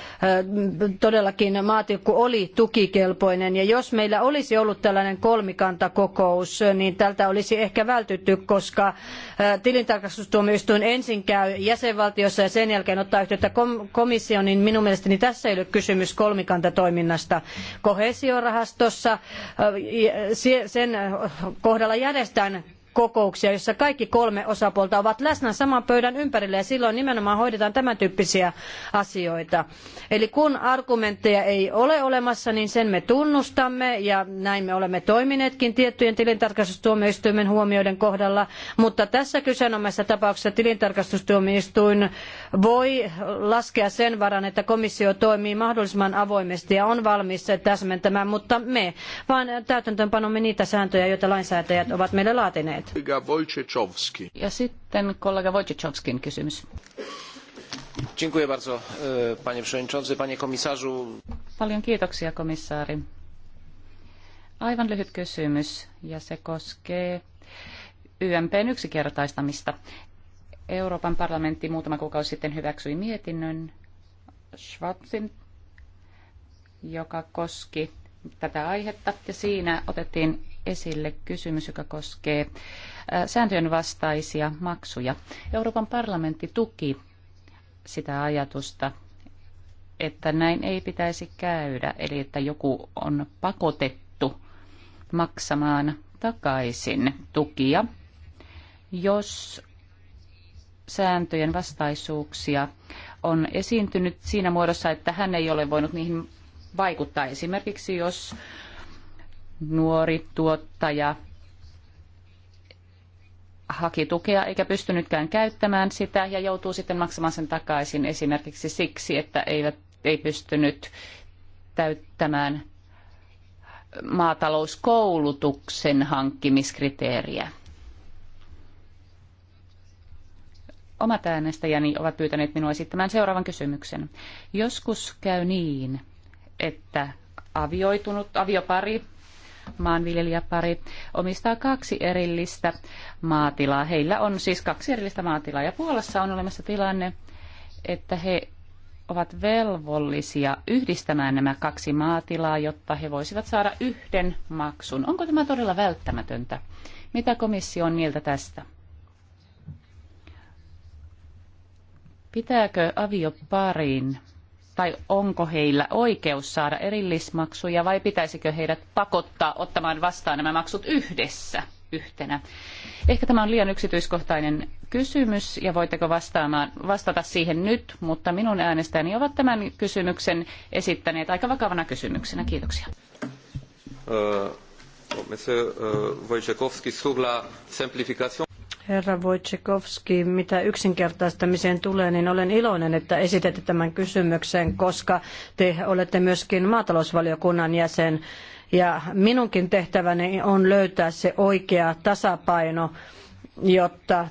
todellakin maatilkku oli tukikelpoinen. Ja jos meillä olisi ollut tällainen kolmikantakokous, niin tältä olisi ehkä vältytty, koska tilintarkastustuomioistuin ensin käy jäsenvaltiossa ja sen jälkeen ottaa yhteyttä komissioon, niin minun mielestäni tässä ei ole kysymys kolmikantatoiminnasta. Kohesiorahastossa sen kohdalla järjestään kokouksia, jossa kaikki kolme osapuolta ovat läsnä saman pöydän ympärillä ja silloin nimenomaan hoidetaan tämän tyyppisiä asioita. Eli kun argumentteja ei ole olemassa, niin sen me tunnustamme ja näin me olemme toimineetkin tiettyjen tilintarkastustuomioistuimen huomioiden kohdalla, mutta tässä kyseenomaisessa tapauksessa tilintarkastustuomioistuin voi laskea sen varan, että komissio toimii mahdollisimman avoimesti ja on valmis täsmentämään, mutta me vaan täytäntöönpanomme niitä sääntöjä, joita lainsäätäjät ovat meille laatineet tehneet. Ja sitten kollega Wojciechowskin kysymys. Dziękuję bardzo, e, panie przewodniczący, panie komisarzu. Paljon kiitoksia, komissaari. Aivan lyhyt kysymys, ja se koskee YMPn yksinkertaistamista. Euroopan parlamentti muutama kuukausi sitten hyväksyi mietinnön Schwarzin, joka koski tätä aihetta, ja siinä otettiin esille kysymys, joka koskee sääntöjen vastaisia maksuja. Euroopan parlamentti tuki sitä ajatusta, että näin ei pitäisi käydä, eli että joku on pakotettu maksamaan takaisin tukia, jos sääntöjen vastaisuuksia on esiintynyt siinä muodossa, että hän ei ole voinut niihin vaikuttaa. Esimerkiksi jos nuori tuottaja haki tukea eikä pystynytkään käyttämään sitä ja joutuu sitten maksamaan sen takaisin esimerkiksi siksi, että eivät, ei pystynyt täyttämään maatalouskoulutuksen hankkimiskriteeriä. Omat äänestäjäni ovat pyytäneet minua esittämään seuraavan kysymyksen. Joskus käy niin, että avioitunut aviopari maanviljelijäpari omistaa kaksi erillistä maatilaa. Heillä on siis kaksi erillistä maatilaa ja Puolassa on olemassa tilanne, että he ovat velvollisia yhdistämään nämä kaksi maatilaa, jotta he voisivat saada yhden maksun. Onko tämä todella välttämätöntä? Mitä komissio on mieltä tästä? Pitääkö avioparin tai onko heillä oikeus saada erillismaksuja vai pitäisikö heidät pakottaa ottamaan vastaan nämä maksut yhdessä yhtenä? Ehkä tämä on liian yksityiskohtainen kysymys ja voitteko vastaamaan, vastata siihen nyt, mutta minun äänestäni ovat tämän kysymyksen esittäneet aika vakavana kysymyksenä. Kiitoksia. Äh, Monsieur äh, Wojciechowski, Herra Wojciechowski, mitä yksinkertaistamiseen tulee, niin olen iloinen, että esitette tämän kysymyksen, koska te olette myöskin maatalousvaliokunnan jäsen. Ja minunkin tehtäväni on löytää se oikea tasapaino jotta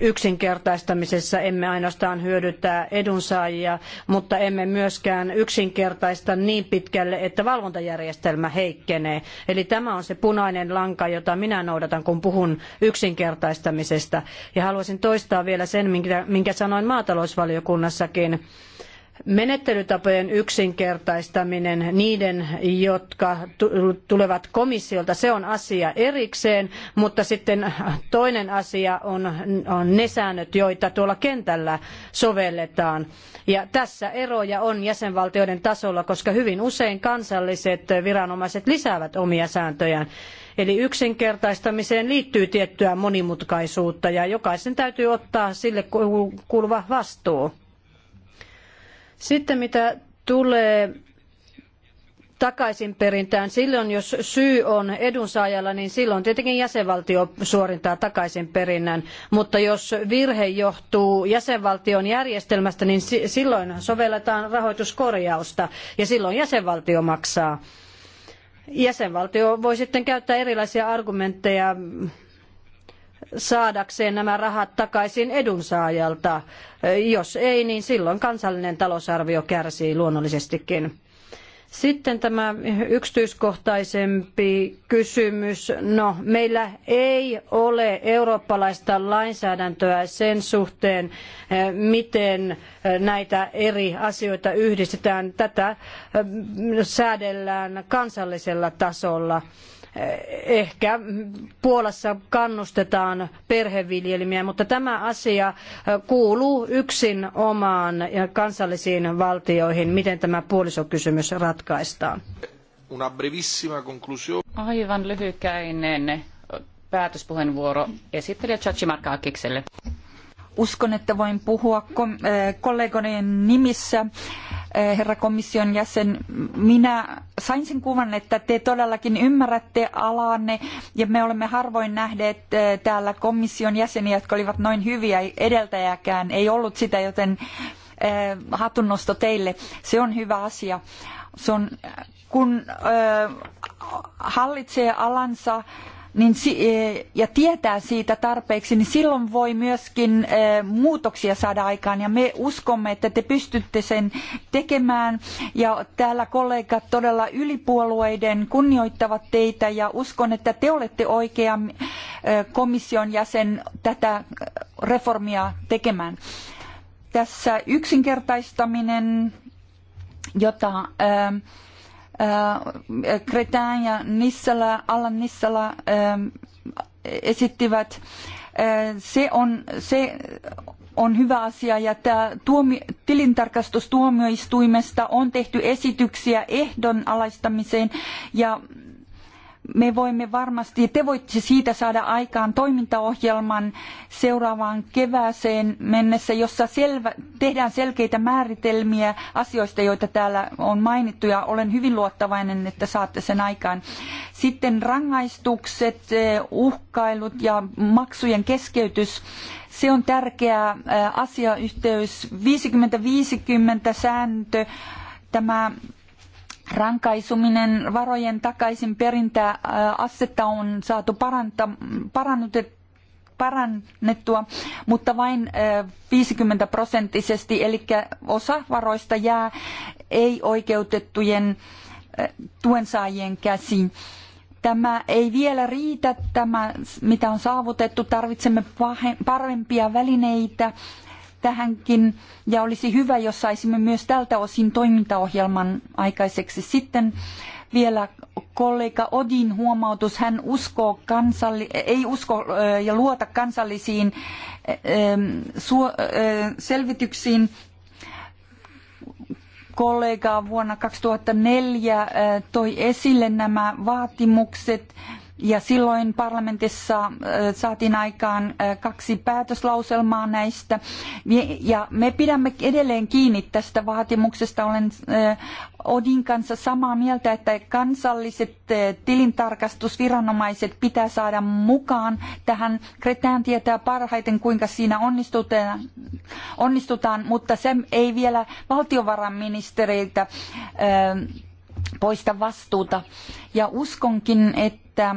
yksinkertaistamisessa emme ainoastaan hyödytä edunsaajia, mutta emme myöskään yksinkertaista niin pitkälle, että valvontajärjestelmä heikkenee. Eli tämä on se punainen lanka, jota minä noudatan, kun puhun yksinkertaistamisesta. Ja haluaisin toistaa vielä sen, minkä, minkä sanoin maatalousvaliokunnassakin menettelytapojen yksinkertaistaminen niiden, jotka tulevat komissiolta, se on asia erikseen, mutta sitten toinen asia on, on ne säännöt, joita tuolla kentällä sovelletaan. Ja tässä eroja on jäsenvaltioiden tasolla, koska hyvin usein kansalliset viranomaiset lisäävät omia sääntöjään. Eli yksinkertaistamiseen liittyy tiettyä monimutkaisuutta ja jokaisen täytyy ottaa sille kuuluva vastuu. Sitten mitä tulee takaisinperintään. Silloin, jos syy on edunsaajalla, niin silloin tietenkin jäsenvaltio suorittaa takaisinperinnän. Mutta jos virhe johtuu jäsenvaltion järjestelmästä, niin silloin sovelletaan rahoituskorjausta ja silloin jäsenvaltio maksaa. Jäsenvaltio voi sitten käyttää erilaisia argumentteja saadakseen nämä rahat takaisin edunsaajalta. Jos ei, niin silloin kansallinen talousarvio kärsii luonnollisestikin. Sitten tämä yksityiskohtaisempi kysymys. No, meillä ei ole eurooppalaista lainsäädäntöä sen suhteen, miten näitä eri asioita yhdistetään. Tätä säädellään kansallisella tasolla. Ehkä Puolassa kannustetaan perheviljelmiä, mutta tämä asia kuuluu yksin omaan kansallisiin valtioihin, miten tämä puolisokysymys ratkaistaan. Una brevissima conclusione. Aivan lyhykäinen päätöspuheenvuoro esittelijä Chachimarka Kikselle. Uskon, että voin puhua eh, kollegoiden nimissä. Eh, herra komission jäsen. Minä sain sen kuvan, että te todellakin ymmärrätte alanne ja me olemme harvoin nähneet eh, täällä komission jäseniä, jotka olivat noin hyviä. Edeltäjäkään ei ollut sitä, joten eh, hatunnosto teille. Se on hyvä asia. Se on, kun hallitsee alansa, niin, e, ja tietää siitä tarpeeksi, niin silloin voi myöskin e, muutoksia saada aikaan. Ja me uskomme, että te pystytte sen tekemään. Ja täällä kollegat todella ylipuolueiden kunnioittavat teitä ja uskon, että te olette oikea e, komission jäsen tätä reformia tekemään. Tässä yksinkertaistaminen, jota... Ää, Cretin äh, ja Nissala, Allan Nissala ähm, esittivät. Äh, se on, se on hyvä asia ja tämä tuomi, tilintarkastustuomioistuimesta on tehty esityksiä ehdon alaistamiseen ja me voimme varmasti, te voitte siitä saada aikaan toimintaohjelman seuraavaan kevääseen mennessä, jossa selvä, tehdään selkeitä määritelmiä asioista, joita täällä on mainittu ja olen hyvin luottavainen, että saatte sen aikaan. Sitten rangaistukset, eh, uhkailut ja maksujen keskeytys. Se on tärkeä eh, asiayhteys. 50-50 sääntö. Tämä rankaisuminen, varojen takaisin perintää, assetta on saatu paranta, parannettua, mutta vain 50 prosenttisesti, eli osa varoista jää ei-oikeutettujen tuensaajien käsiin. Tämä ei vielä riitä, tämä mitä on saavutettu. Tarvitsemme parempia välineitä tähänkin ja olisi hyvä, jos saisimme myös tältä osin toimintaohjelman aikaiseksi. Sitten vielä kollega Odin huomautus, hän uskoo kansalli, ei usko ja luota kansallisiin selvityksiin. Kollega vuonna 2004 toi esille nämä vaatimukset ja silloin parlamentissa saatiin aikaan kaksi päätöslauselmaa näistä. Ja me pidämme edelleen kiinni tästä vaatimuksesta. Olen Odin kanssa samaa mieltä, että kansalliset tilintarkastusviranomaiset pitää saada mukaan tähän. Kretään tietää parhaiten, kuinka siinä onnistutaan, onnistutaan mutta se ei vielä valtiovarainministeriltä äh, poista vastuuta. Ja uskonkin, että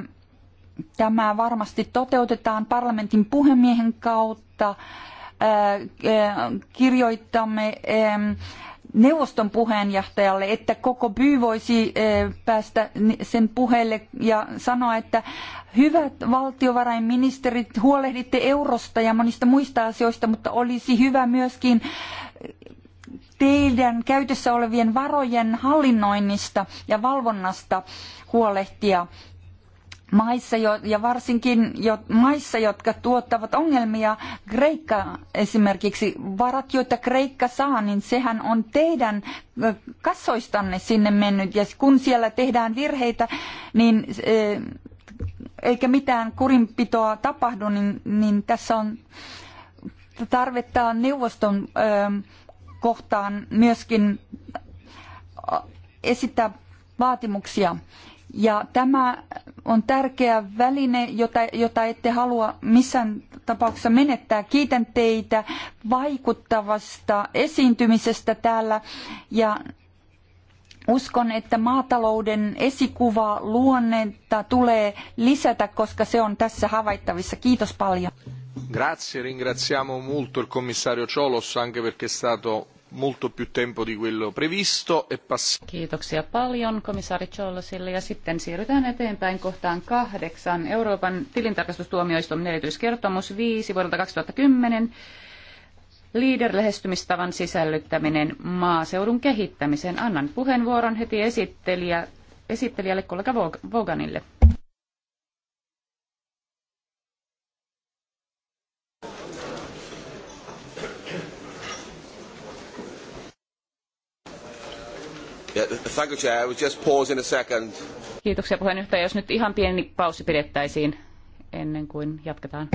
tämä varmasti toteutetaan parlamentin puhemiehen kautta. Äh, äh, Kirjoittamme ähm, neuvoston puheenjohtajalle, että koko byy voisi äh, päästä sen puheelle ja sanoa, että hyvät valtiovarainministerit, huolehditte eurosta ja monista muista asioista, mutta olisi hyvä myöskin teidän käytössä olevien varojen hallinnoinnista ja valvonnasta huolehtia maissa ja varsinkin jo, maissa, jotka tuottavat ongelmia. Kreikka esimerkiksi, varat, joita Kreikka saa, niin sehän on teidän kassoistanne sinne mennyt. Ja kun siellä tehdään virheitä, niin eikä mitään kurinpitoa tapahdu, niin, niin tässä on tarvetta neuvoston ö, kohtaan myöskin äh, esittää vaatimuksia. Ja tämä on tärkeä väline, jota, jota ette halua missään tapauksessa menettää. Kiitän teitä vaikuttavasta esiintymisestä täällä ja uskon, että maatalouden esikuva luonnetta tulee lisätä, koska se on tässä havaittavissa. Kiitos paljon. Grazie, ringraziamo molto il commissario Ciolos anche perché è stato molto più tempo di quello previsto. E pass- Kiitoksia paljon komissaari Chollosille ja sitten siirrytään eteenpäin kohtaan kahdeksan. Euroopan tilintarkastustuomioistuimen erityiskertomus 5 vuodelta 2010. leader sisällyttäminen maaseudun kehittämiseen. Annan puheenvuoron heti esittelijä, esittelijälle kollega Voganille. Thank you, Chair. I was just pausing a second. Kiitoksia puheenjohtaja. Jos nyt ihan pieni paussi pidettäisiin ennen kuin jatketaan.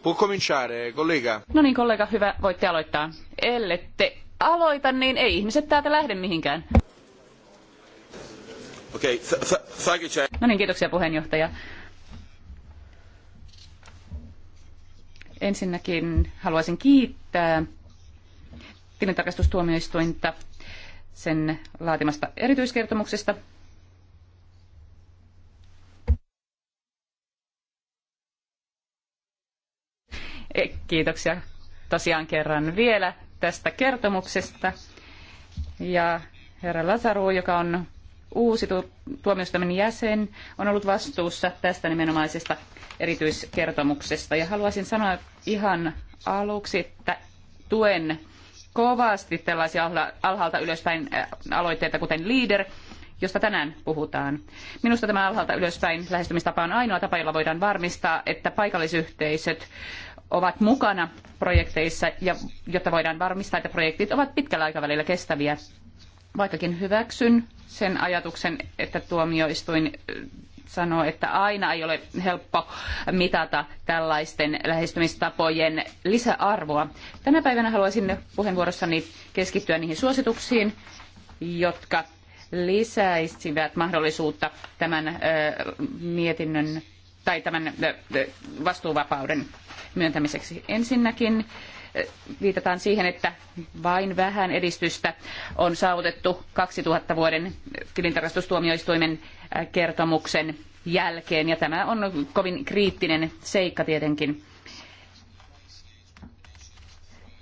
Può cominciare, collega. No niin, kollega, hyvä, voitte aloittaa. Ellette aloita, niin ei ihmiset täältä lähde mihinkään. Okay, thank you, No niin, kiitoksia puheenjohtaja. Ensinnäkin haluaisin kiittää tilintarkastustuomioistuinta sen laatimasta erityiskertomuksesta Eh, kiitoksia tosiaan kerran vielä tästä kertomuksesta. Ja herra Lazaru, joka on uusi tuomioistuimen jäsen, on ollut vastuussa tästä nimenomaisesta erityiskertomuksesta. Ja haluaisin sanoa ihan aluksi, että tuen kovasti tällaisia alhaalta ylöspäin äh, aloitteita, kuten Leader, josta tänään puhutaan. Minusta tämä alhaalta ylöspäin lähestymistapa on ainoa tapa, jolla voidaan varmistaa, että paikallisyhteisöt ovat mukana projekteissa, ja, jotta voidaan varmistaa, että projektit ovat pitkällä aikavälillä kestäviä. Vaikkakin hyväksyn sen ajatuksen, että tuomioistuin äh, sanoo, että aina ei ole helppo mitata tällaisten lähestymistapojen lisäarvoa. Tänä päivänä haluaisin puheenvuorossani keskittyä niihin suosituksiin, jotka lisäisivät mahdollisuutta tämän äh, mietinnön tai tämän vastuuvapauden myöntämiseksi. Ensinnäkin viitataan siihen, että vain vähän edistystä on saavutettu 2000 vuoden tilintarkastustuomioistuimen kertomuksen jälkeen, ja tämä on kovin kriittinen seikka tietenkin.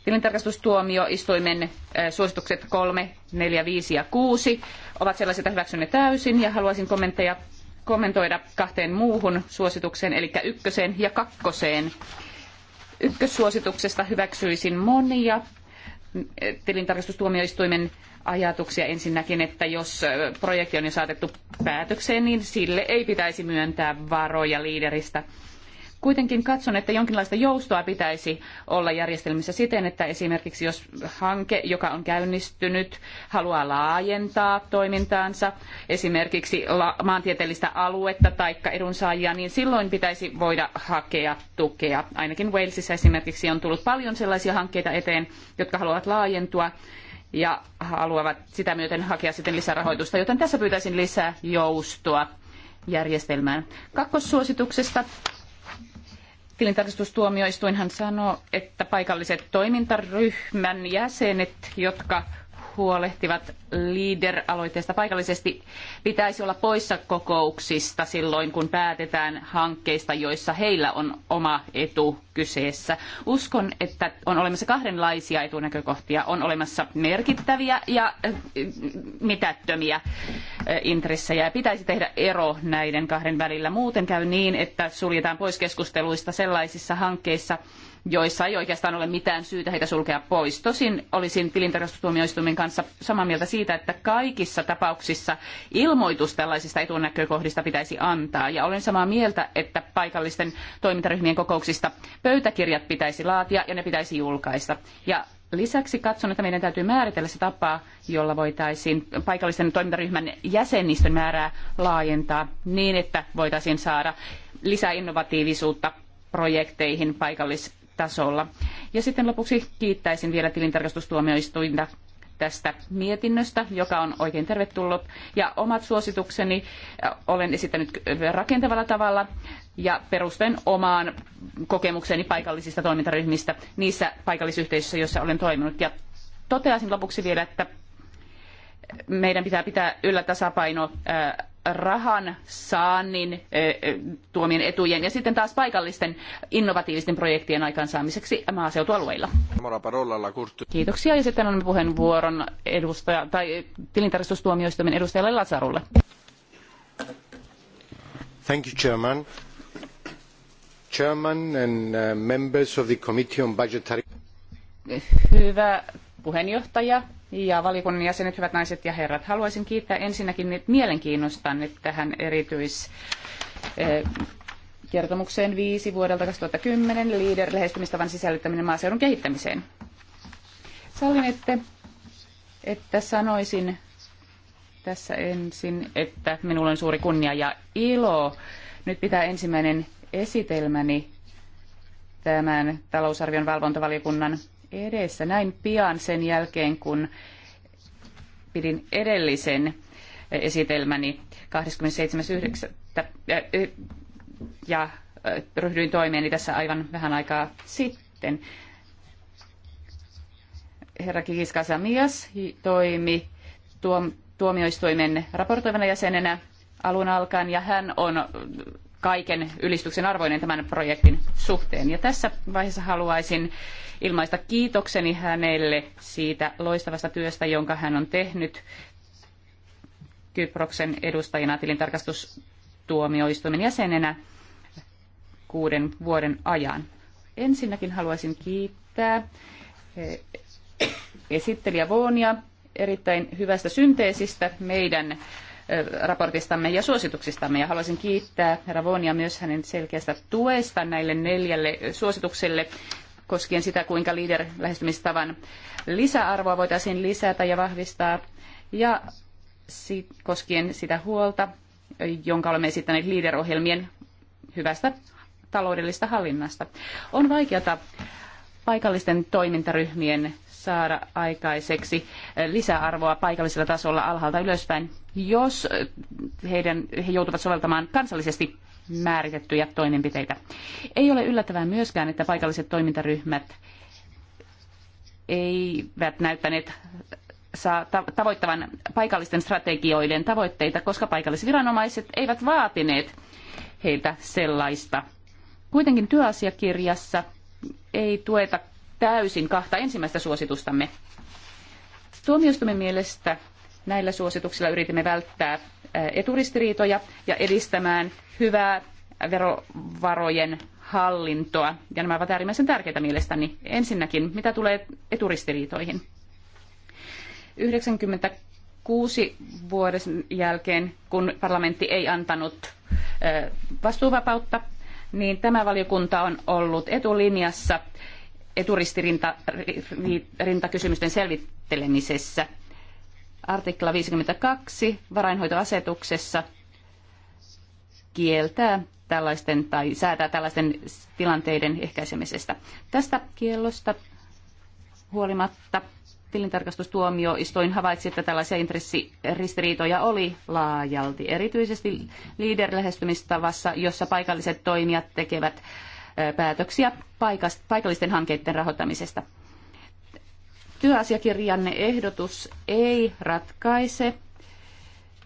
Tilintarkastustuomioistuimen suositukset 3, 4, 5 ja 6 ovat sellaiset, että hyväksyn ne täysin, ja haluaisin kommentteja kommentoida kahteen muuhun suositukseen, eli ykköseen ja kakkoseen. Ykkössuosituksesta hyväksyisin monia tilintarkastustuomioistuimen ajatuksia ensinnäkin, että jos projekti on jo saatettu päätökseen, niin sille ei pitäisi myöntää varoja liideristä Kuitenkin katson, että jonkinlaista joustoa pitäisi olla järjestelmissä siten, että esimerkiksi jos hanke, joka on käynnistynyt, haluaa laajentaa toimintaansa, esimerkiksi maantieteellistä aluetta tai edunsaajia, niin silloin pitäisi voida hakea tukea. Ainakin Walesissa esimerkiksi on tullut paljon sellaisia hankkeita eteen, jotka haluavat laajentua ja haluavat sitä myöten hakea sitten lisärahoitusta, joten tässä pyytäisin lisää joustoa järjestelmään. Kakkossuosituksesta Tilintarkastustuomioistuinhan sanoo, että paikalliset toimintaryhmän jäsenet, jotka huolehtivat LEADER-aloitteesta paikallisesti, pitäisi olla poissa kokouksista silloin, kun päätetään hankkeista, joissa heillä on oma etu kyseessä. Uskon, että on olemassa kahdenlaisia etunäkökohtia. On olemassa merkittäviä ja äh, mitättömiä äh, intressejä. Ja pitäisi tehdä ero näiden kahden välillä. Muuten käy niin, että suljetaan pois keskusteluista sellaisissa hankkeissa, joissa ei oikeastaan ole mitään syytä heitä sulkea pois. Tosin olisin tilintarkastustuomioistuimen kanssa samaa mieltä siitä, että kaikissa tapauksissa ilmoitus tällaisista etunäkökohdista pitäisi antaa. Ja olen samaa mieltä, että paikallisten toimintaryhmien kokouksista pöytäkirjat pitäisi laatia ja ne pitäisi julkaista. Ja Lisäksi katson, että meidän täytyy määritellä se tapa, jolla voitaisiin paikallisten toimintaryhmän jäsenistön määrää laajentaa niin, että voitaisiin saada lisää innovatiivisuutta projekteihin paikallis- tasolla. Ja sitten lopuksi kiittäisin vielä tilintarkastustuomioistuinta tästä mietinnöstä, joka on oikein tervetullut. Ja omat suositukseni äh, olen esittänyt rakentavalla tavalla ja perusten omaan kokemukseni paikallisista toimintaryhmistä niissä paikallisyhteisöissä, joissa olen toiminut. Ja toteaisin lopuksi vielä, että meidän pitää pitää yllä tasapaino äh, rahan saannin tuomien etujen ja sitten taas paikallisten innovatiivisten projektien aikaansaamiseksi maaseutualueilla. Kiitoksia ja sitten annan puheenvuoron edustaja, tai tilintarkastustuomioistuimen edustajalle Lazarulle. Thank you, Chairman. Chairman and uh, members of the Committee on Budgetary... Hyvä puheenjohtaja, ja valiokunnan jäsenet, hyvät naiset ja herrat. Haluaisin kiittää ensinnäkin nyt mielenkiinnostanne tähän erityis eh, kertomukseen 5 vuodelta 2010 LEADER-lähestymistavan sisällyttäminen maaseudun kehittämiseen. Sallin, että, että sanoisin tässä ensin, että minulla on suuri kunnia ja ilo nyt pitää ensimmäinen esitelmäni tämän talousarvion valvontavaliokunnan edessä näin pian sen jälkeen, kun pidin edellisen esitelmäni 27.9. ja ryhdyin toimeeni niin tässä aivan vähän aikaa sitten. Herra Kikis Kasamias toimi tuomioistuimen raportoivana jäsenenä alun alkaen ja hän on kaiken ylistyksen arvoinen tämän projektin suhteen. Ja tässä vaiheessa haluaisin ilmaista kiitokseni hänelle siitä loistavasta työstä, jonka hän on tehnyt Kyproksen edustajana tilintarkastustuomioistuimen jäsenenä kuuden vuoden ajan. Ensinnäkin haluaisin kiittää eh, esittelijä Voonia erittäin hyvästä synteesistä meidän raportistamme ja suosituksistamme. Ja haluaisin kiittää herra myös hänen selkeästä tuesta näille neljälle suositukselle koskien sitä, kuinka leader-lähestymistavan lisäarvoa voitaisiin lisätä ja vahvistaa. Ja koskien sitä huolta, jonka olemme esittäneet leader-ohjelmien hyvästä taloudellista hallinnasta. On vaikeata paikallisten toimintaryhmien saada aikaiseksi lisäarvoa paikallisella tasolla alhaalta ylöspäin jos äh, heidän, he joutuvat soveltamaan kansallisesti määritettyjä toimenpiteitä. Ei ole yllättävää myöskään, että paikalliset toimintaryhmät eivät näyttäneet saa tavoittavan paikallisten strategioiden tavoitteita, koska paikallisviranomaiset eivät vaatineet heiltä sellaista. Kuitenkin työasiakirjassa ei tueta täysin kahta ensimmäistä suositustamme. Tuomioistuimen mielestä Näillä suosituksilla yritimme välttää eturistiriitoja ja edistämään hyvää verovarojen hallintoa. Ja nämä ovat äärimmäisen tärkeitä mielestäni. Ensinnäkin, mitä tulee eturistiriitoihin? 96 vuoden jälkeen, kun parlamentti ei antanut vastuuvapautta, niin tämä valiokunta on ollut etulinjassa eturistinrintakysymysten selvittelemisessä artikla 52 varainhoitoasetuksessa kieltää tällaisten tai säätää tällaisten tilanteiden ehkäisemisestä. Tästä kiellosta huolimatta tilintarkastustuomioistuin havaitsi, että tällaisia intressiristiriitoja oli laajalti, erityisesti leader-lähestymistavassa, jossa paikalliset toimijat tekevät päätöksiä paikallisten hankkeiden rahoittamisesta työasiakirjanne ehdotus ei ratkaise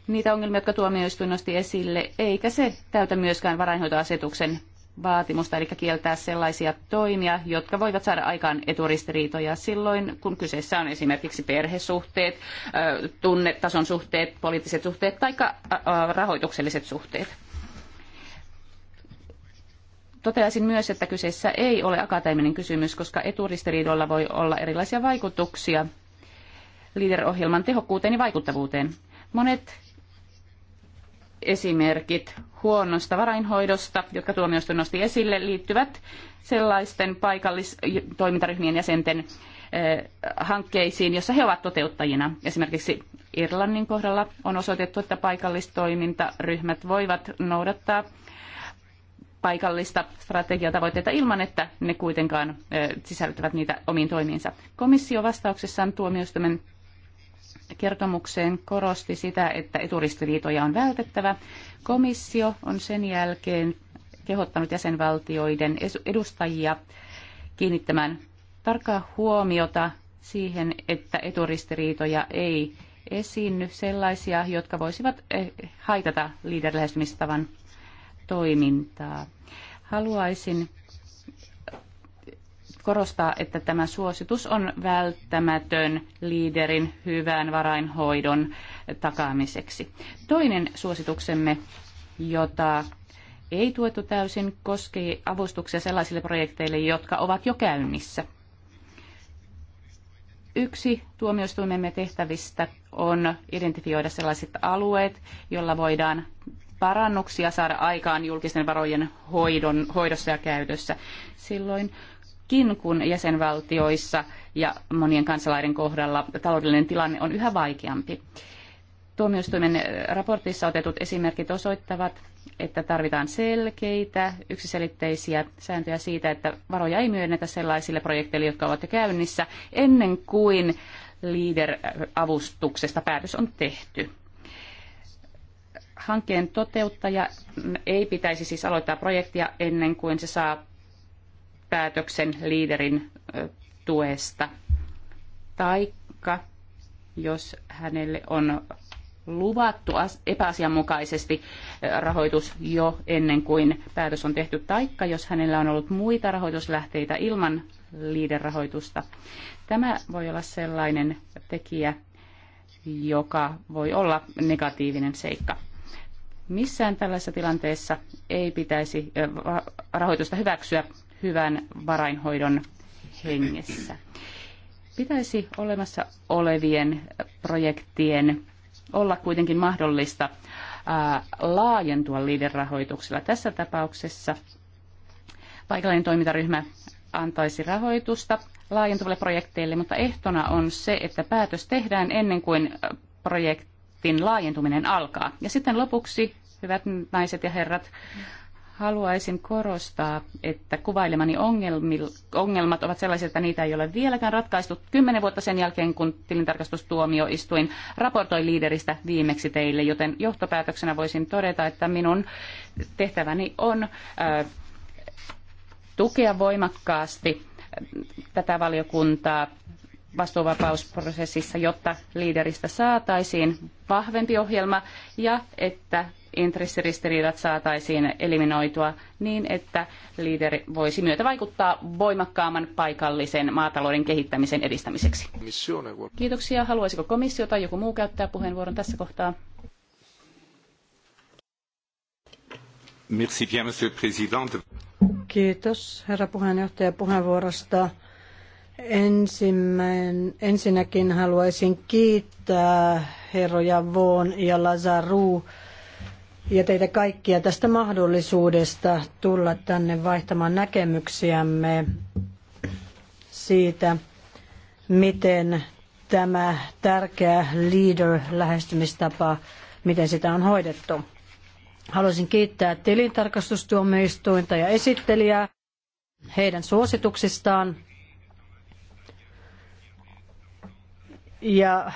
niitä ongelmia, jotka tuomioistuin nosti esille, eikä se täytä myöskään varainhoitoasetuksen vaatimusta, eli kieltää sellaisia toimia, jotka voivat saada aikaan eturistiriitoja silloin, kun kyseessä on esimerkiksi perhesuhteet, tunnetason suhteet, poliittiset suhteet tai rahoitukselliset suhteet. Toteaisin myös, että kyseessä ei ole akateeminen kysymys, koska eturistiriidoilla voi olla erilaisia vaikutuksia LEADER-ohjelman tehokkuuteen ja vaikuttavuuteen. Monet esimerkit huonosta varainhoidosta, jotka tuomioistuin nosti esille, liittyvät sellaisten paikallistoimintaryhmien jäsenten eh, hankkeisiin, jossa he ovat toteuttajina. Esimerkiksi Irlannin kohdalla on osoitettu, että paikallistoimintaryhmät voivat noudattaa paikallista strategiatavoitteita ilman, että ne kuitenkaan sisältävät niitä omiin toimiinsa. Komissio vastauksessaan tuomioistuimen kertomukseen korosti sitä, että eturistiriitoja on vältettävä. Komissio on sen jälkeen kehottanut jäsenvaltioiden edustajia kiinnittämään tarkkaa huomiota siihen, että eturistiriitoja ei esiinny sellaisia, jotka voisivat eh, haitata liiderlähestymistavan toimintaa. Haluaisin korostaa, että tämä suositus on välttämätön liiderin hyvän varainhoidon takaamiseksi. Toinen suosituksemme, jota ei tuettu täysin, koskee avustuksia sellaisille projekteille, jotka ovat jo käynnissä. Yksi tuomioistuimemme tehtävistä on identifioida sellaiset alueet, joilla voidaan parannuksia saada aikaan julkisten varojen hoidon, hoidossa ja käytössä. Silloin kun jäsenvaltioissa ja monien kansalaiden kohdalla taloudellinen tilanne on yhä vaikeampi. Tuomioistuimen raportissa otetut esimerkit osoittavat, että tarvitaan selkeitä, yksiselitteisiä sääntöjä siitä, että varoja ei myönnetä sellaisille projekteille, jotka ovat jo käynnissä, ennen kuin leader-avustuksesta päätös on tehty hankkeen toteuttaja ei pitäisi siis aloittaa projektia ennen kuin se saa päätöksen liiderin tuesta. Taikka jos hänelle on luvattu epäasianmukaisesti rahoitus jo ennen kuin päätös on tehty, taikka jos hänellä on ollut muita rahoituslähteitä ilman liiderahoitusta. Tämä voi olla sellainen tekijä, joka voi olla negatiivinen seikka. Missään tällaisessa tilanteessa ei pitäisi rahoitusta hyväksyä hyvän varainhoidon hengessä. Pitäisi olemassa olevien projektien olla kuitenkin mahdollista laajentua liiderahoituksella. Tässä tapauksessa paikallinen toimintaryhmä antaisi rahoitusta laajentuville projekteille, mutta ehtona on se, että päätös tehdään ennen kuin projekti konfliktin laajentuminen alkaa. Ja sitten lopuksi, hyvät naiset ja herrat, haluaisin korostaa, että kuvailemani ongelmat ovat sellaisia, että niitä ei ole vieläkään ratkaistu kymmenen vuotta sen jälkeen, kun tilintarkastustuomioistuin raportoi liideristä viimeksi teille, joten johtopäätöksenä voisin todeta, että minun tehtäväni on tukea voimakkaasti tätä valiokuntaa vastuuvapausprosessissa, jotta liideristä saataisiin vahvempi ohjelma ja että intressiristiriidat saataisiin eliminoitua niin, että liideri voisi myötä vaikuttaa voimakkaamman paikallisen maatalouden kehittämisen edistämiseksi. Kiitoksia. Haluaisiko komissio tai joku muu käyttää puheenvuoron tässä kohtaa? Kiitos herra puheenjohtaja puheenvuorosta. Ensimmäinen, ensinnäkin haluaisin kiittää herroja Voon ja Lazaru ja teitä kaikkia tästä mahdollisuudesta tulla tänne vaihtamaan näkemyksiämme siitä, miten tämä tärkeä leader-lähestymistapa, miten sitä on hoidettu. Haluaisin kiittää tilintarkastustuomioistuinta ja esittelijää heidän suosituksistaan Ja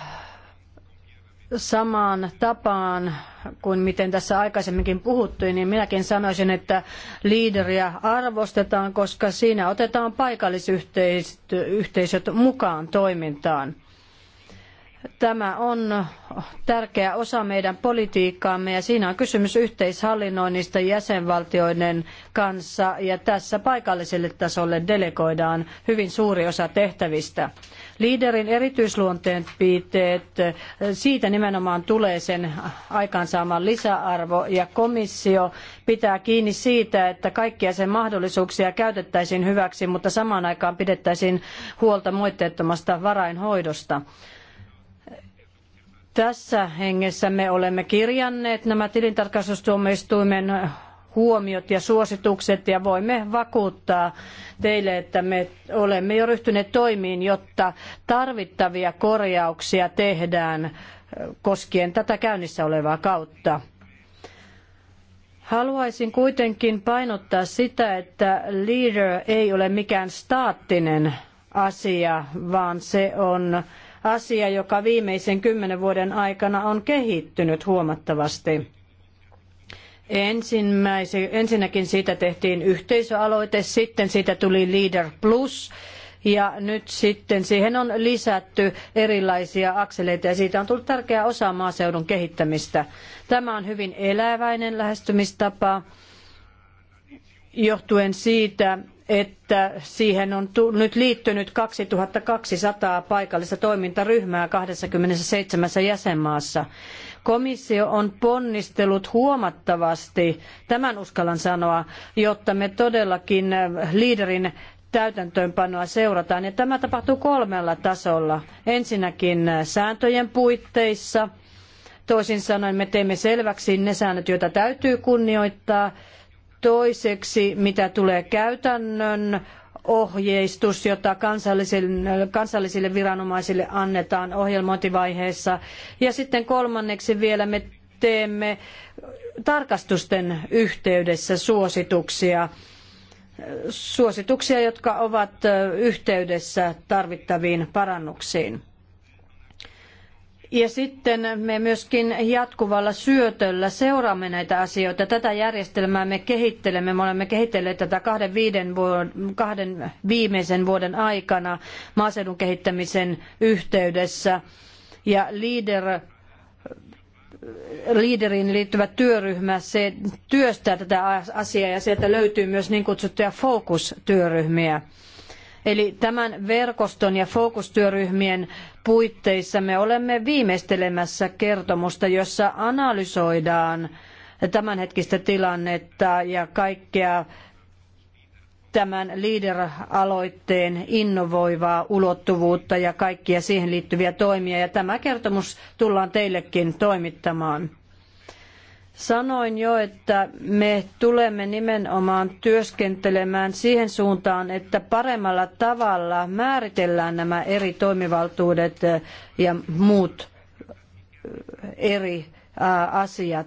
samaan tapaan kuin miten tässä aikaisemminkin puhuttiin, niin minäkin sanoisin, että liideriä arvostetaan, koska siinä otetaan paikallisyhteisöt mukaan toimintaan. Tämä on tärkeä osa meidän politiikkaamme ja siinä on kysymys yhteishallinnoinnista jäsenvaltioiden kanssa ja tässä paikalliselle tasolle delegoidaan hyvin suuri osa tehtävistä. Liiderin erityisluonteen piitteet, siitä nimenomaan tulee sen aikaansaama lisäarvo ja komissio pitää kiinni siitä, että kaikkia sen mahdollisuuksia käytettäisiin hyväksi, mutta samaan aikaan pidettäisiin huolta moitteettomasta varainhoidosta. Tässä hengessä me olemme kirjanneet nämä tilintarkastustuomioistuimen huomiot ja suositukset ja voimme vakuuttaa teille, että me olemme jo ryhtyneet toimiin, jotta tarvittavia korjauksia tehdään koskien tätä käynnissä olevaa kautta. Haluaisin kuitenkin painottaa sitä, että leader ei ole mikään staattinen asia, vaan se on asia, joka viimeisen kymmenen vuoden aikana on kehittynyt huomattavasti. Ensimmäise, ensinnäkin siitä tehtiin yhteisöaloite, sitten siitä tuli Leader Plus ja nyt sitten siihen on lisätty erilaisia akseleita ja siitä on tullut tärkeä osa maaseudun kehittämistä. Tämä on hyvin eläväinen lähestymistapa johtuen siitä, että siihen on nyt liittynyt 2200 paikallista toimintaryhmää 27 jäsenmaassa. Komissio on ponnistellut huomattavasti, tämän uskallan sanoa, jotta me todellakin äh, liiderin täytäntöönpanoa seurataan. Ja tämä tapahtuu kolmella tasolla. Ensinnäkin äh, sääntöjen puitteissa. Toisin sanoen me teemme selväksi ne säännöt, joita täytyy kunnioittaa. Toiseksi, mitä tulee käytännön ohjeistus, jota kansallisille viranomaisille annetaan ohjelmointivaiheessa. Ja sitten kolmanneksi vielä me teemme tarkastusten yhteydessä suosituksia suosituksia, jotka ovat yhteydessä tarvittaviin parannuksiin. Ja sitten me myöskin jatkuvalla syötöllä seuraamme näitä asioita. Tätä järjestelmää me kehittelemme. Me olemme kehitelleet tätä kahden, viiden vuod- kahden viimeisen vuoden aikana maaseudun kehittämisen yhteydessä. Ja leader liideriin liittyvä työryhmä, se työstää tätä asiaa ja sieltä löytyy myös niin kutsuttuja fokustyöryhmiä. työryhmiä Eli tämän verkoston ja fokustyöryhmien puitteissa me olemme viimeistelemässä kertomusta, jossa analysoidaan tämänhetkistä tilannetta ja kaikkea tämän LEADER-aloitteen innovoivaa ulottuvuutta ja kaikkia siihen liittyviä toimia. Ja tämä kertomus tullaan teillekin toimittamaan. Sanoin jo, että me tulemme nimenomaan työskentelemään siihen suuntaan, että paremmalla tavalla määritellään nämä eri toimivaltuudet eh, ja muut eh, eri eh, asiat.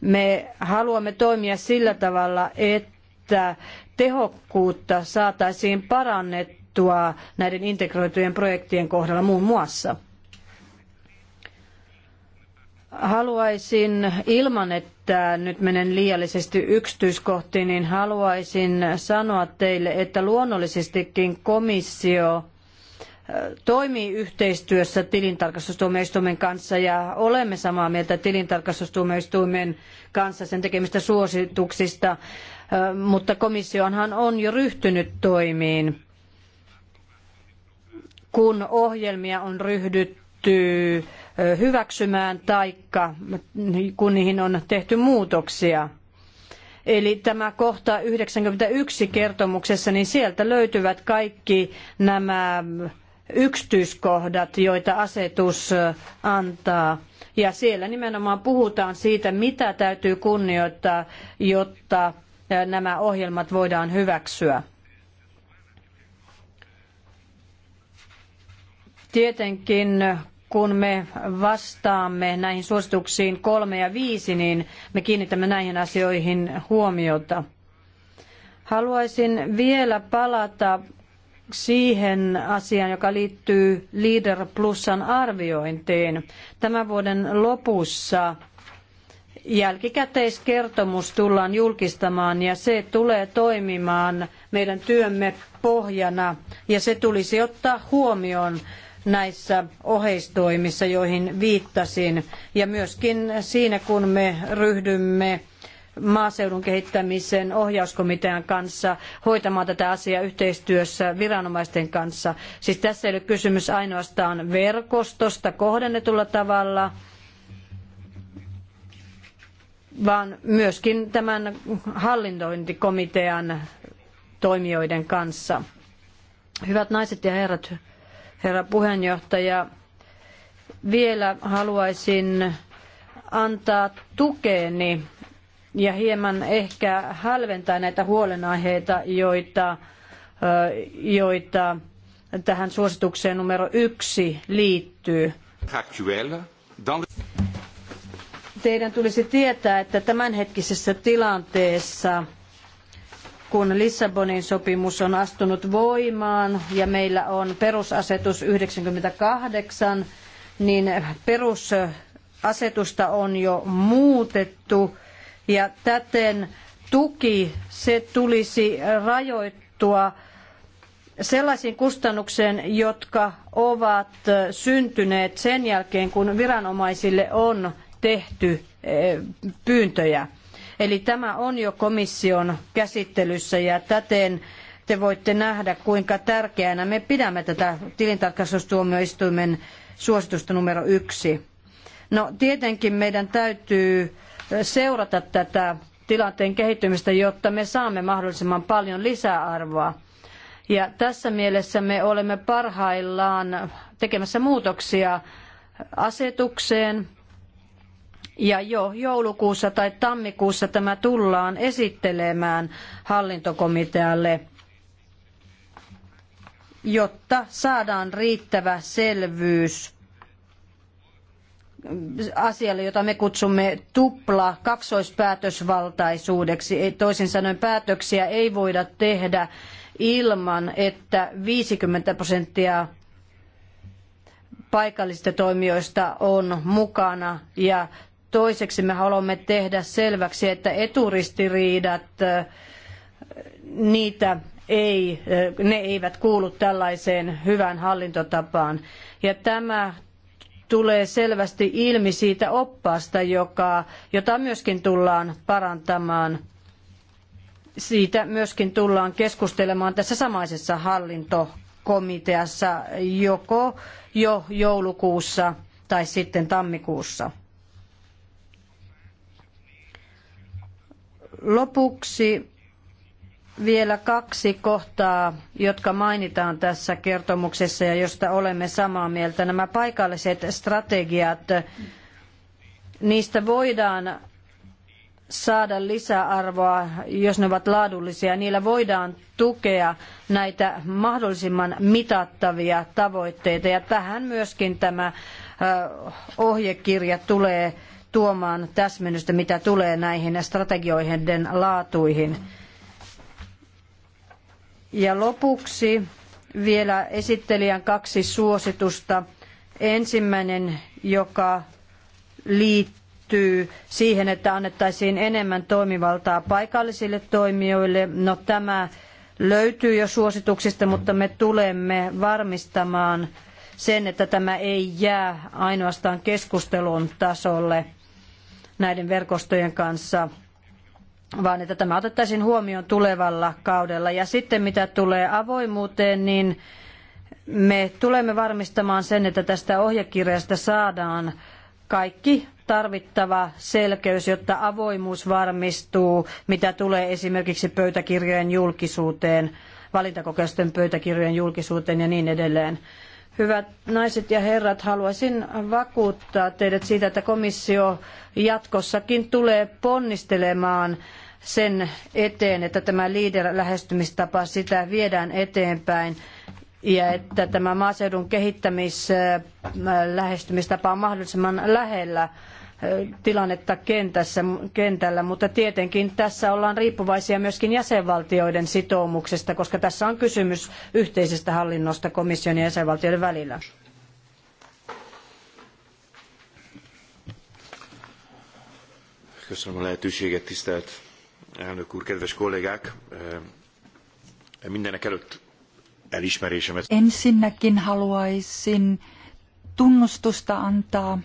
Me haluamme toimia sillä tavalla, että tehokkuutta saataisiin parannettua näiden integroitujen projektien kohdalla muun muassa. Haluaisin ilman, että nyt menen liiallisesti yksityiskohtiin, niin haluaisin sanoa teille, että luonnollisestikin komissio toimii yhteistyössä tilintarkastustuomioistuimen kanssa ja olemme samaa mieltä tilintarkastustuomioistuimen kanssa sen tekemistä suosituksista, mutta komissiohan on jo ryhtynyt toimiin, kun ohjelmia on ryhdytty hyväksymään taikka kun niihin on tehty muutoksia. Eli tämä kohta 91 kertomuksessa, niin sieltä löytyvät kaikki nämä yksityiskohdat, joita asetus antaa. Ja siellä nimenomaan puhutaan siitä, mitä täytyy kunnioittaa, jotta nämä ohjelmat voidaan hyväksyä. Tietenkin kun me vastaamme näihin suosituksiin kolme ja viisi, niin me kiinnitämme näihin asioihin huomiota. Haluaisin vielä palata siihen asiaan, joka liittyy Leader Plusan arviointiin. Tämän vuoden lopussa jälkikäteiskertomus tullaan julkistamaan ja se tulee toimimaan meidän työmme pohjana ja se tulisi ottaa huomioon näissä oheistoimissa, joihin viittasin, ja myöskin siinä, kun me ryhdymme maaseudun kehittämisen ohjauskomitean kanssa hoitamaan tätä asiaa yhteistyössä viranomaisten kanssa. Siis tässä ei ole kysymys ainoastaan verkostosta kohdennetulla tavalla, vaan myöskin tämän hallintointikomitean toimijoiden kanssa. Hyvät naiset ja herrat, herra puheenjohtaja. Vielä haluaisin antaa tukeni ja hieman ehkä hälventää näitä huolenaiheita, joita, joita tähän suositukseen numero yksi liittyy. Teidän tulisi tietää, että tämänhetkisessä tilanteessa – kun Lissabonin sopimus on astunut voimaan ja meillä on perusasetus 98, niin perusasetusta on jo muutettu ja täten tuki se tulisi rajoittua sellaisiin kustannuksiin, jotka ovat syntyneet sen jälkeen, kun viranomaisille on tehty eh, pyyntöjä. Eli tämä on jo komission käsittelyssä ja täten te voitte nähdä, kuinka tärkeänä me pidämme tätä tilintarkastustuomioistuimen suositusta numero yksi. No tietenkin meidän täytyy seurata tätä tilanteen kehittymistä, jotta me saamme mahdollisimman paljon lisäarvoa. Ja tässä mielessä me olemme parhaillaan tekemässä muutoksia asetukseen, ja jo joulukuussa tai tammikuussa tämä tullaan esittelemään hallintokomitealle, jotta saadaan riittävä selvyys asialle, jota me kutsumme tupla kaksoispäätösvaltaisuudeksi. Toisin sanoen päätöksiä ei voida tehdä ilman, että 50 prosenttia paikallisista toimijoista on mukana ja Toiseksi me haluamme tehdä selväksi, että eturistiriidat, niitä ei, ne eivät kuulu tällaiseen hyvään hallintotapaan. Ja tämä tulee selvästi ilmi siitä oppaasta, joka, jota myöskin tullaan parantamaan. Siitä myöskin tullaan keskustelemaan tässä samaisessa hallintokomiteassa joko jo joulukuussa tai sitten tammikuussa. Lopuksi vielä kaksi kohtaa, jotka mainitaan tässä kertomuksessa ja josta olemme samaa mieltä. Nämä paikalliset strategiat, niistä voidaan saada lisäarvoa, jos ne ovat laadullisia. Niillä voidaan tukea näitä mahdollisimman mitattavia tavoitteita ja tähän myöskin tämä ohjekirja tulee tuomaan täsmennystä, mitä tulee näihin strategioiden laatuihin. Ja lopuksi vielä esittelijän kaksi suositusta. Ensimmäinen, joka liittyy siihen, että annettaisiin enemmän toimivaltaa paikallisille toimijoille. No tämä löytyy jo suosituksista, mutta me tulemme varmistamaan sen, että tämä ei jää ainoastaan keskustelun tasolle – näiden verkostojen kanssa vaan että tämä otettaisiin huomioon tulevalla kaudella. Ja sitten mitä tulee avoimuuteen, niin me tulemme varmistamaan sen, että tästä ohjekirjasta saadaan kaikki tarvittava selkeys, jotta avoimuus varmistuu, mitä tulee esimerkiksi pöytäkirjojen julkisuuteen, valintakokeusten pöytäkirjojen julkisuuteen ja niin edelleen. Hyvät naiset ja herrat, haluaisin vakuuttaa teidät siitä, että komissio jatkossakin tulee ponnistelemaan sen eteen, että tämä LEADER-lähestymistapa sitä viedään eteenpäin ja että tämä maaseudun kehittämislähestymistapa on mahdollisimman lähellä tilannetta kentässä, kentällä, mutta tietenkin tässä ollaan riippuvaisia myöskin jäsenvaltioiden sitoumuksesta, koska tässä on kysymys yhteisestä hallinnosta komission ja jäsenvaltioiden välillä. Köszönöm a lehetőséget, tisztelt elnök úr, kedves kollégák! Mindenek előtt elismerésemet. Ensinnäkin haluaisin tunnustusta antaa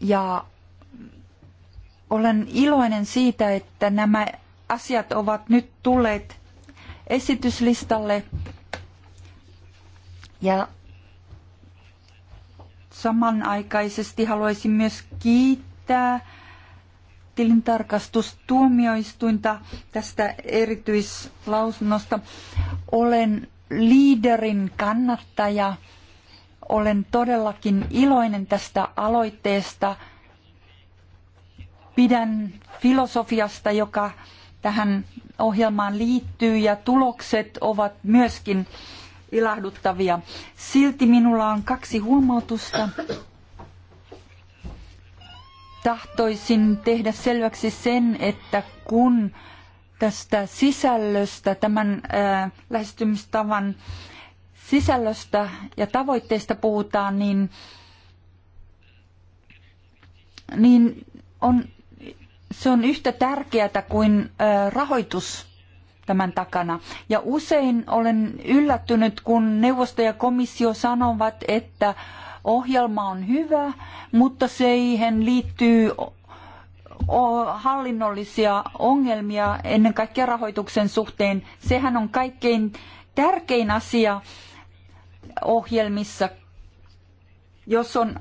ja olen iloinen siitä, että nämä asiat ovat nyt tulleet esityslistalle. Ja samanaikaisesti haluaisin myös kiittää tilintarkastustuomioistuinta tästä erityislausunnosta. Olen liiderin kannattaja olen todellakin iloinen tästä aloitteesta. Pidän filosofiasta, joka tähän ohjelmaan liittyy ja tulokset ovat myöskin ilahduttavia. Silti minulla on kaksi huomautusta. Tahtoisin tehdä selväksi sen, että kun tästä sisällöstä, tämän äh, lähestymistavan äh, sisällöstä ja tavoitteista puhutaan, niin, niin on, se on yhtä tärkeää kuin rahoitus tämän takana. Ja usein olen yllättynyt, kun neuvosto ja komissio sanovat, että ohjelma on hyvä, mutta siihen liittyy hallinnollisia ongelmia ennen kaikkea rahoituksen suhteen. Sehän on kaikkein tärkein asia ohjelmissa, jos on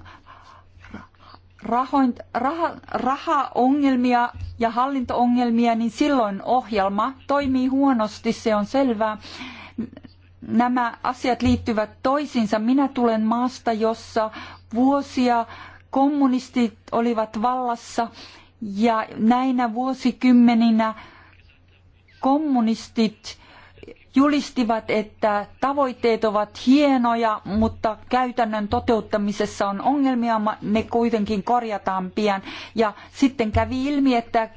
rahoin, raha, rahaongelmia ja hallintoongelmia, niin silloin ohjelma toimii huonosti, se on selvää. Nämä asiat liittyvät toisiinsa. Minä tulen maasta, jossa vuosia kommunistit olivat vallassa ja näinä vuosikymmeninä kommunistit julistivat, että tavoitteet ovat hienoja, mutta käytännön toteuttamisessa on ongelmia, ne kuitenkin korjataan pian. Ja sitten kävi ilmi, että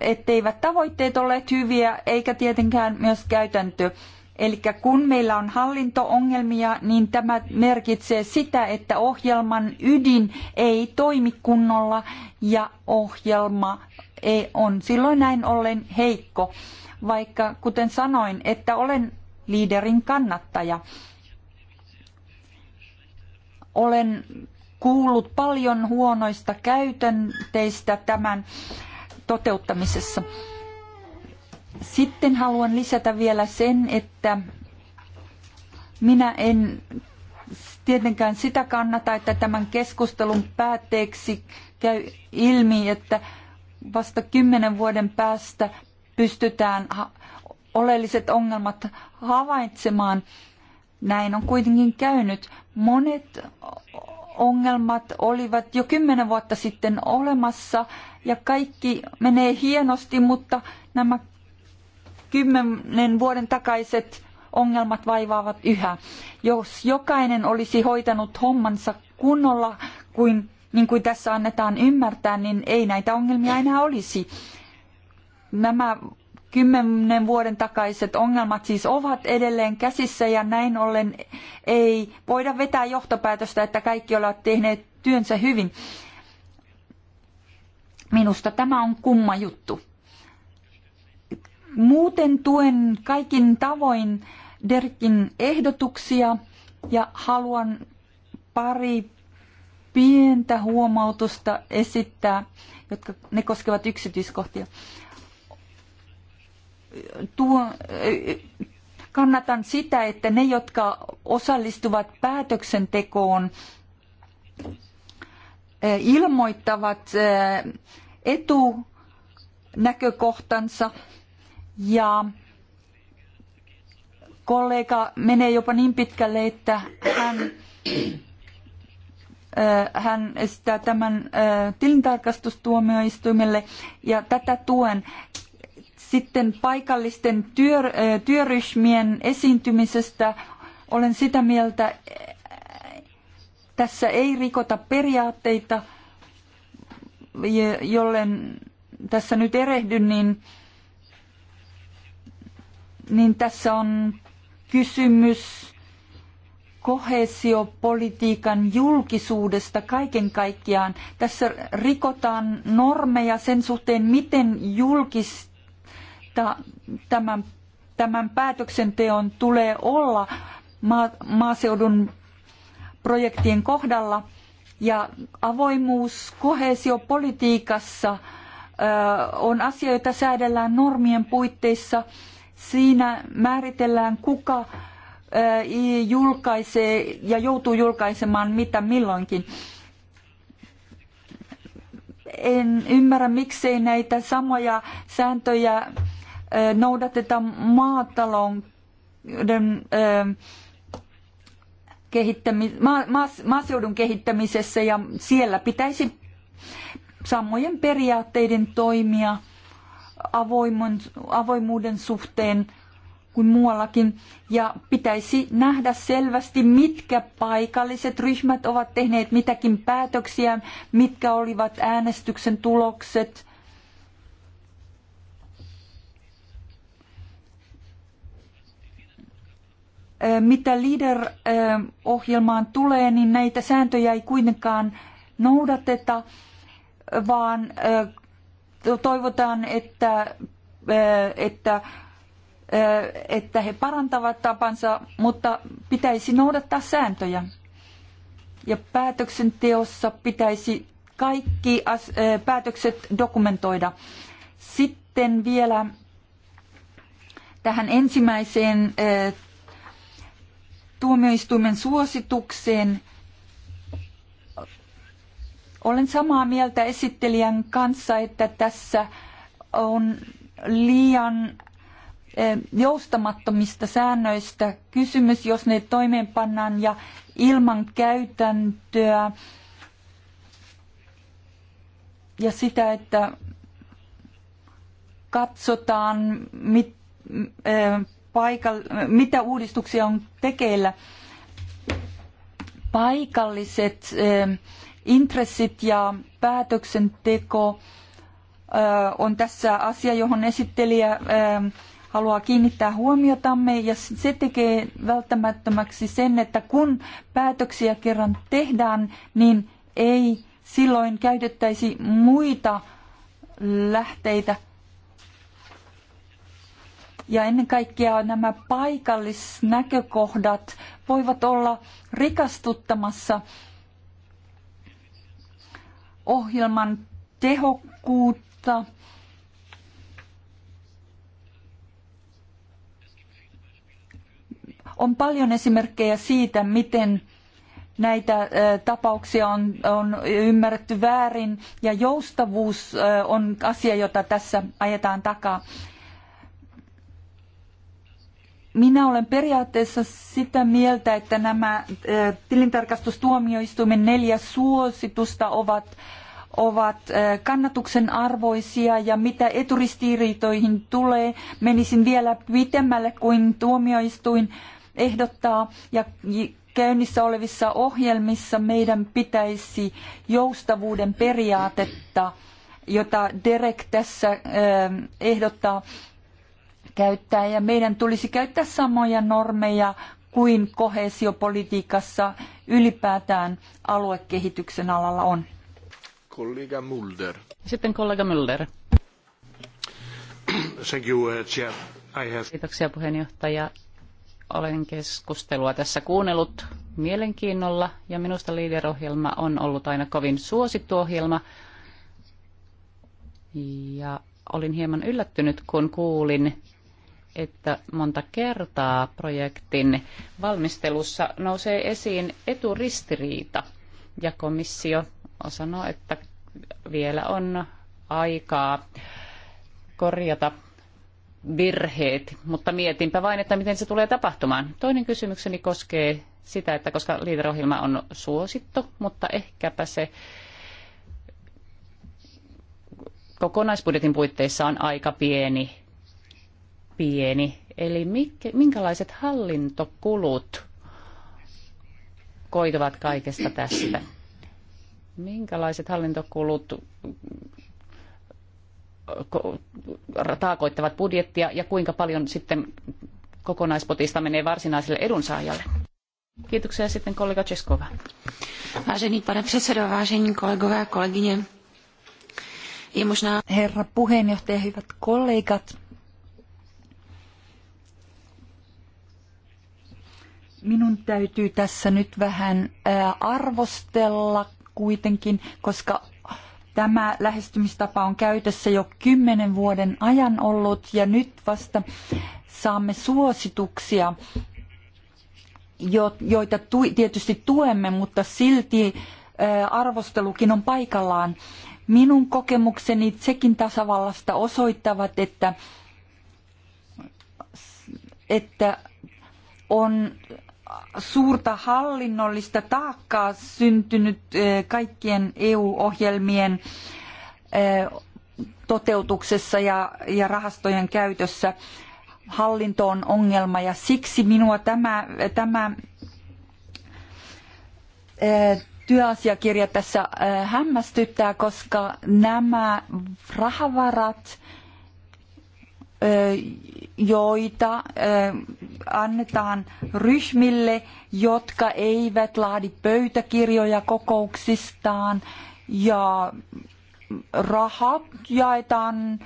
etteivät tavoitteet olleet hyviä, eikä tietenkään myös käytäntö. Eli kun meillä on hallintoongelmia, niin tämä merkitsee sitä, että ohjelman ydin ei toimi kunnolla ja ohjelma ei, on silloin näin ollen heikko vaikka kuten sanoin, että olen liiderin kannattaja. Olen kuullut paljon huonoista käytänteistä tämän toteuttamisessa. Sitten haluan lisätä vielä sen, että minä en tietenkään sitä kannata, että tämän keskustelun päätteeksi käy ilmi, että vasta kymmenen vuoden päästä pystytään oleelliset ongelmat havaitsemaan. Näin on kuitenkin käynyt. Monet ongelmat olivat jo kymmenen vuotta sitten olemassa ja kaikki menee hienosti, mutta nämä kymmenen vuoden takaiset ongelmat vaivaavat yhä. Jos jokainen olisi hoitanut hommansa kunnolla, kuin, niin kuin tässä annetaan ymmärtää, niin ei näitä ongelmia enää olisi. Nämä kymmenen vuoden takaiset ongelmat siis ovat edelleen käsissä ja näin ollen ei voida vetää johtopäätöstä, että kaikki ovat tehneet työnsä hyvin. Minusta tämä on kumma juttu. Muuten tuen kaikin tavoin Derkin ehdotuksia ja haluan pari pientä huomautusta esittää, jotka ne koskevat yksityiskohtia tuo, kannatan sitä, että ne, jotka osallistuvat päätöksentekoon, eh, ilmoittavat eh, etunäkökohtansa ja kollega menee jopa niin pitkälle, että hän, eh, hän esittää tämän tilintarkastustuomioistuimelle ja tätä tuen sitten paikallisten työryhmien esiintymisestä olen sitä mieltä, e, tässä ei rikota periaatteita, jollen tässä nyt erehdy, niin, niin tässä on kysymys koheesiopolitiikan julkisuudesta kaiken kaikkiaan. Tässä rikotaan normeja sen suhteen, miten julkista että tämän, tämän päätöksenteon tulee olla maaseudun projektien kohdalla ja avoimuus koheesiopolitiikassa on asia, jota säädellään normien puitteissa. Siinä määritellään, kuka julkaisee ja joutuu julkaisemaan mitä milloinkin. En ymmärrä, miksei näitä samoja sääntöjä noudateta maatalouden kehittämi- maaseudun kehittämisessä ja siellä pitäisi samojen periaatteiden toimia avoimuuden suhteen kuin muuallakin. Ja pitäisi nähdä selvästi, mitkä paikalliset ryhmät ovat tehneet mitäkin päätöksiä, mitkä olivat äänestyksen tulokset Mitä LEADER-ohjelmaan tulee, niin näitä sääntöjä ei kuitenkaan noudateta, vaan toivotaan, että, että että he parantavat tapansa, mutta pitäisi noudattaa sääntöjä. Ja päätöksenteossa pitäisi kaikki päätökset dokumentoida. Sitten vielä tähän ensimmäiseen tuomioistuimen suositukseen. Olen samaa mieltä esittelijän kanssa, että tässä on liian eh, joustamattomista säännöistä kysymys, jos ne toimeenpannaan ja ilman käytäntöä ja sitä, että katsotaan mit, eh, paikall- mitä uudistuksia on tekeillä. Paikalliset ähm, intressit ja päätöksenteko äh, on tässä asia, johon esittelijä ähm, haluaa kiinnittää huomiotamme ja se tekee välttämättömäksi sen, että kun päätöksiä kerran tehdään, niin ei silloin käytettäisi muita lähteitä ja ennen kaikkea nämä paikallisnäkökohdat voivat olla rikastuttamassa ohjelman tehokkuutta. On paljon esimerkkejä siitä, miten näitä tapauksia on, on ymmärretty väärin ja joustavuus on asia, jota tässä ajetaan takaa. Minä olen periaatteessa sitä mieltä, että nämä tilintarkastustuomioistuimen neljä suositusta ovat ovat kannatuksen arvoisia ja mitä eturistiriitoihin tulee, menisin vielä pitemmälle kuin tuomioistuin ehdottaa ja käynnissä olevissa ohjelmissa meidän pitäisi joustavuuden periaatetta, jota Derek tässä ehdottaa, käyttää ja meidän tulisi käyttää samoja normeja kuin koheesiopolitiikassa ylipäätään aluekehityksen alalla on. Kollega Mulder. Sitten kollega Mulder. Thank you, uh, Chair. I have... Kiitoksia puheenjohtaja. Olen keskustelua tässä kuunnellut mielenkiinnolla ja minusta Leader-ohjelma on ollut aina kovin suosittu ohjelma. Ja olin hieman yllättynyt, kun kuulin että monta kertaa projektin valmistelussa nousee esiin eturistiriita ja komissio sanoo, että vielä on aikaa korjata virheet, mutta mietinpä vain, että miten se tulee tapahtumaan. Toinen kysymykseni koskee sitä, että koska liiterohjelma on suosittu, mutta ehkäpä se kokonaisbudjetin puitteissa on aika pieni pieni. Eli mitkä, minkälaiset hallintokulut koituvat kaikesta tästä? Minkälaiset hallintokulut taakoittavat budjettia ja kuinka paljon sitten kokonaispotista menee varsinaiselle edunsaajalle? Kiitoksia sitten kollega Českova. Vážený pane předsedo, vážení kolegové a kolegyně, je možná... Herra puheenjohtaja, hyvät kollegat, Minun täytyy tässä nyt vähän arvostella kuitenkin, koska tämä lähestymistapa on käytössä jo kymmenen vuoden ajan ollut ja nyt vasta saamme suosituksia, joita tietysti tuemme, mutta silti arvostelukin on paikallaan. Minun kokemukseni Tsekin tasavallasta osoittavat, että, että on suurta hallinnollista taakkaa syntynyt eh, kaikkien EU-ohjelmien eh, toteutuksessa ja, rahastojen käytössä. Hallinto on ongelma ja siksi minua tämä, tämä eh, työasiakirja tässä hämmästyttää, koska nämä rahavarat, joita annetaan ryhmille, jotka eivät laadi pöytäkirjoja kokouksistaan ja rahat jaetaan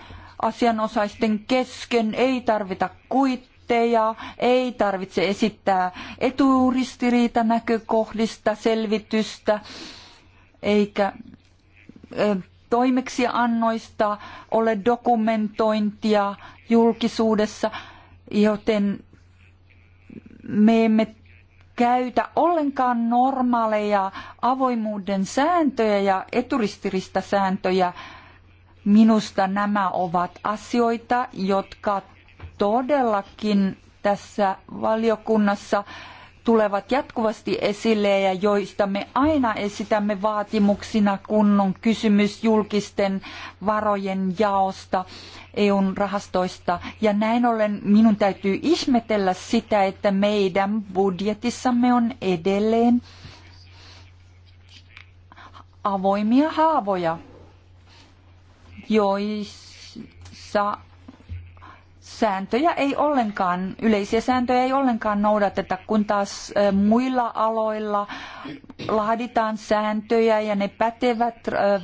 asianosaisten kesken, ei tarvita kuitteja, ei tarvitse esittää eturistiriitanäkökohdista selvitystä, eikä toimeksiannoista ole dokumentointia julkisuudessa, joten me emme käytä ollenkaan normaaleja avoimuuden sääntöjä ja eturistiristä sääntöjä. Minusta nämä ovat asioita, jotka todellakin tässä valiokunnassa tulevat jatkuvasti esille ja joista me aina esitämme vaatimuksina, kun on kysymys julkisten varojen jaosta EUn rahastoista. Ja näin ollen minun täytyy ihmetellä sitä, että meidän budjetissamme on edelleen avoimia haavoja, joissa sääntöjä ei ollenkaan, yleisiä sääntöjä ei ollenkaan noudateta, kun taas muilla aloilla laaditaan sääntöjä ja ne pätevät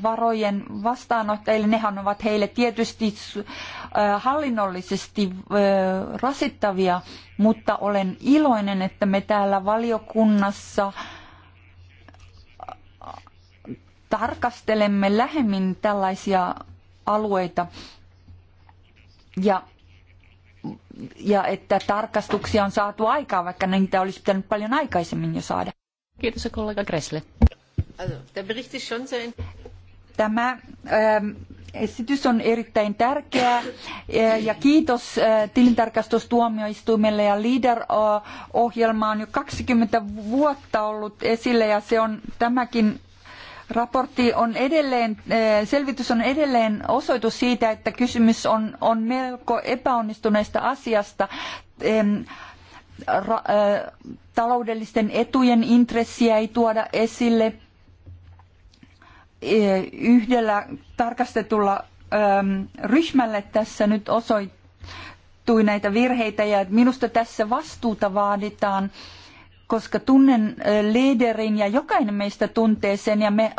varojen vastaanottajille, nehän ovat heille tietysti hallinnollisesti rasittavia, mutta olen iloinen, että me täällä valiokunnassa tarkastelemme lähemmin tällaisia alueita. Ja ja että tarkastuksia on saatu aikaan, vaikka niitä olisi pitänyt paljon aikaisemmin jo saada. Kiitos kollega Gressle. Tämä ähm, esitys on erittäin tärkeä äh, ja kiitos äh, tilintarkastustuomioistuimelle ja LEADER-ohjelma on jo 20 vuotta ollut esille ja se on tämäkin Raportti on edelleen, eh, selvitys on edelleen osoitus siitä, että kysymys on, on melko epäonnistuneesta asiasta. Ra, eh, taloudellisten etujen intressiä ei tuoda esille. Eh, yhdellä tarkastetulla ryhmällä ryhmälle tässä nyt osoittui näitä virheitä ja minusta tässä vastuuta vaaditaan koska tunnen liiderin ja jokainen meistä tuntee sen ja me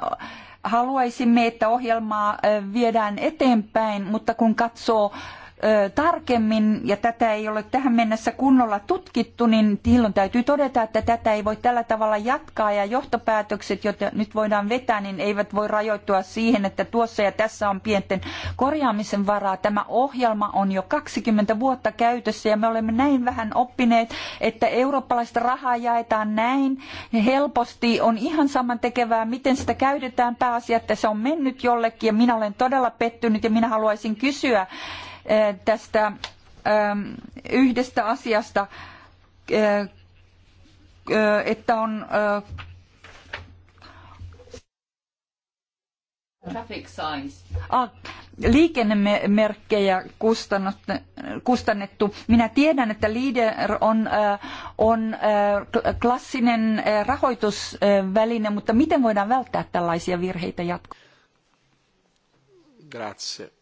haluaisimme, että ohjelmaa viedään eteenpäin, mutta kun katsoo tarkemmin, ja tätä ei ole tähän mennessä kunnolla tutkittu, niin silloin täytyy todeta, että tätä ei voi tällä tavalla jatkaa, ja johtopäätökset, joita nyt voidaan vetää, niin eivät voi rajoittua siihen, että tuossa ja tässä on pienten korjaamisen varaa. Tämä ohjelma on jo 20 vuotta käytössä, ja me olemme näin vähän oppineet, että eurooppalaista rahaa jaetaan näin helposti, on ihan saman tekevää, miten sitä käytetään pääasia, että se on mennyt jollekin, ja minä olen todella pettynyt, ja minä haluaisin kysyä, Eh, tästä ähm, yhdestä asiasta, eh, eh, että on Traffic signs. Ah, liikennemerkkejä kustannettu. Minä tiedän, että Leader on, on klassinen rahoitusväline, mutta miten voidaan välttää tällaisia virheitä jatkossa? Grazie.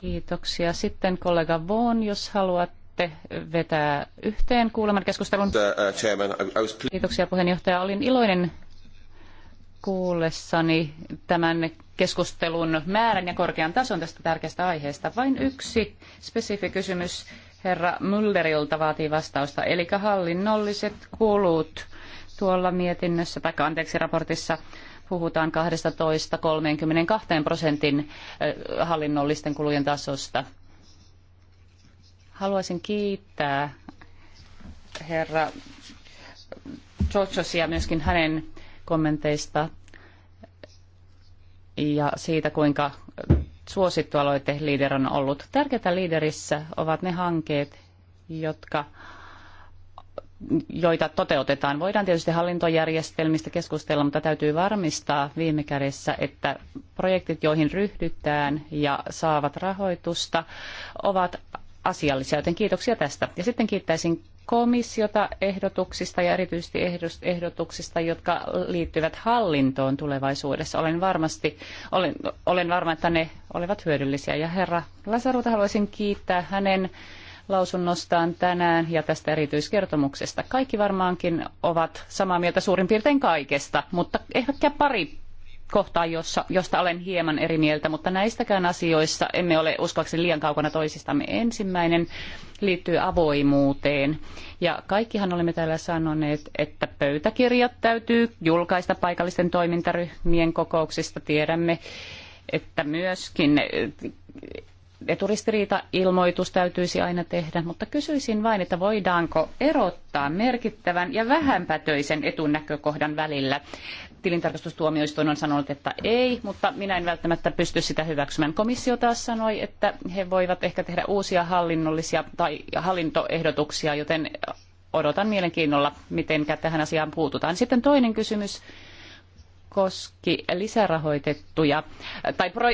Kiitoksia. Sitten kollega Vaughan, jos haluatte vetää yhteen kuuleman keskustelun. Uh, Kiitoksia puheenjohtaja. Olin iloinen kuullessani tämän keskustelun määrän ja korkean tason tästä tärkeästä aiheesta. Vain yksi spesifi kysymys herra Mulderilta vaatii vastausta, eli hallinnolliset kulut tuolla mietinnössä, tai anteeksi raportissa puhutaan 12-32 prosentin hallinnollisten kulujen tasosta. Haluaisin kiittää herra Georgesia myöskin hänen kommenteista ja siitä, kuinka suosittu aloite Leader on ollut. Tärkeitä Leaderissä ovat ne hankkeet, jotka joita toteutetaan. Voidaan tietysti hallintojärjestelmistä keskustella, mutta täytyy varmistaa viime kädessä, että projektit, joihin ryhdytään ja saavat rahoitusta, ovat asiallisia, joten kiitoksia tästä. Ja sitten kiittäisin komissiota ehdotuksista ja erityisesti ehdotuksista, jotka liittyvät hallintoon tulevaisuudessa. Olen, varmasti, olen, olen varma, että ne olivat hyödyllisiä. Ja herra Lasarulta haluaisin kiittää hänen lausunnostaan tänään ja tästä erityiskertomuksesta. Kaikki varmaankin ovat samaa mieltä suurin piirtein kaikesta, mutta ehkä pari kohtaa, jossa, josta olen hieman eri mieltä, mutta näistäkään asioista emme ole uskoakseni liian kaukana toisistamme. Ensimmäinen liittyy avoimuuteen. Ja kaikkihan olemme täällä sanoneet, että pöytäkirjat täytyy julkaista paikallisten toimintaryhmien kokouksista. Tiedämme, että myöskin eturistiriita-ilmoitus täytyisi aina tehdä, mutta kysyisin vain, että voidaanko erottaa merkittävän ja vähänpätöisen etunäkökohdan välillä. Tilintarkastustuomioistuin on sanonut, että ei, mutta minä en välttämättä pysty sitä hyväksymään. Komissio taas sanoi, että he voivat ehkä tehdä uusia hallinnollisia tai hallintoehdotuksia, joten odotan mielenkiinnolla, miten tähän asiaan puututaan. Sitten toinen kysymys koski lisärahoitettuja tai, pro,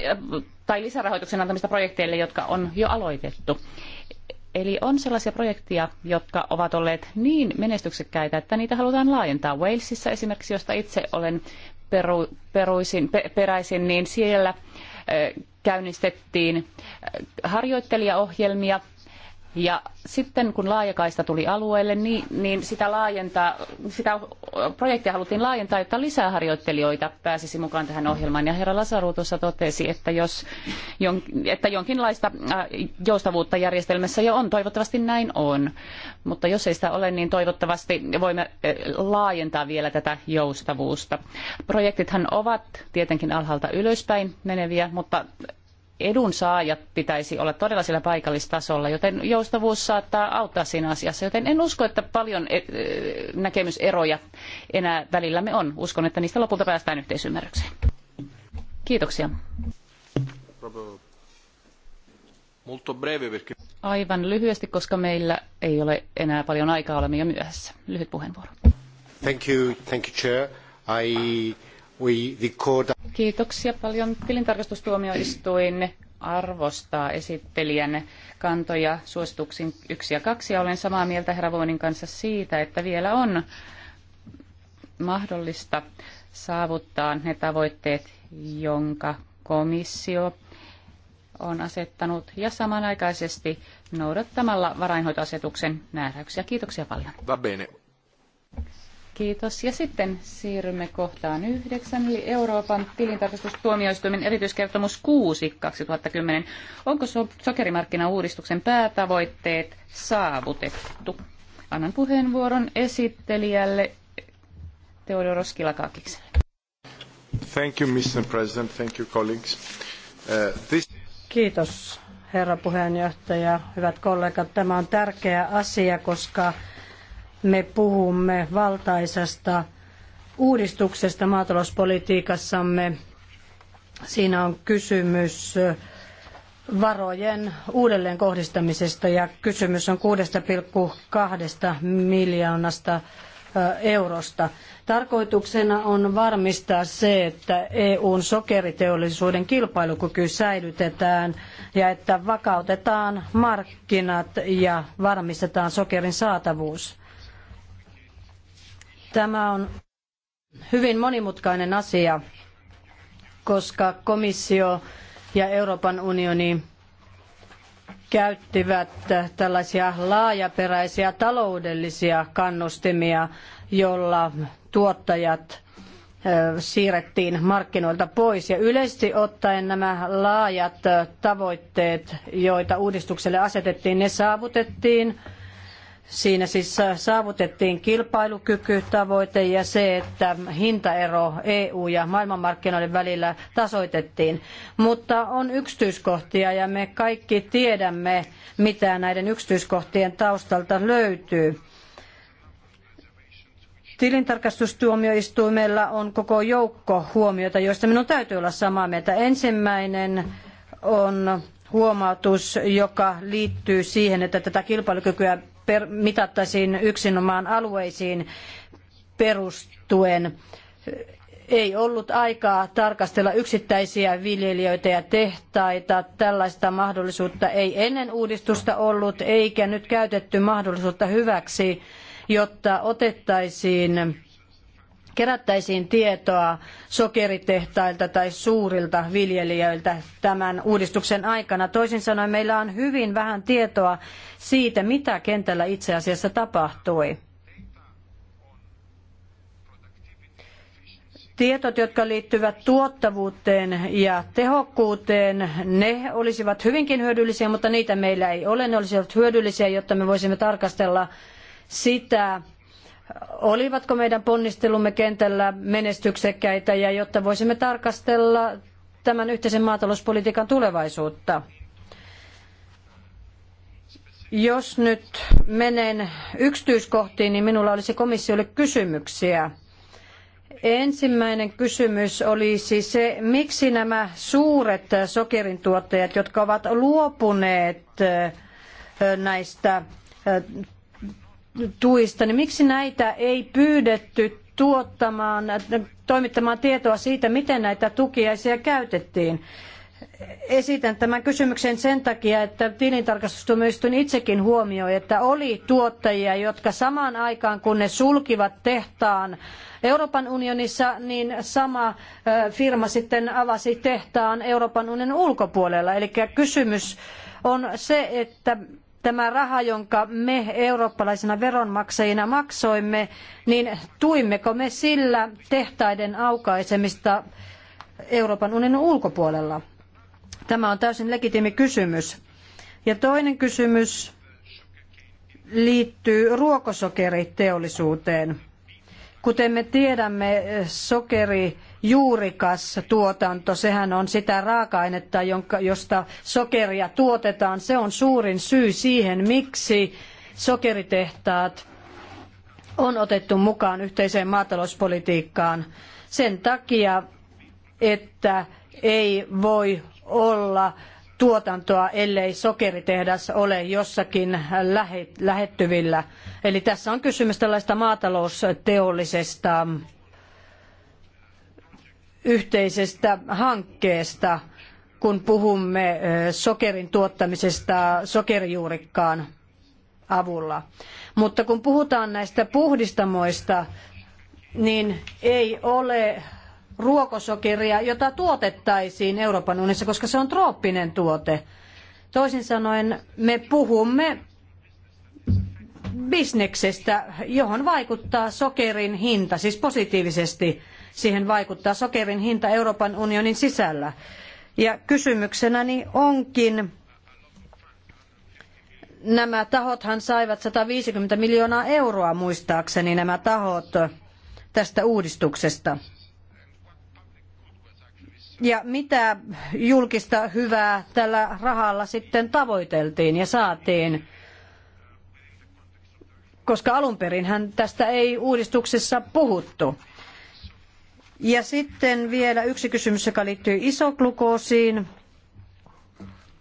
tai lisärahoituksen antamista projekteille, jotka on jo aloitettu. Eli on sellaisia projekteja, jotka ovat olleet niin menestyksekkäitä, että niitä halutaan laajentaa. Walesissa esimerkiksi, josta itse olen peru, peruisin, pe, peräisin, niin siellä käynnistettiin äh, harjoittelijaohjelmia – ja sitten kun laajakaista tuli alueelle, niin, niin sitä, laajentaa, sitä projektia haluttiin laajentaa, jotta lisää harjoittelijoita pääsisi mukaan tähän ohjelmaan. Ja herra Lasaru tuossa totesi, että, jos, jon, että jonkinlaista äh, joustavuutta järjestelmässä jo on. Toivottavasti näin on. Mutta jos ei sitä ole, niin toivottavasti voimme äh, laajentaa vielä tätä joustavuutta. Projektithan ovat tietenkin alhaalta ylöspäin meneviä, mutta edunsaajat pitäisi olla todella siellä paikallistasolla, joten joustavuus saattaa auttaa siinä asiassa. Joten en usko, että paljon e, e, näkemyseroja enää välillämme on. Uskon, että niistä lopulta päästään yhteisymmärrykseen. Kiitoksia. Aivan lyhyesti, koska meillä ei ole enää paljon aikaa, olemme jo myöhässä. Lyhyt puheenvuoro. Thank you, thank you, chair. I... Kiitoksia paljon. Tilintarkastustuomioistuin arvostaa esittelijän kantoja suosituksiin yksi ja kaksi. Ja olen samaa mieltä herra Vuonin kanssa siitä, että vielä on mahdollista saavuttaa ne tavoitteet, jonka komissio on asettanut ja samanaikaisesti noudattamalla varainhoitoasetuksen määräyksiä. Kiitoksia paljon. Va bene. Kiitos. Ja sitten siirrymme kohtaan yhdeksän, eli Euroopan tilintarkastustuomioistuimen erityiskertomus 6 2010. Onko so- sokerimarkkinauudistuksen päätavoitteet saavutettu? Annan puheenvuoron esittelijälle Roskila Kilakakikselle. Thank you, Mr. President. Thank you, colleagues. Uh, this... Kiitos, herra puheenjohtaja, hyvät kollegat. Tämä on tärkeä asia, koska me puhumme valtaisasta uudistuksesta maatalouspolitiikassamme. Siinä on kysymys varojen uudelleenkohdistamisesta ja kysymys on 6,2 miljoonasta eurosta. Tarkoituksena on varmistaa se, että EUn sokeriteollisuuden kilpailukyky säilytetään ja että vakautetaan markkinat ja varmistetaan sokerin saatavuus. Tämä on hyvin monimutkainen asia, koska komissio ja Euroopan unioni käyttivät tällaisia laajaperäisiä taloudellisia kannustimia, jolla tuottajat siirrettiin markkinoilta pois. Ja yleisesti ottaen nämä laajat tavoitteet, joita uudistukselle asetettiin, ne saavutettiin – Siinä siis saavutettiin kilpailukykytavoite ja se, että hintaero EU- ja maailmanmarkkinoiden välillä tasoitettiin. Mutta on yksityiskohtia ja me kaikki tiedämme, mitä näiden yksityiskohtien taustalta löytyy. Tilintarkastustuomioistuimella on koko joukko huomioita, joista minun täytyy olla samaa mieltä. Ensimmäinen on huomautus, joka liittyy siihen, että tätä kilpailukykyä per, mitattaisiin yksinomaan alueisiin perustuen. Ei ollut aikaa tarkastella yksittäisiä viljelijöitä ja tehtaita. Tällaista mahdollisuutta ei ennen uudistusta ollut, eikä nyt käytetty mahdollisuutta hyväksi, jotta otettaisiin kerättäisiin tietoa sokeritehtailta tai suurilta viljelijöiltä tämän uudistuksen aikana. Toisin sanoen meillä on hyvin vähän tietoa siitä, mitä kentällä itse asiassa tapahtui. Tietot, jotka liittyvät tuottavuuteen ja tehokkuuteen, ne olisivat hyvinkin hyödyllisiä, mutta niitä meillä ei ole. Ne olisivat hyödyllisiä, jotta me voisimme tarkastella sitä, olivatko meidän ponnistelumme kentällä menestyksekkäitä ja jotta voisimme tarkastella tämän yhteisen maatalouspolitiikan tulevaisuutta. Jos nyt menen yksityiskohtiin, niin minulla olisi komissiolle kysymyksiä. Ensimmäinen kysymys olisi se, miksi nämä suuret sokerintuottajat, jotka ovat luopuneet näistä tuista, niin miksi näitä ei pyydetty tuottamaan, toimittamaan tietoa siitä, miten näitä tukiaisia käytettiin? Esitän tämän kysymyksen sen takia, että tilintarkastustuomioistuin itsekin huomioi, että oli tuottajia, jotka samaan aikaan kun ne sulkivat tehtaan Euroopan unionissa, niin sama firma sitten avasi tehtaan Euroopan unionin ulkopuolella. Eli kysymys on se, että tämä raha, jonka me eurooppalaisina veronmaksajina maksoimme, niin tuimmeko me sillä tehtaiden aukaisemista Euroopan unionin ulkopuolella? Tämä on täysin legitiimi kysymys. Ja toinen kysymys liittyy ruokosokeriteollisuuteen. Kuten me tiedämme, sokeri juurikas tuotanto, sehän on sitä raaka-ainetta, jonka, josta sokeria tuotetaan. Se on suurin syy siihen, miksi sokeritehtaat on otettu mukaan yhteiseen maatalouspolitiikkaan sen takia, että ei voi olla tuotantoa, ellei sokeritehdas ole jossakin lähettyvillä. Eli tässä on kysymys tällaista maatalousteollisesta yhteisestä hankkeesta, kun puhumme sokerin tuottamisesta sokerijuurikkaan avulla. Mutta kun puhutaan näistä puhdistamoista, niin ei ole ruokosokeria, jota tuotettaisiin Euroopan unionissa, koska se on trooppinen tuote. Toisin sanoen me puhumme bisneksestä, johon vaikuttaa sokerin hinta, siis positiivisesti. Siihen vaikuttaa sokerin hinta Euroopan unionin sisällä. Ja kysymyksenäni onkin, nämä tahothan saivat 150 miljoonaa euroa muistaakseni nämä tahot tästä uudistuksesta. Ja mitä julkista hyvää tällä rahalla sitten tavoiteltiin ja saatiin? Koska alun perin tästä ei uudistuksessa puhuttu. Ja sitten vielä yksi kysymys, joka liittyy isoglukoosiin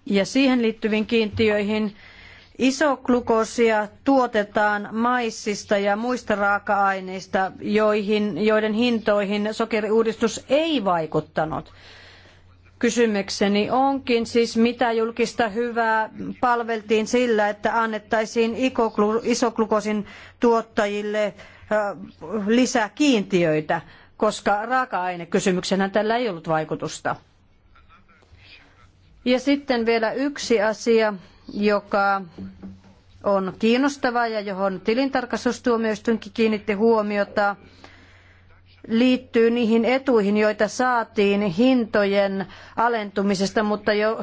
ja siihen liittyviin kiintiöihin. Isoglukoosia tuotetaan maissista ja muista raaka-aineista, joihin, joiden hintoihin sokeriuudistus ei vaikuttanut. Kysymykseni onkin siis, mitä julkista hyvää palveltiin sillä, että annettaisiin isoglukoosin tuottajille lisäkiintiöitä. kiintiöitä koska raaka-ainekysymyksenä tällä ei ollut vaikutusta. Ja sitten vielä yksi asia, joka on kiinnostava ja johon tilintarkastustuomioistuinkin kiinnitti huomiota, liittyy niihin etuihin, joita saatiin hintojen alentumisesta, mutta jo,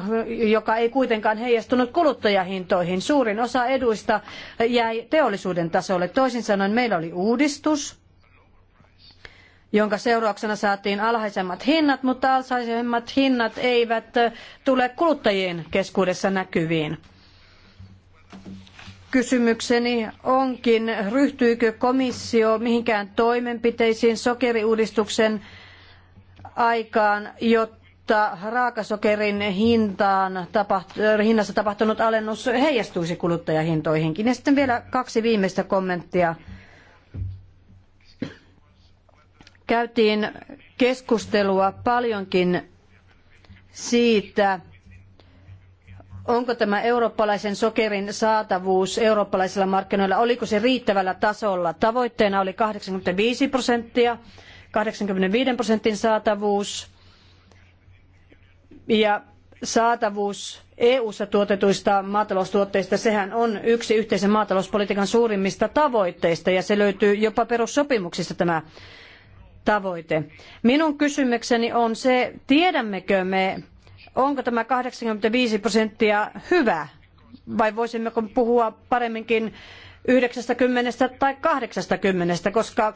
joka ei kuitenkaan heijastunut kuluttajahintoihin. Suurin osa eduista jäi teollisuuden tasolle. Toisin sanoen meillä oli uudistus, jonka seurauksena saatiin alhaisemmat hinnat, mutta alhaisemmat hinnat eivät äh, tule kuluttajien keskuudessa näkyviin. Kysymykseni onkin, ryhtyykö komissio mihinkään toimenpiteisiin sokeriuudistuksen aikaan, jotta raakasokerin hintaan tapahtu, äh, hinnassa tapahtunut alennus heijastuisi kuluttajahintoihinkin. Ja sitten vielä kaksi viimeistä kommenttia Käytiin keskustelua paljonkin siitä, onko tämä eurooppalaisen sokerin saatavuus eurooppalaisilla markkinoilla, oliko se riittävällä tasolla. Tavoitteena oli 85 prosenttia, 85 prosentin saatavuus ja saatavuus EU-ssa tuotetuista maataloustuotteista, sehän on yksi yhteisen maatalouspolitiikan suurimmista tavoitteista ja se löytyy jopa perussopimuksista tämä tavoite. Minun kysymykseni on se, tiedämmekö me, onko tämä 85 prosenttia hyvä vai voisimmeko puhua paremminkin 90 tai 80, koska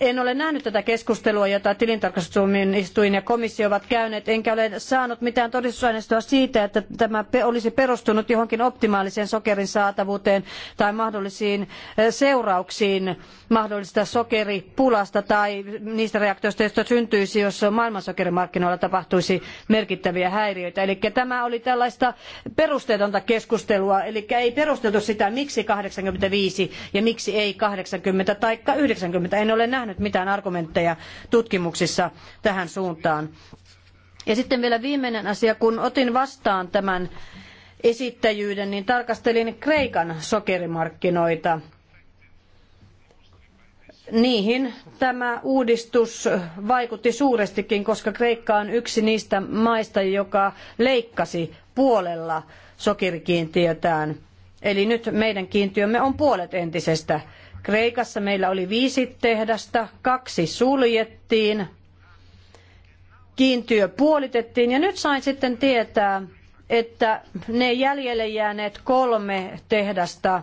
en ole nähnyt tätä keskustelua, jota tilintarkastustuomioistuin ja komissio ovat käyneet, enkä ole saanut mitään todistusaineistoa siitä, että tämä olisi perustunut johonkin optimaaliseen sokerin saatavuuteen tai mahdollisiin seurauksiin mahdollisesta sokeripulasta tai niistä reaktioista, joista syntyisi, jos maailmansokerimarkkinoilla tapahtuisi merkittäviä häiriöitä. Eli tämä oli tällaista perusteetonta keskustelua, eli ei perusteltu sitä, miksi 85 ja miksi ei 80 tai 90. 90. En ole nähnyt mitään argumentteja tutkimuksissa tähän suuntaan. Ja sitten vielä viimeinen asia, kun otin vastaan tämän esittäjyyden, niin tarkastelin Kreikan sokerimarkkinoita. Niihin tämä uudistus vaikutti suurestikin, koska Kreikka on yksi niistä maista, joka leikkasi puolella sokerikiintiötään. Eli nyt meidän kiintiömme on puolet entisestä Kreikassa meillä oli viisi tehdasta, kaksi suljettiin, kiintiö puolitettiin ja nyt sain sitten tietää, että ne jäljelle jääneet kolme tehdasta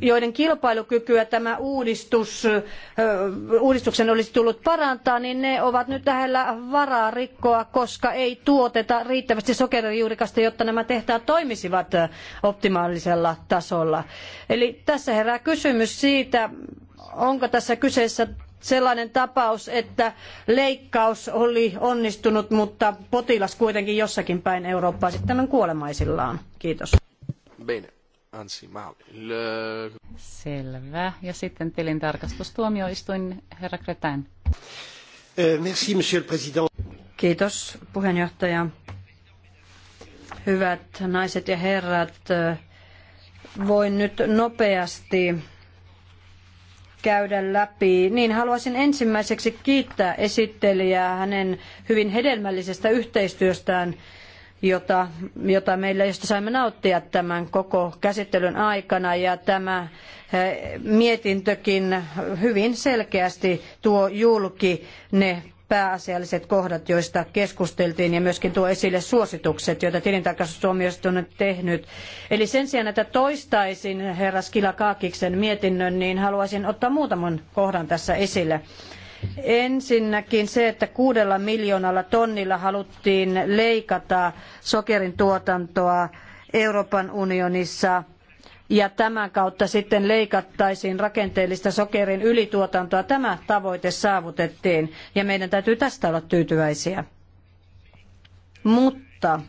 joiden kilpailukykyä tämä uudistus, uudistuksen olisi tullut parantaa, niin ne ovat nyt lähellä varaa rikkoa, koska ei tuoteta riittävästi sokerijuurikasta, jotta nämä tehtaat toimisivat optimaalisella tasolla. Eli tässä herää kysymys siitä, onko tässä kyseessä sellainen tapaus, että leikkaus oli onnistunut, mutta potilas kuitenkin jossakin päin Eurooppaa sitten on kuolemaisillaan. Kiitos. Bene ansi Le... Selvä. Ja sitten tilintarkastustuomioistuin, herra Kretain. Eh, merci, monsieur le président. Kiitos, puheenjohtaja. Hyvät naiset ja herrat, eh, voin nyt nopeasti käydä läpi, niin haluaisin ensimmäiseksi kiittää esittelijää hänen hyvin hedelmällisestä yhteistyöstään jota, jota meillä, josta saimme nauttia tämän koko käsittelyn aikana ja tämä eh, mietintökin hyvin selkeästi tuo julki ne pääasialliset kohdat, joista keskusteltiin ja myöskin tuo esille suositukset, joita tilintarkastustuomioistuin on tehnyt. Eli sen sijaan, että toistaisin herra Skila Kaakiksen mietinnön, niin haluaisin ottaa muutaman kohdan tässä esille. Ensinnäkin se, että kuudella miljoonalla tonnilla haluttiin leikata sokerin tuotantoa Euroopan unionissa ja tämän kautta sitten leikattaisiin rakenteellista sokerin ylituotantoa. Tämä tavoite saavutettiin ja meidän täytyy tästä olla tyytyväisiä. Mutta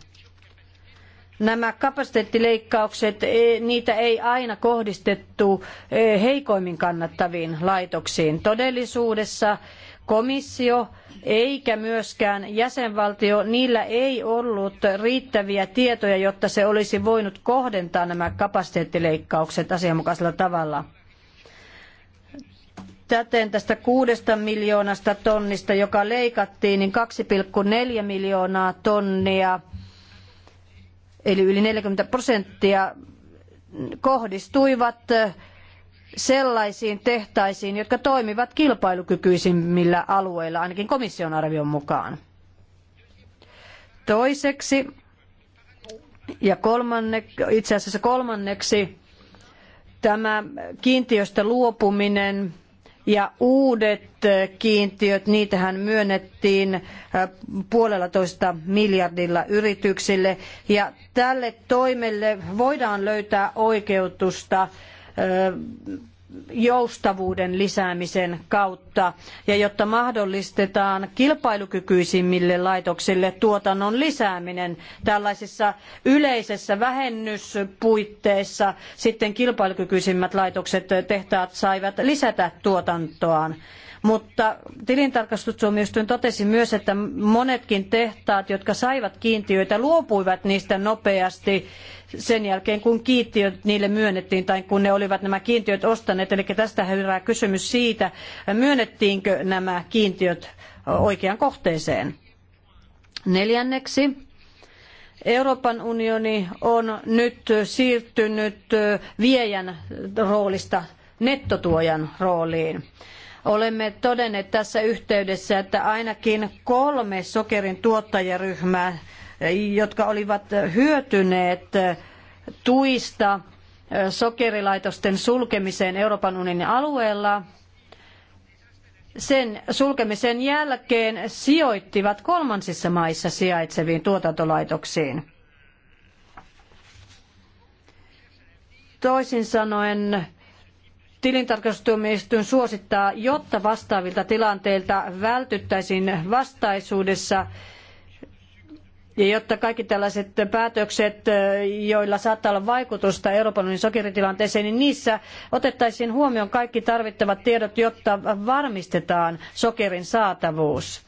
nämä kapasiteettileikkaukset, e, niitä ei aina kohdistettu e, heikoimmin kannattaviin laitoksiin. Todellisuudessa komissio eikä myöskään jäsenvaltio, niillä ei ollut riittäviä tietoja, jotta se olisi voinut kohdentaa nämä kapasiteettileikkaukset asianmukaisella tavalla. Täten tästä kuudesta miljoonasta tonnista, joka leikattiin, niin 2,4 miljoonaa tonnia – eli yli 40 prosenttia, kohdistuivat sellaisiin tehtaisiin, jotka toimivat kilpailukykyisimmillä alueilla, ainakin komission arvion mukaan. Toiseksi ja kolmanne, itse asiassa kolmanneksi tämä kiintiöstä luopuminen – ja uudet kiintiöt, niitähän myönnettiin puolellatoista miljardilla yrityksille. Ja tälle toimelle voidaan löytää oikeutusta joustavuuden lisäämisen kautta ja jotta mahdollistetaan kilpailukykyisimmille laitoksille tuotannon lisääminen tällaisissa yleisessä vähennyspuitteissa sitten kilpailukykyisimmät laitokset, tehtaat saivat lisätä tuotantoaan. Mutta tilintarkastustuomioistuin totesi myös, että monetkin tehtaat, jotka saivat kiintiöitä, luopuivat niistä nopeasti sen jälkeen, kun kiintiöt niille myönnettiin tai kun ne olivat nämä kiintiöt ostaneet. Eli tästä herää kysymys siitä, myönnettiinkö nämä kiintiöt oikeaan kohteeseen. Neljänneksi, Euroopan unioni on nyt siirtynyt viejän roolista nettotuojan rooliin. Olemme todenneet tässä yhteydessä, että ainakin kolme sokerin tuottajaryhmää, jotka olivat hyötyneet tuista sokerilaitosten sulkemiseen Euroopan unionin alueella, sen sulkemisen jälkeen sijoittivat kolmansissa maissa sijaitseviin tuotantolaitoksiin. Toisin sanoen tilintarkastustuomioistuin suosittaa, jotta vastaavilta tilanteilta vältyttäisiin vastaisuudessa ja jotta kaikki tällaiset päätökset, joilla saattaa olla vaikutusta Euroopan unionin sokeritilanteeseen, niin niissä otettaisiin huomioon kaikki tarvittavat tiedot, jotta varmistetaan sokerin saatavuus.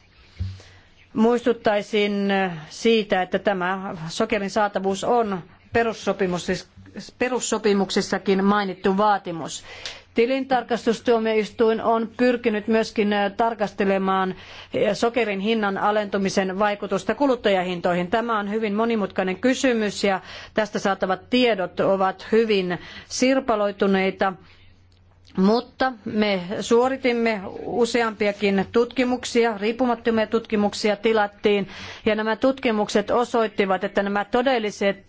Muistuttaisin siitä, että tämä sokerin saatavuus on perussopimuksessakin mainittu vaatimus. Tilintarkastustuomioistuin on pyrkinyt myöskin tarkastelemaan sokerin hinnan alentumisen vaikutusta kuluttajahintoihin. Tämä on hyvin monimutkainen kysymys ja tästä saatavat tiedot ovat hyvin sirpaloituneita. Mutta me suoritimme useampiakin tutkimuksia, riippumattomia tutkimuksia tilattiin, ja nämä tutkimukset osoittivat, että nämä todelliset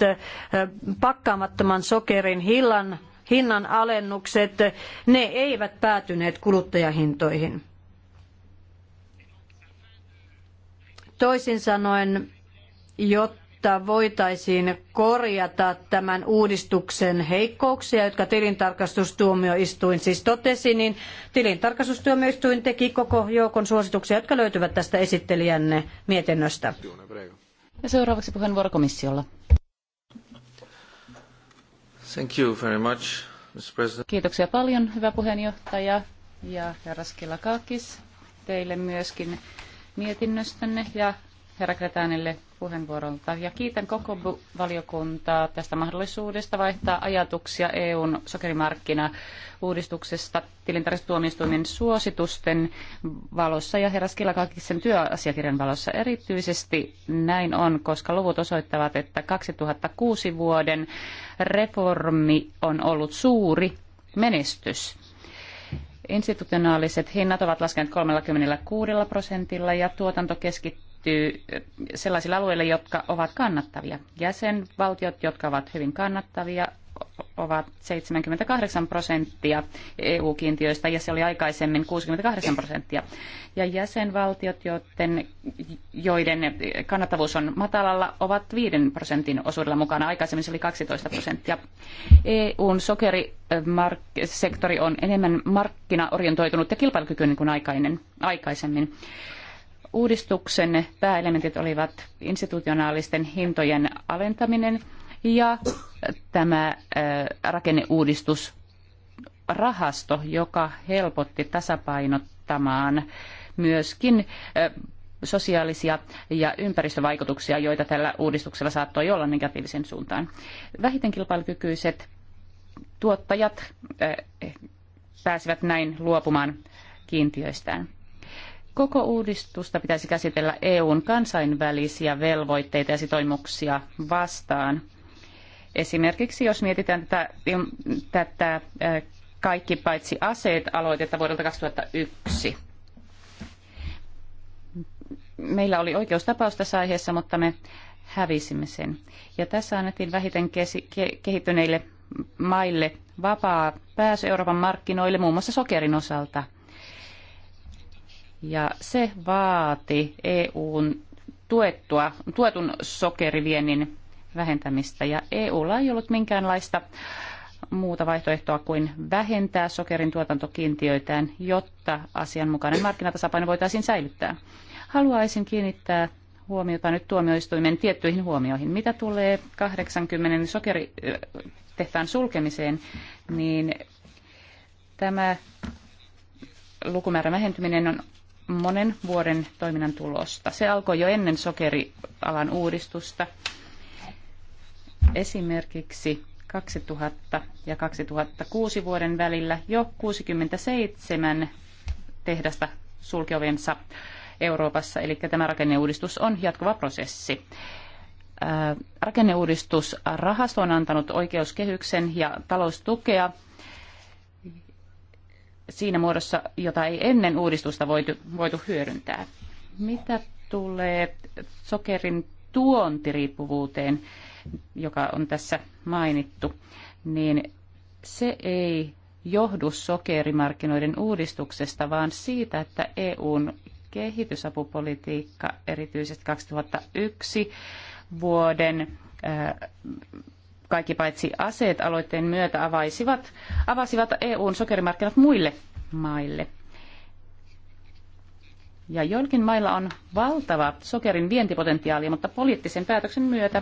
pakkaamattoman sokerin hillan hinnan alennukset, ne eivät päätyneet kuluttajahintoihin. Toisin sanoen, jotta voitaisiin korjata tämän uudistuksen heikkouksia, jotka tilintarkastustuomioistuin siis totesi, niin tilintarkastustuomioistuin teki koko joukon suosituksia, jotka löytyvät tästä esittelijänne mietinnöstä. Ja seuraavaksi puheenvuoro komissiolla. Thank you very much, Mr. President. Kiitoksia paljon, hyvä puheenjohtaja ja herra Skilakakis, teille myöskin mietinnöstänne ja herra Kretänille puheenvuorolta ja kiitän koko valiokuntaa tästä mahdollisuudesta vaihtaa ajatuksia EUn sokerimarkkina-uudistuksesta tilintarkastustuomioistuimen suositusten valossa ja herra Skilakakisen työasiakirjan valossa erityisesti näin on, koska luvut osoittavat, että 2006 vuoden reformi on ollut suuri menestys institutionaaliset hinnat ovat laskeneet 36 prosentilla ja tuotanto keskittyy liittyy sellaisille alueille, jotka ovat kannattavia. Jäsenvaltiot, jotka ovat hyvin kannattavia, ovat 78 prosenttia EU-kiintiöistä ja se oli aikaisemmin 68 prosenttia. Ja jäsenvaltiot, joiden, joiden kannattavuus on matalalla, ovat 5 prosentin osuudella mukana. Aikaisemmin se oli 12 prosenttia. EUn sokerisektori on enemmän markkinaorientoitunut ja kilpailukykyinen kuin aikainen, aikaisemmin. Uudistuksen pääelementit olivat institutionaalisten hintojen alentaminen ja tämä rakenneuudistusrahasto, joka helpotti tasapainottamaan myöskin sosiaalisia ja ympäristövaikutuksia, joita tällä uudistuksella saattoi olla negatiivisen suuntaan. Vähiten kilpailukykyiset tuottajat pääsivät näin luopumaan kiintiöistään. Koko uudistusta pitäisi käsitellä EUn kansainvälisiä velvoitteita ja sitoimuksia vastaan. Esimerkiksi jos mietitään tätä, tätä kaikki paitsi aseet aloitetta vuodelta 2001. Meillä oli oikeustapaus tässä aiheessa, mutta me hävisimme sen. Ja tässä annettiin vähiten kehittyneille maille vapaa pääsy Euroopan markkinoille muun muassa sokerin osalta – ja se vaati EUn tuettua, tuetun sokeriviennin vähentämistä. Ja EUlla ei ollut minkäänlaista muuta vaihtoehtoa kuin vähentää sokerin tuotantokiintiöitään, jotta asianmukainen markkinatasapaino voitaisiin säilyttää. Haluaisin kiinnittää huomiota nyt tuomioistuimen tiettyihin huomioihin. Mitä tulee 80 sokeritehtaan sulkemiseen, niin tämä lukumäärän vähentyminen on monen vuoden toiminnan tulosta. Se alkoi jo ennen sokerialan uudistusta. Esimerkiksi 2000 ja 2006 vuoden välillä jo 67 tehdasta sulki ovensa Euroopassa, eli tämä rakenneuudistus on jatkuva prosessi. Rakenneuudistusrahasto on antanut oikeuskehyksen ja taloustukea siinä muodossa, jota ei ennen uudistusta voitu, voitu hyödyntää. Mitä tulee sokerin tuontiriippuvuuteen, joka on tässä mainittu, niin se ei johdu sokerimarkkinoiden uudistuksesta, vaan siitä, että EUn kehitysapupolitiikka erityisesti 2001 vuoden kaikki paitsi aseet aloitteen myötä avaisivat, avasivat EUn sokerimarkkinat muille maille. Ja joillakin mailla on valtava sokerin vientipotentiaali, mutta poliittisen päätöksen myötä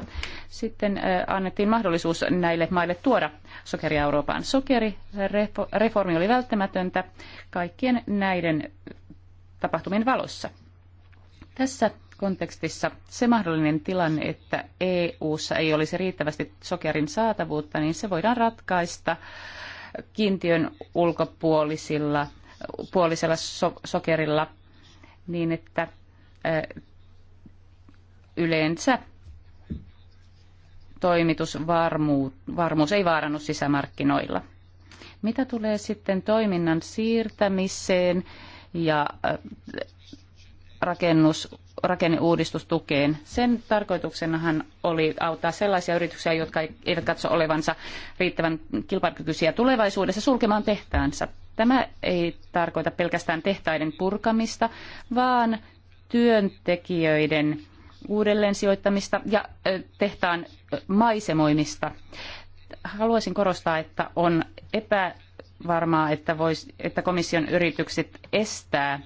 sitten annettiin mahdollisuus näille maille tuoda sokeria Eurooppaan. Sokerireformi oli välttämätöntä kaikkien näiden tapahtumien valossa. Tässä kontekstissa se mahdollinen tilanne, että EU:ssa ei olisi riittävästi sokerin saatavuutta, niin se voidaan ratkaista kiintiön ulkopuolisilla puolisella so- sokerilla niin, että ö, yleensä toimitusvarmuus ei vaarannu sisämarkkinoilla. Mitä tulee sitten toiminnan siirtämiseen ja rakennus rakenneuudistustukeen. Sen tarkoituksenahan oli auttaa sellaisia yrityksiä, jotka eivät katso olevansa riittävän kilpailukykyisiä tulevaisuudessa sulkemaan tehtaansä. Tämä ei tarkoita pelkästään tehtaiden purkamista, vaan työntekijöiden uudelleen sijoittamista ja tehtaan maisemoimista. Haluaisin korostaa, että on epä varmaa, että, vois, että komission yritykset estää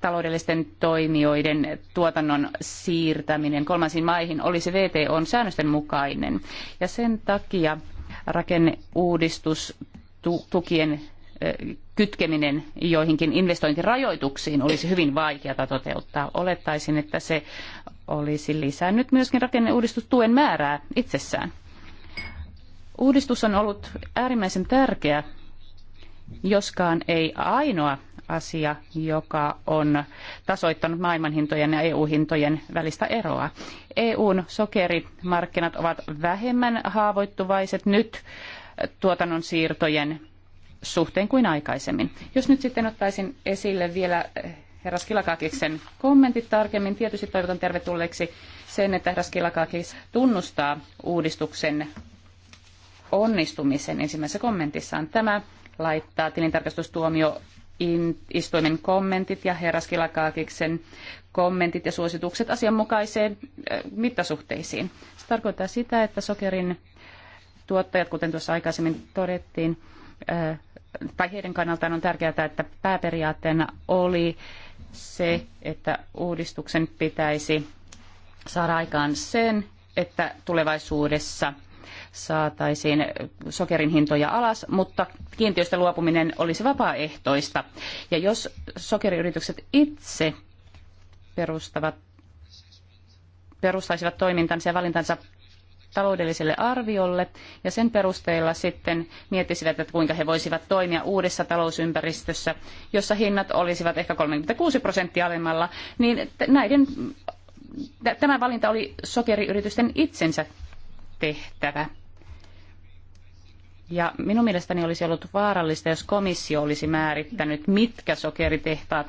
taloudellisten toimijoiden tuotannon siirtäminen kolmansiin maihin olisi VTOn säännösten mukainen. Ja sen takia rakenneuudistustukien kytkeminen joihinkin investointirajoituksiin olisi hyvin vaikeata toteuttaa. Olettaisin, että se olisi lisännyt myöskin rakenneuudistustuen määrää itsessään. Uudistus on ollut äärimmäisen tärkeä joskaan ei ainoa asia, joka on tasoittanut maailmanhintojen ja EU-hintojen välistä eroa. EUn sokerimarkkinat ovat vähemmän haavoittuvaiset nyt tuotannon siirtojen suhteen kuin aikaisemmin. Jos nyt sitten ottaisin esille vielä eh, herra Skilakakiksen kommentit tarkemmin. Tietysti toivotan tervetulleeksi sen, että herra Skilakakis tunnustaa uudistuksen onnistumisen ensimmäisessä kommentissaan. Tämä laittaa tilintarkastustuomio istuimen kommentit ja herraskilakaakiksen kommentit ja suositukset asianmukaiseen mittasuhteisiin. Se tarkoittaa sitä, että sokerin tuottajat, kuten tuossa aikaisemmin todettiin, tai heidän kannaltaan on tärkeää, että pääperiaatteena oli se, että uudistuksen pitäisi saada aikaan sen, että tulevaisuudessa – saataisiin sokerin hintoja alas, mutta kiintiöstä luopuminen olisi vapaaehtoista. Ja jos sokeriyritykset itse perustavat, perustaisivat toimintansa ja valintansa taloudelliselle arviolle ja sen perusteella sitten miettisivät, että kuinka he voisivat toimia uudessa talousympäristössä, jossa hinnat olisivat ehkä 36 prosenttia alemmalla, niin näiden, tämä valinta oli sokeriyritysten itsensä tehtävä. Ja minun mielestäni olisi ollut vaarallista, jos komissio olisi määrittänyt, mitkä sokeritehtaat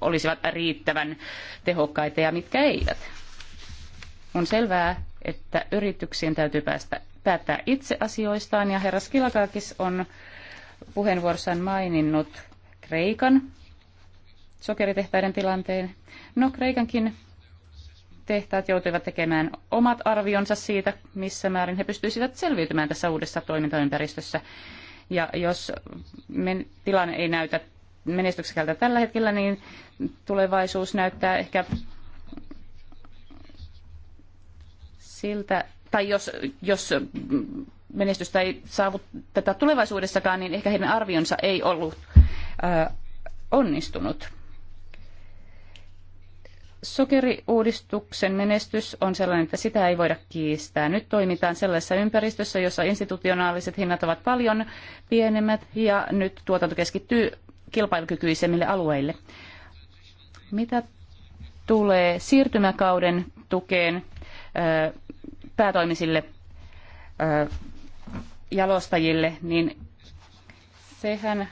olisivat riittävän tehokkaita ja mitkä eivät. On selvää, että yrityksien täytyy päästä, päättää itse asioistaan, ja herra Skilakakis on puheenvuorossaan maininnut Kreikan sokeritehtaiden tilanteen. No, Kreikankin tehtaat joutuivat tekemään omat arvionsa siitä, missä määrin he pystyisivät selviytymään tässä uudessa toimintaympäristössä. Ja jos men, tilanne ei näytä menestyksekältä tällä hetkellä, niin tulevaisuus näyttää ehkä siltä, tai jos, jos menestystä ei saavuteta tulevaisuudessakaan, niin ehkä heidän arvionsa ei ollut ää, onnistunut. Sokeriuudistuksen menestys on sellainen, että sitä ei voida kiistää. Nyt toimitaan sellaisessa ympäristössä, jossa institutionaaliset hinnat ovat paljon pienemmät ja nyt tuotanto keskittyy kilpailukykyisemmille alueille. Mitä tulee siirtymäkauden tukeen päätoimisille jalostajille, niin sehän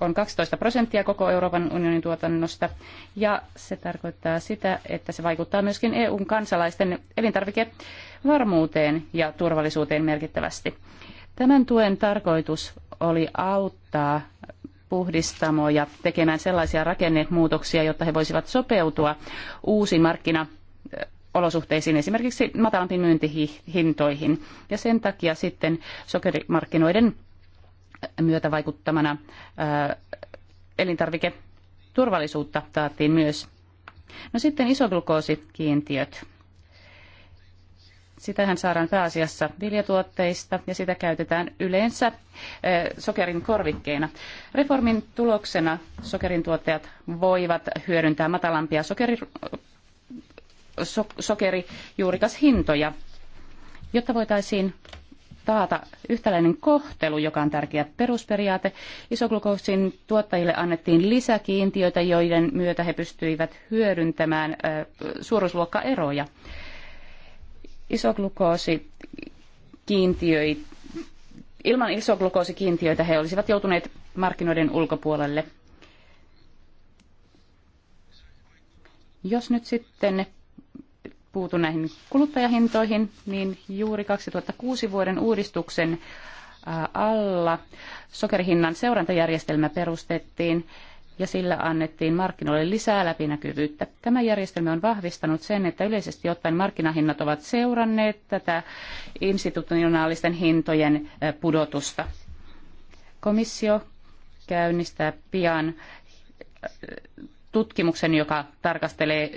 on 12 prosenttia koko Euroopan unionin tuotannosta ja se tarkoittaa sitä, että se vaikuttaa myöskin EUn kansalaisten elintarvikevarmuuteen ja turvallisuuteen merkittävästi. Tämän tuen tarkoitus oli auttaa puhdistamoja tekemään sellaisia rakennemuutoksia, jotta he voisivat sopeutua uusiin markkina olosuhteisiin, esimerkiksi matalampiin myyntihintoihin. Ja sen takia sitten sokerimarkkinoiden myötävaikuttamana äh, elintarviketurvallisuutta taattiin myös. No sitten isoglukoosikiintiöt. Sitähän saadaan pääasiassa viljatuotteista ja sitä käytetään yleensä äh, sokerin korvikkeina. Reformin tuloksena sokerin tuottajat voivat hyödyntää matalampia sokeri, so, sokerijuurikashintoja, jotta voitaisiin taata yhtäläinen kohtelu, joka on tärkeä perusperiaate. Isoglukoosin tuottajille annettiin lisäkiintiöitä, joiden myötä he pystyivät hyödyntämään suuruusluokkaeroja. Isoglukoosi kiintiöi, ilman isoglukoosikiintiöitä he olisivat joutuneet markkinoiden ulkopuolelle. Jos nyt sitten puutu näihin kuluttajahintoihin, niin juuri 2006 vuoden uudistuksen alla sokerihinnan seurantajärjestelmä perustettiin ja sillä annettiin markkinoille lisää läpinäkyvyyttä. Tämä järjestelmä on vahvistanut sen, että yleisesti ottaen markkinahinnat ovat seuranneet tätä institutionaalisten hintojen pudotusta. Komissio käynnistää pian tutkimuksen, joka tarkastelee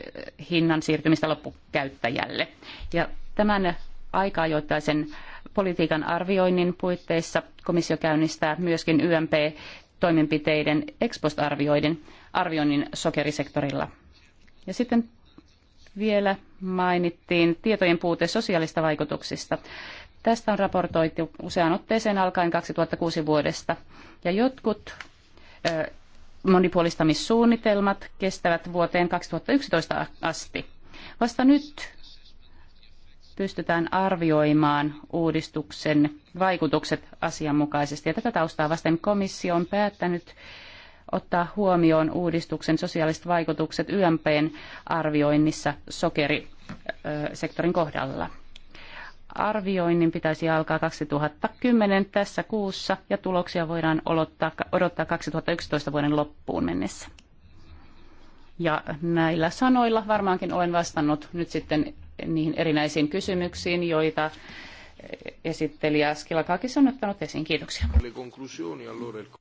hinnan siirtymistä loppukäyttäjälle. Ja tämän aika-ajoittaisen politiikan arvioinnin puitteissa komissio käynnistää myöskin YMP-toimenpiteiden ekspostarvioinnin arvioinnin sokerisektorilla. Ja sitten vielä mainittiin tietojen puute sosiaalista vaikutuksista. Tästä on raportoitu useaan otteeseen alkaen 2006 vuodesta. Ja jotkut monipuolistamissuunnitelmat kestävät vuoteen 2011 asti. Vasta nyt pystytään arvioimaan uudistuksen vaikutukset asianmukaisesti. Ja tätä taustaa vasten komissio on päättänyt ottaa huomioon uudistuksen sosiaaliset vaikutukset YMPn arvioinnissa sokerisektorin kohdalla arvioinnin pitäisi alkaa 2010 tässä kuussa ja tuloksia voidaan odottaa, 2011 vuoden loppuun mennessä. Ja näillä sanoilla varmaankin olen vastannut nyt sitten niihin erinäisiin kysymyksiin, joita esittelijä Skilakakis on ottanut esiin. Kiitoksia.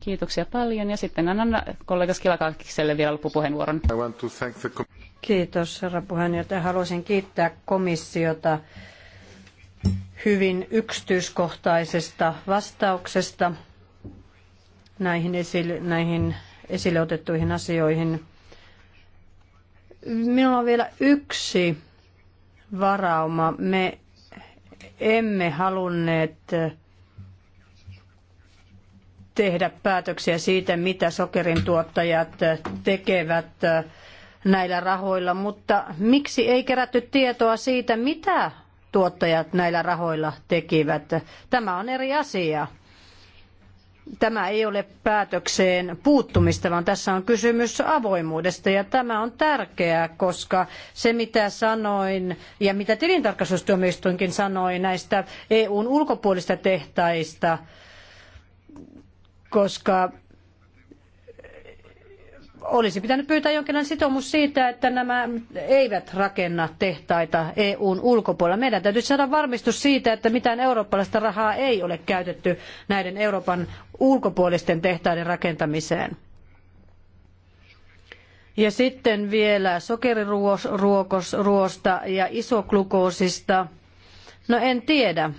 Kiitoksia paljon ja sitten annan kollega Skilakakiselle vielä loppupuheenvuoron. Kiitos herra puheenjohtaja. Haluaisin kiittää komissiota hyvin yksityiskohtaisesta vastauksesta näihin esille, näihin esille otettuihin asioihin. Minulla on vielä yksi varauma. Me emme halunneet tehdä päätöksiä siitä, mitä sokerin tuottajat tekevät näillä rahoilla, mutta miksi ei kerätty tietoa siitä, mitä tuottajat näillä rahoilla tekivät. Tämä on eri asia. Tämä ei ole päätökseen puuttumista, vaan tässä on kysymys avoimuudesta ja tämä on tärkeää, koska se mitä sanoin ja mitä tilintarkastustuomioistuinkin sanoi näistä EUn ulkopuolista tehtaista, koska olisi pitänyt pyytää jonkinlainen sitoumus siitä, että nämä eivät rakenna tehtaita EUn ulkopuolella. Meidän täytyy saada varmistus siitä, että mitään eurooppalaista rahaa ei ole käytetty näiden Euroopan ulkopuolisten tehtaiden rakentamiseen. Ja sitten vielä sokeriruosta ja isoglukoosista. No en tiedä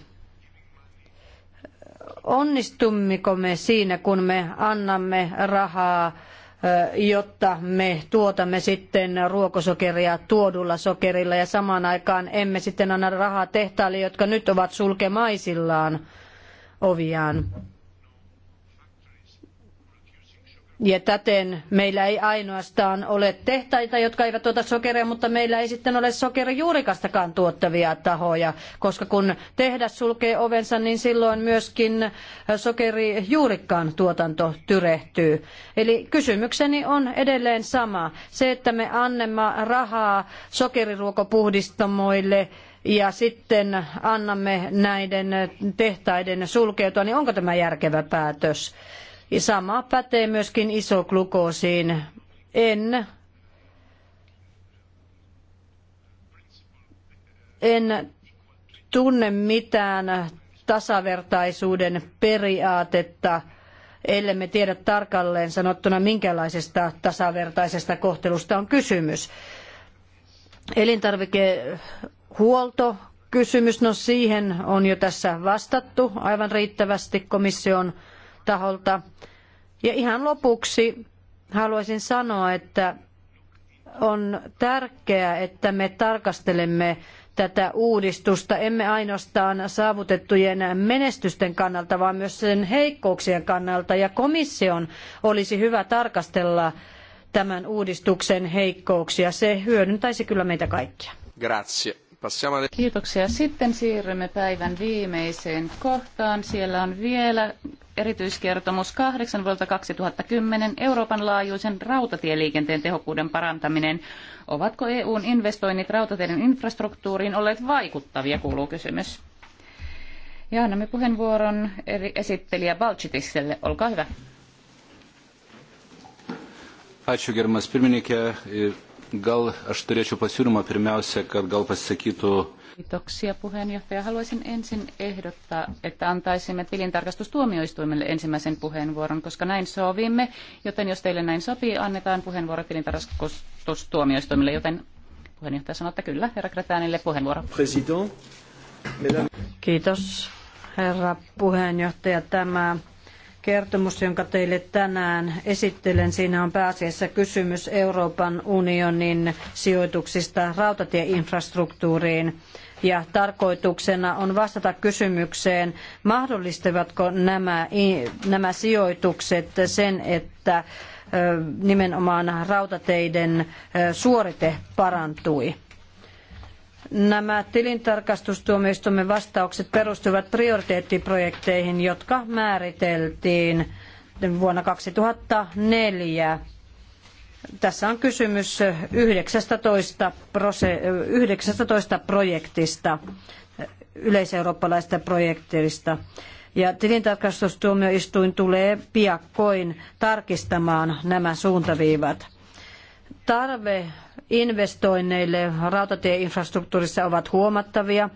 onnistummeko me siinä, kun me annamme rahaa jotta me tuotamme sitten ruokosokeria tuodulla sokerilla ja samaan aikaan emme sitten anna rahaa tehtaille, jotka nyt ovat sulkemaisillaan oviaan. Ja täten meillä ei ainoastaan ole tehtaita, jotka eivät tuota sokeria, mutta meillä ei sitten ole sokerijuurikastakaan tuottavia tahoja, koska kun tehdas sulkee ovensa, niin silloin myöskin sokerijuurikkaan tuotanto tyrehtyy. Eli kysymykseni on edelleen sama. Se, että me annamme rahaa sokeriruokopuhdistamoille, ja sitten annamme näiden tehtaiden sulkeutua, niin onko tämä järkevä päätös? Sama pätee myöskin isoglukoosiin. En en tunne mitään tasavertaisuuden periaatetta, ellemme tiedä tarkalleen sanottuna, minkälaisesta tasavertaisesta kohtelusta on kysymys. Elintarvikehuolto, kysymys, no siihen on jo tässä vastattu aivan riittävästi komission taholta. Ja ihan lopuksi haluaisin sanoa, että on tärkeää, että me tarkastelemme tätä uudistusta emme ainoastaan saavutettujen menestysten kannalta, vaan myös sen heikkouksien kannalta. Ja komission olisi hyvä tarkastella tämän uudistuksen heikkouksia. Se hyödyntäisi kyllä meitä kaikkia. Grazie. Kiitoksia. Sitten siirrymme päivän viimeiseen kohtaan. Siellä on vielä erityiskertomus 8 vuodelta 2010 Euroopan laajuisen rautatieliikenteen tehokkuuden parantaminen. Ovatko EUn investoinnit rautateiden infrastruktuuriin olleet vaikuttavia, kuuluu kysymys. Ja annamme puheenvuoron eri esittelijä Balchitiselle. Olkaa hyvä. Ačiū gerbiamas pirmininkė. Gal aš turėčiau pasiūlymą pirmiausia, kad gal pasisakytų Kiitoksia puheenjohtaja. Haluaisin ensin ehdottaa, että antaisimme tilintarkastustuomioistuimelle ensimmäisen puheenvuoron, koska näin sovimme. Joten jos teille näin sopii, annetaan puheenvuoro tilintarkastustuomioistuimelle. Joten puheenjohtaja sanoo, että kyllä, herra Kretäänille puheenvuoro. Kiitos, herra puheenjohtaja. Tämä kertomus, jonka teille tänään esittelen, siinä on pääasiassa kysymys Euroopan unionin sijoituksista rautatieinfrastruktuuriin ja tarkoituksena on vastata kysymykseen, mahdollistavatko nämä, nämä sijoitukset sen, että nimenomaan rautateiden suorite parantui. Nämä tilintarkastustuomioistuimen vastaukset perustuvat prioriteettiprojekteihin, jotka määriteltiin vuonna 2004 tässä on kysymys 19, prose, 19 projektista, yleiseurooppalaisista projekteista. Ja tilintarkastustuomioistuin tulee piakkoin tarkistamaan nämä suuntaviivat. Tarve investoinneille rautatieinfrastruktuurissa ovat huomattavia.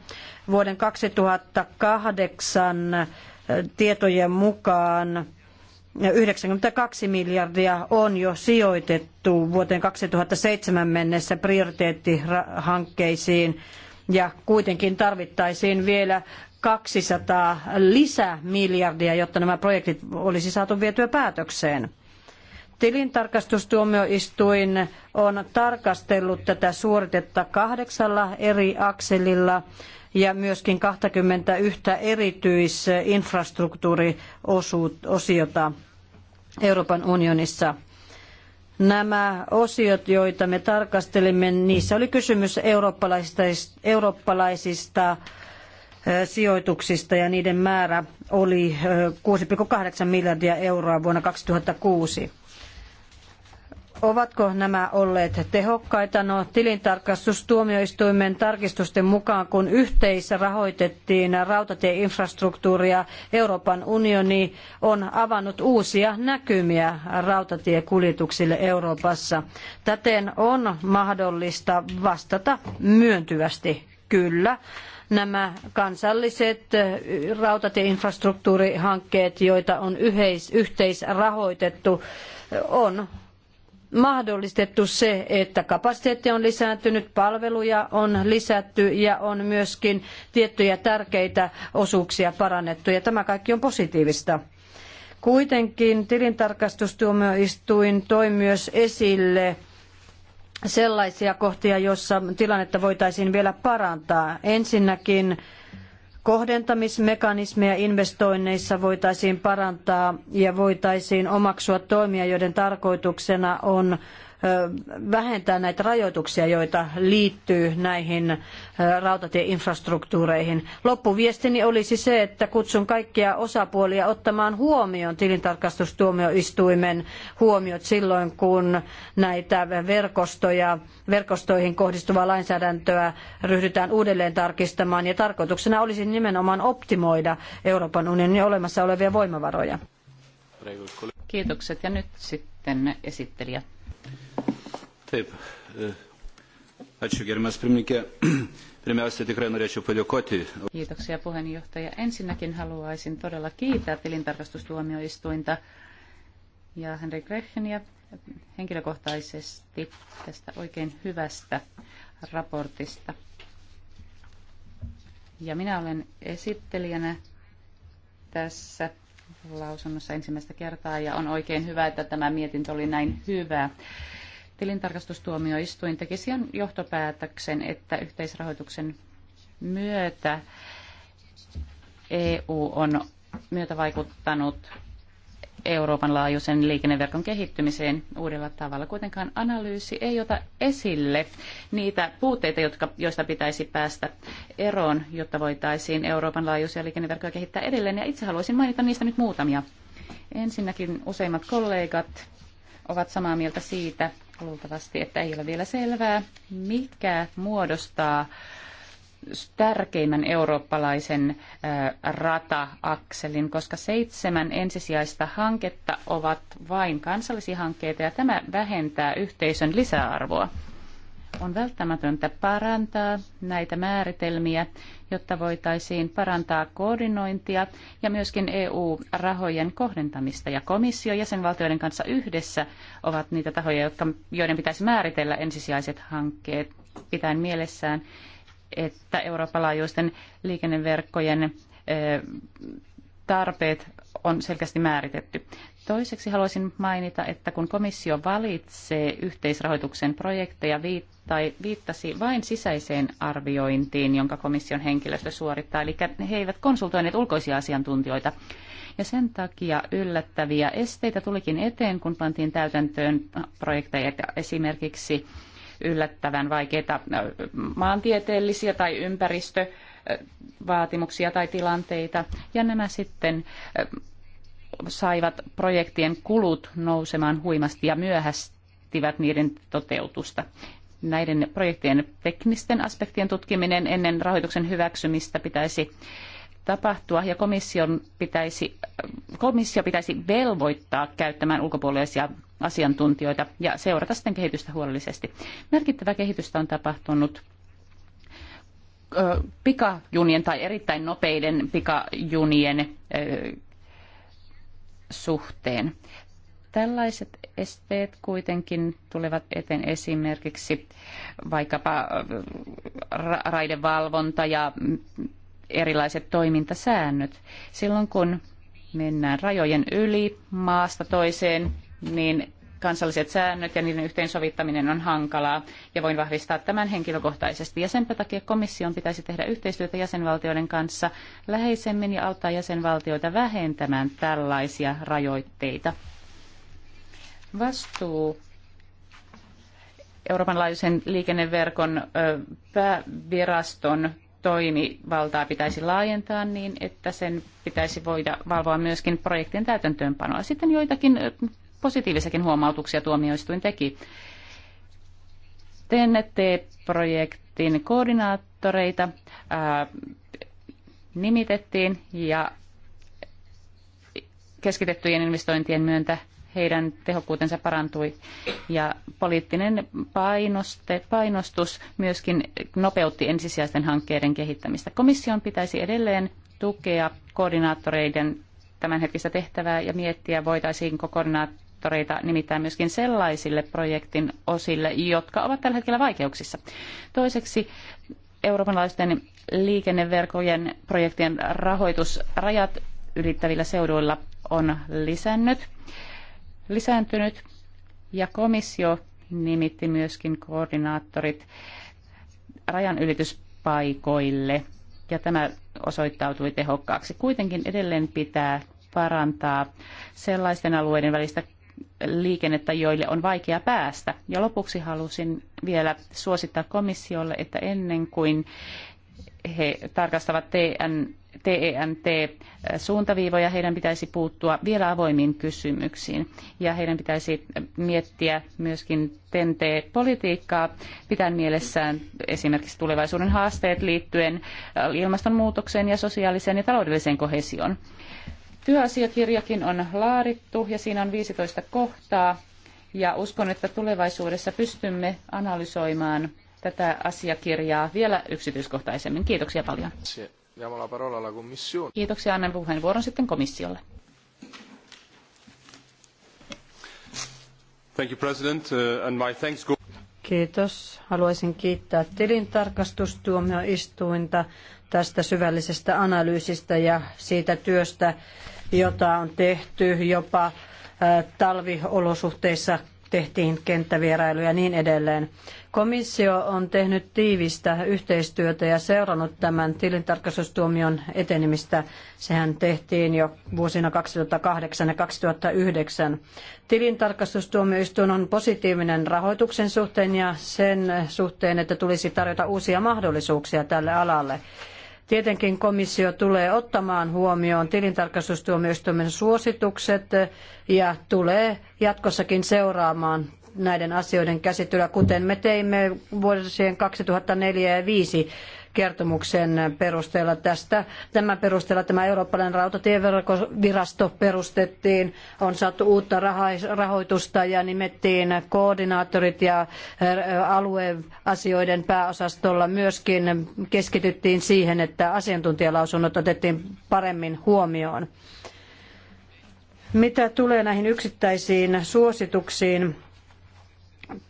Vuoden 2008 tietojen mukaan 92 miljardia on jo sijoitettu vuoteen 2007 mennessä prioriteettihankkeisiin ja kuitenkin tarvittaisiin vielä 200 lisämiljardia, jotta nämä projektit olisi saatu vietyä päätökseen. Tilintarkastustuomioistuin on tarkastellut tätä suoritetta kahdeksalla eri akselilla – ja myöskin 21 erityisinfrastruktuuriosiota Euroopan unionissa. Nämä osiot, joita me tarkastelimme, niissä oli kysymys eurooppalaisista, eurooppalaisista sijoituksista ja niiden määrä oli 6,8 miljardia euroa vuonna 2006. Ovatko nämä olleet tehokkaita? No, tilintarkastustuomioistuimen tarkistusten mukaan, kun yhteisrahoitettiin rautatieinfrastruktuuria, Euroopan unioni on avannut uusia näkymiä rautatiekuljetuksille Euroopassa. Täten on mahdollista vastata myöntyvästi kyllä nämä kansalliset rautatieinfrastruktuurihankkeet, joita on yhteisrahoitettu, on mahdollistettu se, että kapasiteetti on lisääntynyt, palveluja on lisätty ja on myöskin tiettyjä tärkeitä osuuksia parannettu ja tämä kaikki on positiivista. Kuitenkin tilintarkastustuomioistuin toi myös esille sellaisia kohtia, joissa tilannetta voitaisiin vielä parantaa. Ensinnäkin kohdentamismekanismeja investoinneissa voitaisiin parantaa ja voitaisiin omaksua toimia, joiden tarkoituksena on vähentää näitä rajoituksia, joita liittyy näihin rautatieinfrastruktuureihin. Loppuviestini olisi se, että kutsun kaikkia osapuolia ottamaan huomioon tilintarkastustuomioistuimen huomiot silloin, kun näitä verkostoja, verkostoihin kohdistuvaa lainsäädäntöä ryhdytään uudelleen tarkistamaan. Ja tarkoituksena olisi nimenomaan optimoida Euroopan unionin olemassa olevia voimavaroja. Kiitokset ja nyt sitten esittelijä. Taip, ačiū gerbiamas pirmininkė. Pirmiausia, tikrai norėčiau padėkoti. Kiitoksia puheenjohtaja. Ensinnäkin haluaisin todella kiittää tilintarkastustuomioistuinta ja Henrik Grecheniä henkilökohtaisesti tästä oikein hyvästä raportista. Ja minä olen esittelijänä tässä lausunnossa ensimmäistä kertaa ja on oikein hyvä, että tämä mietintö oli näin hyvä tilintarkastustuomioistuin teki sen johtopäätöksen, että yhteisrahoituksen myötä EU on myötä vaikuttanut Euroopan laajuisen liikenneverkon kehittymiseen uudella tavalla. Kuitenkaan analyysi ei ota esille niitä puutteita, jotka, joista pitäisi päästä eroon, jotta voitaisiin Euroopan laajuisia liikenneverkkoja kehittää edelleen. Ja itse haluaisin mainita niistä nyt muutamia. Ensinnäkin useimmat kollegat ovat samaa mieltä siitä luultavasti, että ei ole vielä selvää, mikä muodostaa tärkeimmän eurooppalaisen rataakselin, koska seitsemän ensisijaista hanketta ovat vain kansallisia hankkeita ja tämä vähentää yhteisön lisäarvoa on välttämätöntä parantaa näitä määritelmiä, jotta voitaisiin parantaa koordinointia ja myöskin EU-rahojen kohdentamista. Ja komissio jäsenvaltioiden kanssa yhdessä ovat niitä tahoja, jotka, joiden pitäisi määritellä ensisijaiset hankkeet, pitäen mielessään, että Euroopan laajuisten liikenneverkkojen tarpeet on selkeästi määritetty. Toiseksi haluaisin mainita, että kun komissio valitsee yhteisrahoituksen projekteja, viittai, viittasi vain sisäiseen arviointiin, jonka komission henkilöstö suorittaa. Eli he eivät konsultoineet ulkoisia asiantuntijoita. Ja sen takia yllättäviä esteitä tulikin eteen, kun pantiin täytäntöön projekteja esimerkiksi yllättävän vaikeita maantieteellisiä tai ympäristövaatimuksia tai tilanteita. Ja nämä sitten saivat projektien kulut nousemaan huimasti ja myöhästivät niiden toteutusta. Näiden projektien teknisten aspektien tutkiminen ennen rahoituksen hyväksymistä pitäisi tapahtua ja komission pitäisi, komissio pitäisi velvoittaa käyttämään ulkopuolisia asiantuntijoita ja seurata sitten kehitystä huolellisesti. Merkittävää kehitystä on tapahtunut pikajunien tai erittäin nopeiden pikajunien suhteen. Tällaiset esteet kuitenkin tulevat eteen esimerkiksi vaikkapa äh, raidevalvonta ja erilaiset toimintasäännöt. Silloin kun mennään rajojen yli maasta toiseen, niin kansalliset säännöt ja niiden yhteensovittaminen on hankalaa ja voin vahvistaa tämän henkilökohtaisesti. Ja senpä takia komission pitäisi tehdä yhteistyötä jäsenvaltioiden kanssa läheisemmin ja auttaa jäsenvaltioita vähentämään tällaisia rajoitteita. Vastuu Euroopan laajuisen liikenneverkon pääviraston toimivaltaa pitäisi laajentaa niin, että sen pitäisi voida valvoa myöskin projektien täytäntöönpanoa. Sitten joitakin positiivisiakin huomautuksia tuomioistuin teki. TNT-projektin koordinaattoreita ää, nimitettiin ja keskitettyjen investointien myöntä heidän tehokkuutensa parantui ja poliittinen painoste, painostus myöskin nopeutti ensisijaisten hankkeiden kehittämistä. Komission pitäisi edelleen tukea koordinaattoreiden tämänhetkistä tehtävää ja miettiä, voitaisiinko koordinaattoreiden sektoreita nimittäin myöskin sellaisille projektin osille, jotka ovat tällä hetkellä vaikeuksissa. Toiseksi eurooppalaisten liikenneverkojen projektien rahoitus rajat ylittävillä seuduilla on lisännyt, lisääntynyt ja komissio nimitti myöskin koordinaattorit rajanylityspaikoille ja tämä osoittautui tehokkaaksi. Kuitenkin edelleen pitää parantaa sellaisten alueiden välistä liikennettä, joille on vaikea päästä. Ja lopuksi halusin vielä suosittaa komissiolle, että ennen kuin he tarkastavat TN, TENT-suuntaviivoja, äh, heidän pitäisi puuttua vielä avoimiin kysymyksiin. Ja heidän pitäisi miettiä myöskin TENT-politiikkaa, pitäen mielessään esimerkiksi tulevaisuuden haasteet liittyen äh, ilmastonmuutokseen ja sosiaaliseen ja taloudelliseen kohesioon. Työasiakirjakin on laadittu ja siinä on 15 kohtaa ja uskon, että tulevaisuudessa pystymme analysoimaan tätä asiakirjaa vielä yksityiskohtaisemmin. Kiitoksia paljon. Kiitoksia. Annan puheenvuoron sitten komissiolle. Thank you, President, uh, and my thanks go- Kiitos. Haluaisin kiittää tilintarkastustuomioistuinta tästä syvällisestä analyysistä ja siitä työstä, jota on tehty jopa äh, talviolosuhteissa tehtiin kenttävierailuja ja niin edelleen. Komissio on tehnyt tiivistä yhteistyötä ja seurannut tämän tilintarkastustuomion etenemistä. Sehän tehtiin jo vuosina 2008 ja 2009. Tilintarkastustuomioistuin on positiivinen rahoituksen suhteen ja sen suhteen, että tulisi tarjota uusia mahdollisuuksia tälle alalle. Tietenkin komissio tulee ottamaan huomioon tilintarkastustuomioistuimen suositukset ja tulee jatkossakin seuraamaan näiden asioiden käsittelyä, kuten me teimme vuosien 2004 ja 2005 kertomuksen perusteella tästä. Tämän perusteella tämä Eurooppalainen rautatieverkkovirasto perustettiin, on saatu uutta rahoitusta ja nimettiin koordinaattorit ja eh, alueasioiden pääosastolla myöskin keskityttiin siihen, että asiantuntijalausunnot otettiin paremmin huomioon. Mitä tulee näihin yksittäisiin suosituksiin,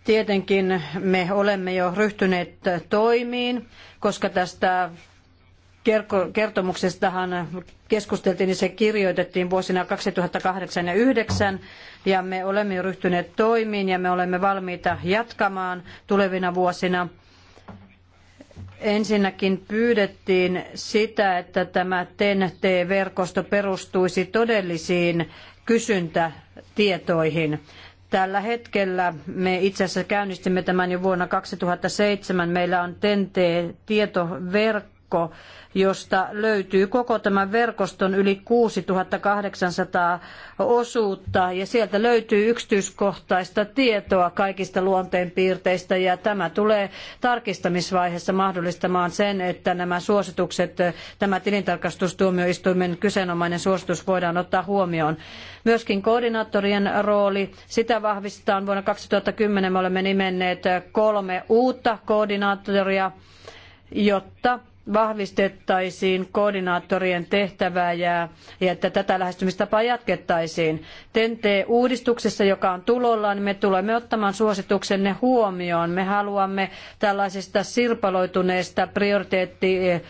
Tietenkin me olemme jo ryhtyneet toimiin, koska tästä kertomuksestahan keskusteltiin ja se kirjoitettiin vuosina 2008 ja 2009 ja me olemme jo ryhtyneet toimiin ja me olemme valmiita jatkamaan tulevina vuosina. Ensinnäkin pyydettiin sitä, että tämä TEN-T-verkosto perustuisi todellisiin kysyntätietoihin. Tällä hetkellä me itse asiassa käynnistimme tämän jo vuonna 2007. Meillä on TENTE-tietoverkko verkko, josta löytyy koko tämän verkoston yli 6800 osuutta ja sieltä löytyy yksityiskohtaista tietoa kaikista luonteenpiirteistä ja tämä tulee tarkistamisvaiheessa mahdollistamaan sen, että nämä suositukset, tämä tilintarkastustuomioistuimen kyseenomainen suositus voidaan ottaa huomioon. Myöskin koordinaattorien rooli, sitä vahvistetaan vuonna 2010 me olemme nimenneet kolme uutta koordinaattoria, jotta vahvistettaisiin koordinaattorien tehtävää ja, että tätä lähestymistapaa jatkettaisiin. TEN-T-uudistuksessa, joka on tulollaan, niin me tulemme ottamaan suosituksenne huomioon. Me haluamme tällaisesta sirpaloituneesta prioriteetti eh,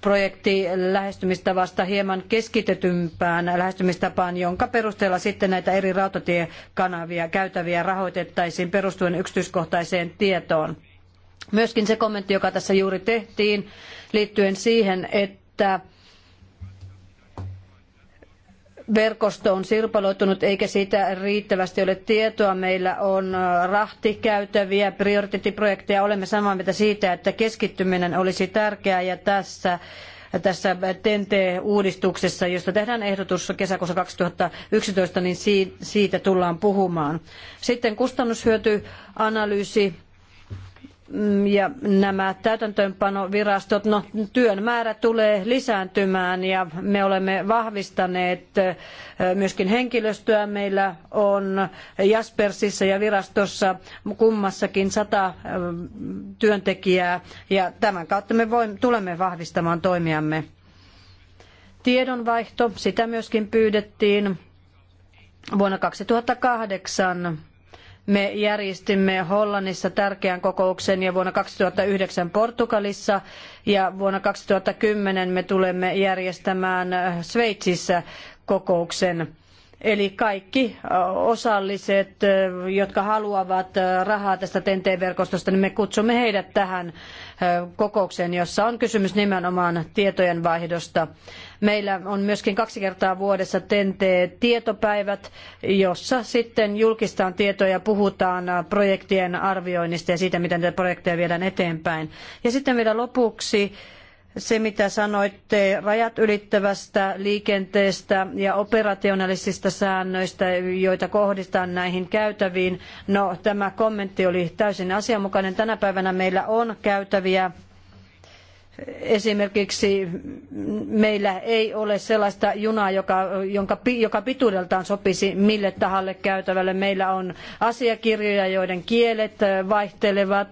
projekti lähestymistavasta hieman keskitetympään lähestymistapaan, jonka perusteella sitten näitä eri rautatiekanavia käytäviä rahoitettaisiin perustuen yksityiskohtaiseen tietoon. Myöskin se kommentti, joka tässä juuri tehtiin liittyen siihen, että verkosto on sirpaloitunut eikä siitä riittävästi ole tietoa. Meillä on äh, rahtikäytäviä, prioriteettiprojekteja. Olemme samaa mieltä siitä, että keskittyminen olisi tärkeää ja tässä tässä TEN-T-uudistuksessa, josta tehdään ehdotus kesäkuussa 2011, niin siitä tullaan puhumaan. Sitten kustannushyötyanalyysi Mm, ja nämä täytäntöönpanovirastot, no työn määrä tulee lisääntymään ja me olemme vahvistaneet myöskin henkilöstöä. Meillä on Jaspersissa ja virastossa kummassakin sata työntekijää ja tämän kautta me voimme, tulemme vahvistamaan toimiamme. Tiedonvaihto, sitä myöskin pyydettiin vuonna 2008 me järjestimme Hollannissa tärkeän kokouksen ja vuonna 2009 Portugalissa ja vuonna 2010 me tulemme järjestämään äh, Sveitsissä kokouksen. Eli kaikki äh, osalliset, äh, jotka haluavat rahaa tästä TNT-verkostosta, niin me kutsumme heidät tähän kokoukseen, jossa on kysymys nimenomaan tietojen vaihdosta. Meillä on myöskin kaksi kertaa vuodessa TNT-tietopäivät, jossa sitten julkistaan tietoja ja puhutaan äh, projektien arvioinnista ja siitä, miten näitä projekteja viedään eteenpäin. Ja sitten vielä lopuksi se, mitä sanoitte rajat ylittävästä liikenteestä ja operationaalisista säännöistä, joita kohdistaan näihin käytäviin. No, tämä kommentti oli täysin asianmukainen. Tänä päivänä meillä on käytäviä Esimerkiksi meillä ei ole sellaista junaa, joka, jonka, joka pituudeltaan sopisi mille tahalle käytävälle. Meillä on asiakirjoja, joiden kielet vaihtelevat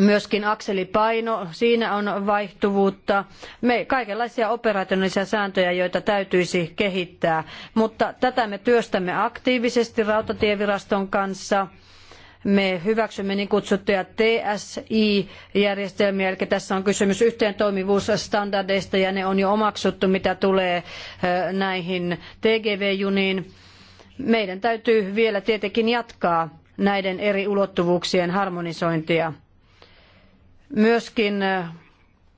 myöskin akselipaino, siinä on vaihtuvuutta. Me, kaikenlaisia operationaalisia sääntöjä, joita täytyisi kehittää, mutta tätä me työstämme aktiivisesti rautatieviraston kanssa me hyväksymme niin kutsuttuja TSI-järjestelmiä, eli tässä on kysymys yhteentoimivuusstandardeista ja ne on jo omaksuttu, mitä tulee eh, näihin TGV-juniin. Meidän täytyy vielä tietenkin jatkaa näiden eri ulottuvuuksien harmonisointia. Myöskin eh,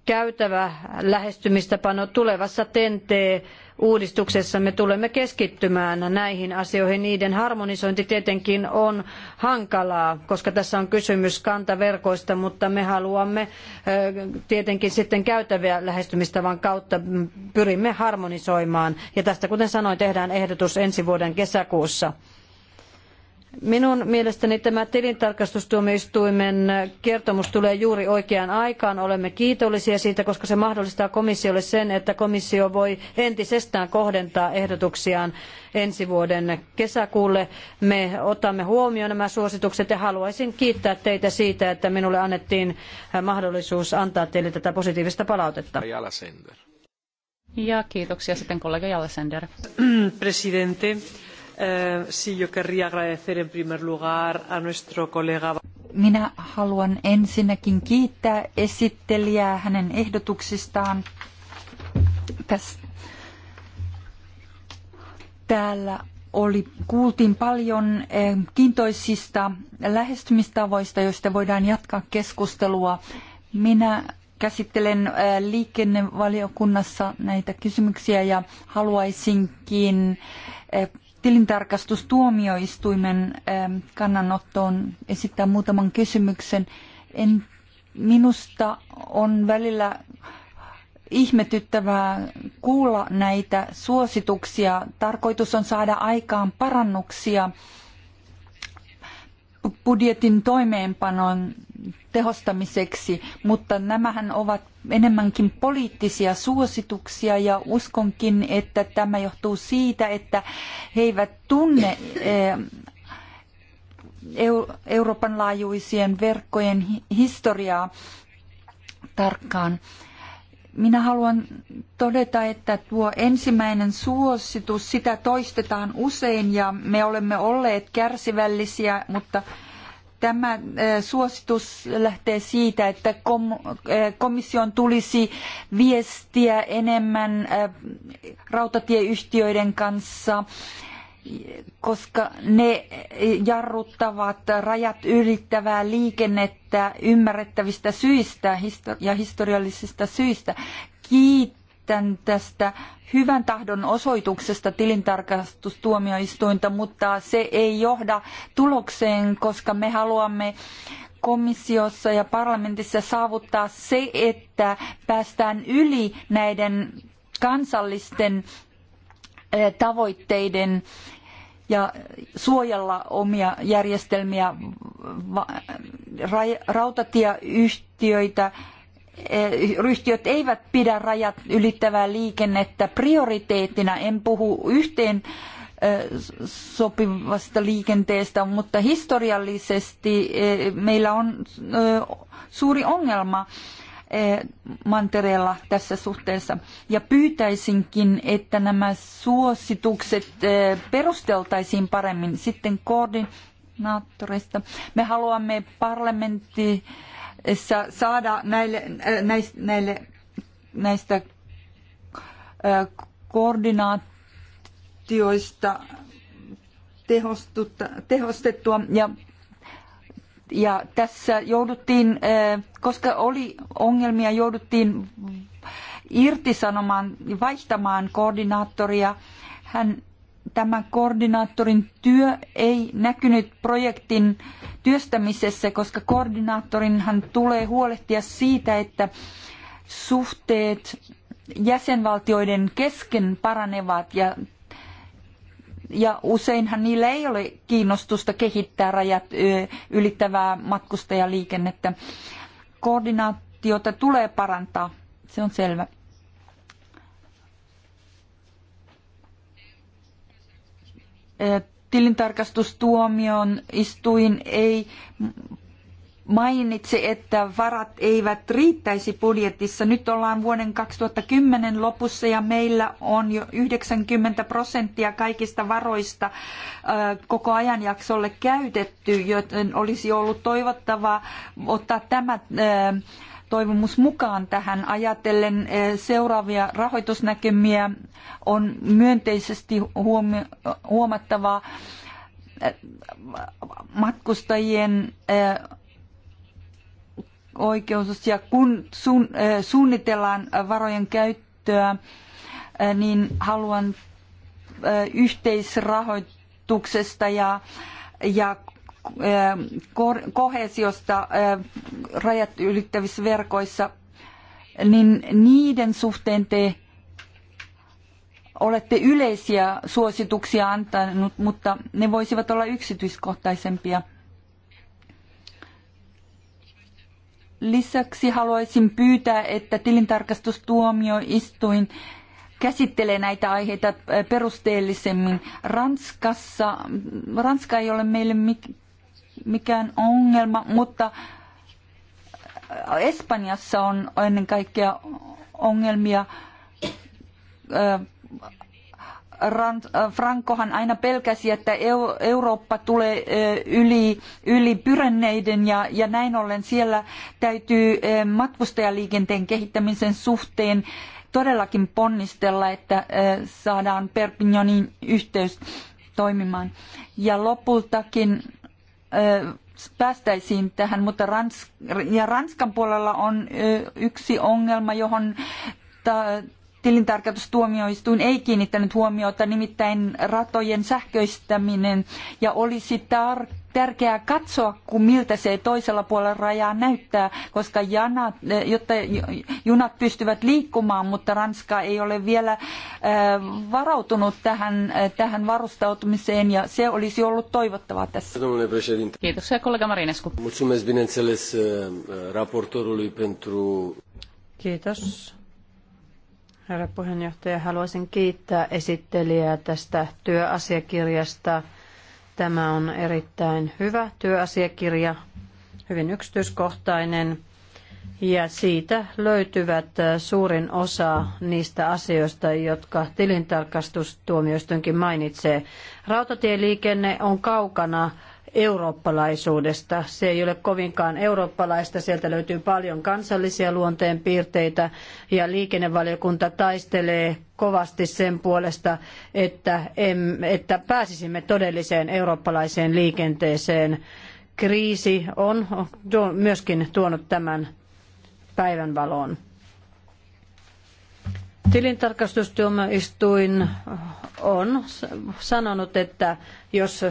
käytävä lähestymistapano tulevassa TENTE uudistuksessa me tulemme keskittymään näihin asioihin. Niiden harmonisointi tietenkin on hankalaa, koska tässä on kysymys kantaverkoista, mutta me haluamme tietenkin sitten käytäviä lähestymistavan kautta pyrimme harmonisoimaan. Ja tästä, kuten sanoin, tehdään ehdotus ensi vuoden kesäkuussa. Minun mielestäni tämä tilintarkastustuomioistuimen kertomus tulee juuri oikeaan aikaan. Olemme kiitollisia siitä, koska se mahdollistaa komissiolle sen, että komissio voi entisestään kohdentaa ehdotuksiaan ensi vuoden kesäkuulle. Me otamme huomioon nämä suositukset ja haluaisin kiittää teitä siitä, että minulle annettiin mahdollisuus antaa teille tätä positiivista palautetta. Ja kiitoksia sitten kollega Jallasender. Presidente. Eh, yo querría agradecer en primer lugar a nuestro colega minä haluan ensinnäkin kiittää esittelijää hänen ehdotuksistaan. Täs, täällä oli, kuultiin paljon eh, kiintoisista lähestymistavoista, joista voidaan jatkaa keskustelua. Minä käsittelen eh, liikennevaliokunnassa näitä kysymyksiä ja haluaisinkin tilintarkastustuomioistuimen ähm, kannanottoon esittää muutaman kysymyksen. En, minusta on välillä ihmetyttävää kuulla näitä suosituksia. Tarkoitus on saada aikaan parannuksia budjetin toimeenpanon tehostamiseksi, mutta nämähän ovat enemmänkin poliittisia suosituksia ja uskonkin, että tämä johtuu siitä, että he eivät tunne eh, Euroopan laajuisien verkkojen historiaa tarkkaan. Minä haluan todeta, että tuo ensimmäinen suositus, sitä toistetaan usein ja me olemme olleet kärsivällisiä, mutta Tämä äh, suositus lähtee siitä, että äh, komission tulisi viestiä enemmän äh, rautatieyhtiöiden kanssa koska ne jarruttavat rajat ylittävää liikennettä ymmärrettävistä syistä ja historiallisista syistä. Kiitos kiitän tästä hyvän tahdon osoituksesta tilintarkastustuomioistuinta, mutta se ei johda tulokseen, koska me haluamme komissiossa ja parlamentissa saavuttaa se, että päästään yli näiden kansallisten tavoitteiden ja suojella omia järjestelmiä, rautatieyhtiöitä, Eh, yhtiöt eivät pidä rajat ylittävää liikennettä prioriteettina. En puhu yhteen eh, sopivasta liikenteestä, mutta historiallisesti eh, meillä on suuri ongelma mantereella tässä suhteessa. Ja pyytäisinkin, että nämä suositukset perusteltaisiin paremmin sitten koordinaattoreista. Me haluamme parlamentti saada näille, näille, äh, näistä äh, koordinaatioista tehostettua ja ja tässä jouduttiin, äh, koska oli ongelmia, jouduttiin irtisanomaan, vaihtamaan koordinaattoria. Hän tämä koordinaattorin työ ei näkynyt projektin työstämisessä, koska koordinaattorinhan tulee huolehtia siitä, että suhteet jäsenvaltioiden kesken paranevat ja, ja useinhan niillä ei ole kiinnostusta kehittää rajat ylittävää matkustajaliikennettä. Koordinaatiota tulee parantaa, se on selvä. tilintarkastustuomion istuin ei mainitse, että varat eivät riittäisi budjetissa. Nyt ollaan vuoden 2010 lopussa ja meillä on jo 90 prosenttia kaikista varoista koko ajanjaksolle käytetty, joten olisi ollut toivottavaa ottaa tämä toivomus mukaan tähän. Ajatellen seuraavia rahoitusnäkemiä on myönteisesti huomattava matkustajien oikeus. Ja kun suunnitellaan varojen käyttöä, niin haluan yhteisrahoituksesta ja ja kohesiosta rajat ylittävissä verkoissa, niin niiden suhteen te olette yleisiä suosituksia antanut, mutta ne voisivat olla yksityiskohtaisempia. Lisäksi haluaisin pyytää, että tilintarkastustuomioistuin käsittelee näitä aiheita perusteellisemmin. Ranskassa, Ranska ei ole meille mikään ongelma, mutta Espanjassa on ennen kaikkea ongelmia. Frankohan aina pelkäsi, että Eurooppa tulee yli, yli pyrenneiden ja, ja näin ollen siellä täytyy matkustajaliikenteen kehittämisen suhteen todellakin ponnistella, että saadaan Perpignanin yhteys toimimaan. Ja lopultakin päästäisiin tähän, mutta Rans, ja Ranskan puolella on yksi ongelma, johon ta, tilintarkastustuomioistuin ei kiinnittänyt huomiota, nimittäin ratojen sähköistäminen ja olisi tar- tärkeää katsoa, kun miltä se toisella puolella rajaa näyttää, koska janat, eh, jotta junat pystyvät liikkumaan, mutta Ranska ei ole vielä eh, varautunut tähän, eh, tähän varustautumiseen ja se olisi ollut toivottavaa tässä. Kiitoksia kollega Marinescu. pentru... Kiitos. Herra puheenjohtaja, haluaisin kiittää esittelijää tästä työasiakirjasta. Tämä on erittäin hyvä työasiakirja, hyvin yksityiskohtainen ja siitä löytyvät äh, suurin osa niistä asioista, jotka tilintarkastustuomioistuinkin mainitsee. Rautatieliikenne on kaukana eurooppalaisuudesta. Se ei ole kovinkaan eurooppalaista, sieltä löytyy paljon kansallisia luonteenpiirteitä ja liikennevaliokunta taistelee kovasti sen puolesta, että, em, että pääsisimme todelliseen eurooppalaiseen liikenteeseen. Kriisi on myöskin tuonut tämän päivän valoon. Tilintarkastustuomioistuin on sanonut, että jos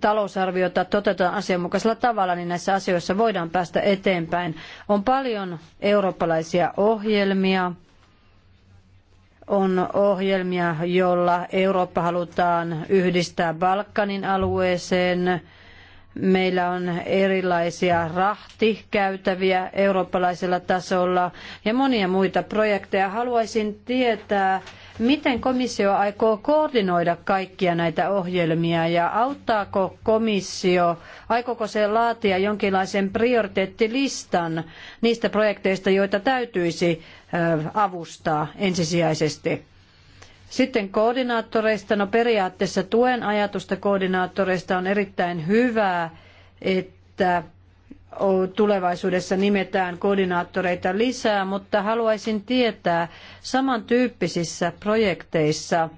talousarviota toteutetaan asianmukaisella tavalla, niin näissä asioissa voidaan päästä eteenpäin. On paljon eurooppalaisia ohjelmia, on ohjelmia, joilla Eurooppa halutaan yhdistää Balkanin alueeseen. Meillä on erilaisia rahtikäytäviä eurooppalaisella tasolla ja monia muita projekteja. Haluaisin tietää, Miten komissio aikoo koordinoida kaikkia näitä ohjelmia ja auttaako komissio, aikooko se laatia jonkinlaisen prioriteettilistan niistä projekteista, joita täytyisi avustaa ensisijaisesti? Sitten koordinaattoreista, no periaatteessa tuen ajatusta koordinaattoreista on erittäin hyvää, että tulevaisuudessa nimetään koordinaattoreita lisää, mutta haluaisin tietää samantyyppisissä projekteissa,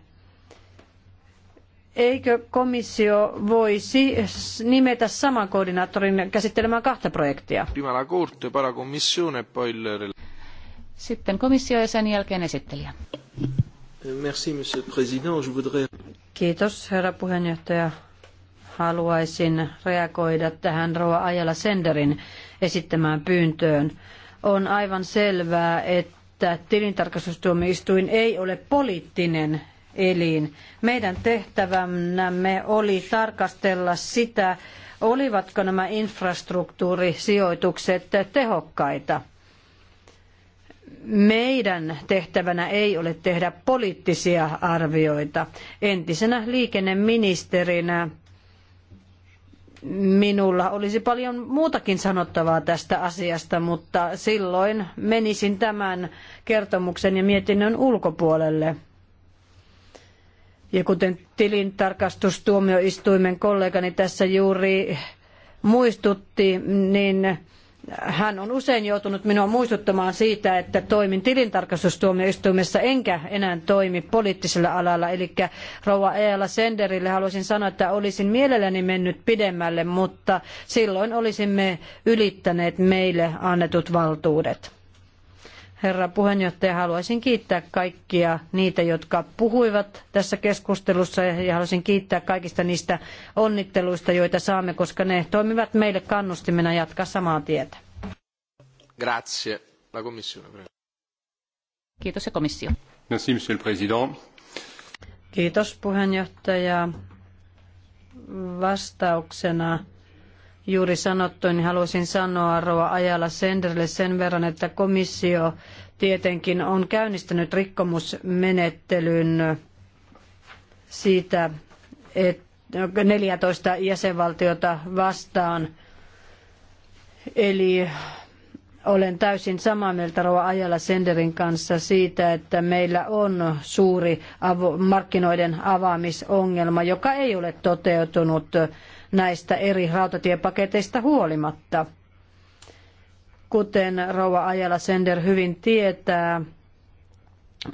eikö komissio voisi nimetä saman koordinaattorin käsittelemään kahta projektia? E Sitten komissio ja sen jälkeen esittelijä. Merci, Kiitos, herra puheenjohtaja haluaisin reagoida tähän Roa Ajala Senderin esittämään pyyntöön. On aivan selvää, että tilintarkastustuomioistuin ei ole poliittinen elin. Meidän tehtävänämme oli tarkastella sitä, olivatko nämä infrastruktuurisijoitukset tehokkaita. Meidän tehtävänä ei ole tehdä poliittisia arvioita. Entisenä liikenneministerinä Minulla olisi paljon muutakin sanottavaa tästä asiasta, mutta silloin menisin tämän kertomuksen ja mietinnön ulkopuolelle. Ja kuten tilintarkastustuomioistuimen kollegani tässä juuri muistutti, niin hän on usein joutunut minua muistuttamaan siitä, että toimin tilintarkastustuomioistuimessa enkä enää toimi poliittisella alalla. Eli rouva Eela Senderille haluaisin sanoa, että olisin mielelläni mennyt pidemmälle, mutta silloin olisimme ylittäneet meille annetut valtuudet herra puheenjohtaja, haluaisin kiittää kaikkia niitä, jotka puhuivat tässä keskustelussa ja haluaisin kiittää kaikista niistä onnitteluista, joita saamme, koska ne toimivat meille kannustimena jatkaa samaa tietä. Grazie. La commissione. Kiitos ja komissio. Merci, monsieur le président. Kiitos puheenjohtaja. Vastauksena juuri sanottu, niin haluaisin sanoa rouva Ajala Senderille sen verran, että komissio tietenkin on käynnistänyt rikkomusmenettelyn siitä, että 14 jäsenvaltiota vastaan. Eli olen täysin samaa mieltä Roa Ajala Senderin kanssa siitä, että meillä on suuri markkinoiden avaamisongelma, joka ei ole toteutunut näistä eri rautatiepaketeista huolimatta. Kuten Rouva Ajala Sender hyvin tietää,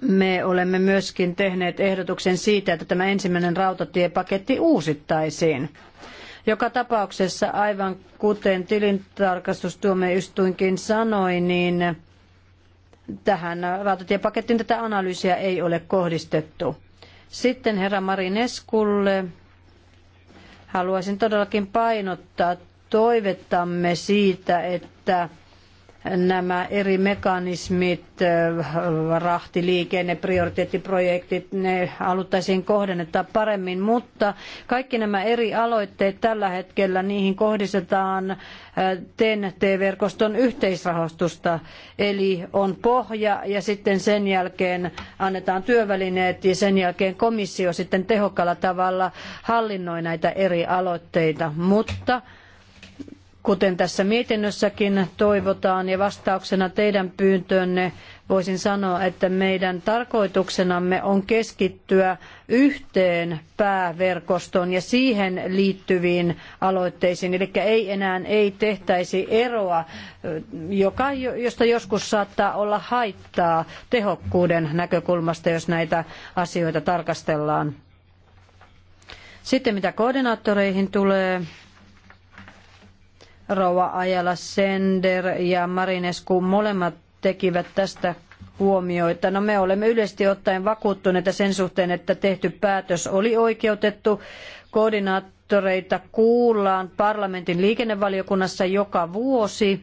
me olemme myöskin tehneet ehdotuksen siitä, että tämä ensimmäinen rautatiepaketti uusittaisiin. Joka tapauksessa, aivan kuten tilintarkastustuomioistuinkin sanoi, niin tähän rautatiepakettiin tätä analyysiä ei ole kohdistettu. Sitten herra Marineskulle Haluaisin todellakin painottaa toivettamme siitä, että nämä eri mekanismit, äh, rahtiliikenne, prioriteettiprojektit, ne haluttaisiin kohdentaa paremmin, mutta kaikki nämä eri aloitteet tällä hetkellä, niihin kohdistetaan äh, TEN-T-verkoston yhteisrahoitusta, eli on pohja ja sitten sen jälkeen annetaan työvälineet ja sen jälkeen komissio sitten tehokkaalla tavalla hallinnoi näitä eri aloitteita, mutta kuten tässä mietinnössäkin toivotaan. Ja vastauksena teidän pyyntöönne voisin sanoa, että meidän tarkoituksenamme on keskittyä yhteen pääverkostoon ja siihen liittyviin aloitteisiin. Eli ei enää ei tehtäisi eroa, joka, josta joskus saattaa olla haittaa tehokkuuden näkökulmasta, jos näitä asioita tarkastellaan. Sitten mitä koordinaattoreihin tulee, Rouva Ajala Sender ja Marinesku molemmat tekivät tästä huomioita. No me olemme yleisesti ottaen vakuuttuneita sen suhteen, että tehty päätös oli oikeutettu. Koordinaattoreita kuullaan parlamentin liikennevaliokunnassa joka vuosi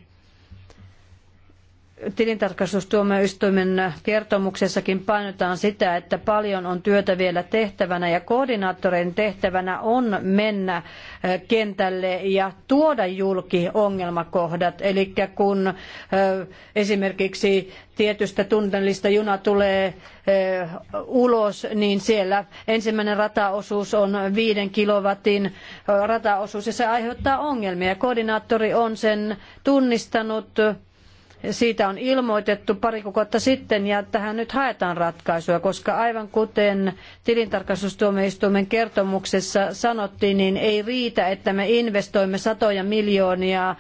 tilintarkastustuomioistuimen kertomuksessakin painotetaan sitä, että paljon on työtä vielä tehtävänä ja koordinaattoreiden tehtävänä on mennä eh, kentälle ja tuoda julki ongelmakohdat. Eli kun eh, esimerkiksi tietystä tunnelista juna tulee eh, ulos, niin siellä ensimmäinen rataosuus on viiden kilowatin rataosuus ja se aiheuttaa ongelmia. Koordinaattori on sen tunnistanut siitä on ilmoitettu pari kuukautta sitten ja tähän nyt haetaan ratkaisua, koska aivan kuten tilintarkastustuomioistuimen kertomuksessa sanottiin, niin ei riitä, että me investoimme satoja miljoonia äh,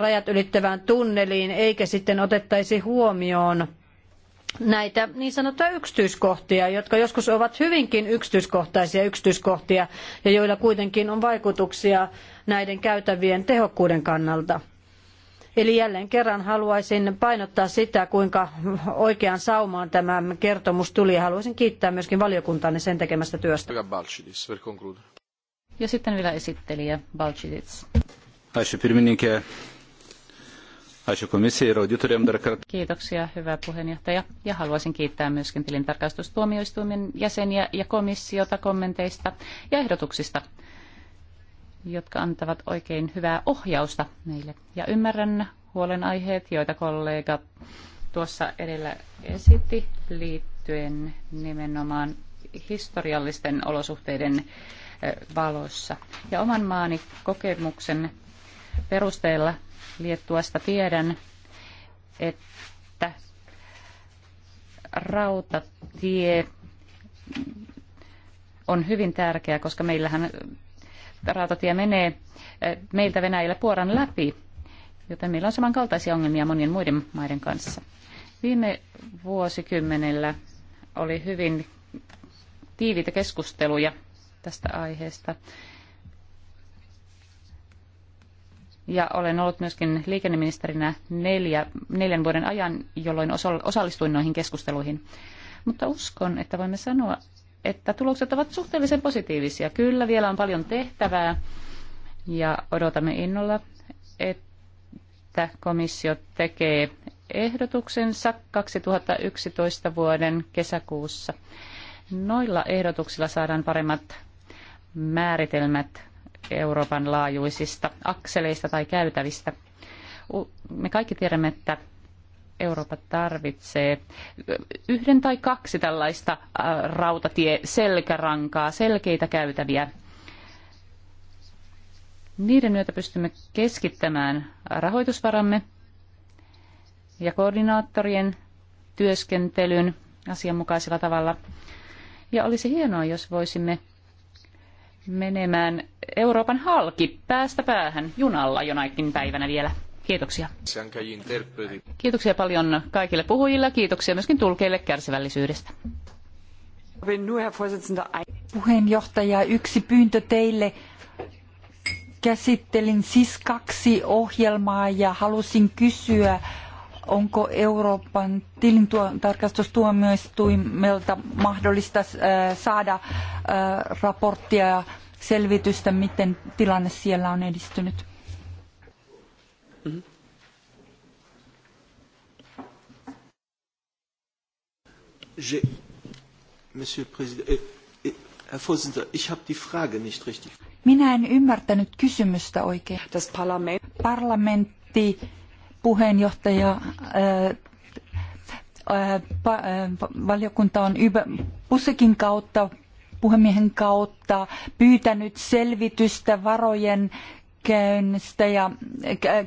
rajat ylittävään tunneliin eikä sitten otettaisi huomioon näitä niin sanottuja yksityiskohtia, jotka joskus ovat hyvinkin yksityiskohtaisia yksityiskohtia ja joilla kuitenkin on vaikutuksia näiden käytävien tehokkuuden kannalta. Eli jälleen kerran haluaisin painottaa sitä, kuinka oikean saumaan tämä kertomus tuli. Haluaisin kiittää myöskin valiokuntaanne sen tekemästä työstä. Ja sitten vielä esittelijä Balcidis. Kiitoksia, hyvä puheenjohtaja. Ja haluaisin kiittää myöskin tilintarkastustuomioistuimen jäseniä ja komissiota kommenteista ja ehdotuksista jotka antavat oikein hyvää ohjausta meille. Ja ymmärrän huolenaiheet, joita kollega tuossa edellä esitti liittyen nimenomaan historiallisten olosuhteiden valossa. Ja oman maani kokemuksen perusteella Liettuasta tiedän, että rautatie on hyvin tärkeä, koska meillähän rautatie menee eh, meiltä Venäjällä Puoran läpi, joten meillä on samankaltaisia ongelmia monien muiden maiden kanssa. Viime vuosikymmenellä oli hyvin tiiviitä keskusteluja tästä aiheesta. Ja olen ollut myöskin liikenneministerinä neljä, neljän vuoden ajan, jolloin osallistuin noihin keskusteluihin. Mutta uskon, että voimme sanoa, että tulokset ovat suhteellisen positiivisia. Kyllä, vielä on paljon tehtävää ja odotamme innolla, että komissio tekee ehdotuksensa 2011 vuoden kesäkuussa. Noilla ehdotuksilla saadaan paremmat määritelmät Euroopan laajuisista akseleista tai käytävistä. Me kaikki tiedämme, että Eurooppa tarvitsee yhden tai kaksi tällaista äh, rautatie-selkärankaa, selkeitä käytäviä. Niiden myötä pystymme keskittämään rahoitusvaramme ja koordinaattorien työskentelyn asianmukaisella tavalla. Ja olisi hienoa, jos voisimme menemään Euroopan halki päästä päähän junalla jonakin päivänä vielä. Kiitoksia. Kiitoksia paljon kaikille puhujille. Kiitoksia myöskin tulkeille kärsivällisyydestä. Puheenjohtaja, yksi pyyntö teille. Käsittelin siis kaksi ohjelmaa ja halusin kysyä, onko Euroopan tilintarkastustuomioistuimelta mahdollista äh, saada äh, raporttia ja selvitystä, miten tilanne siellä on edistynyt? Minä en ymmärtänyt kysymystä oikein. Parlamentti, puheenjohtaja, äh, äh, äh, valiokunta on Pusekin kautta, puhemiehen kautta pyytänyt selvitystä varojen käynnistä ja,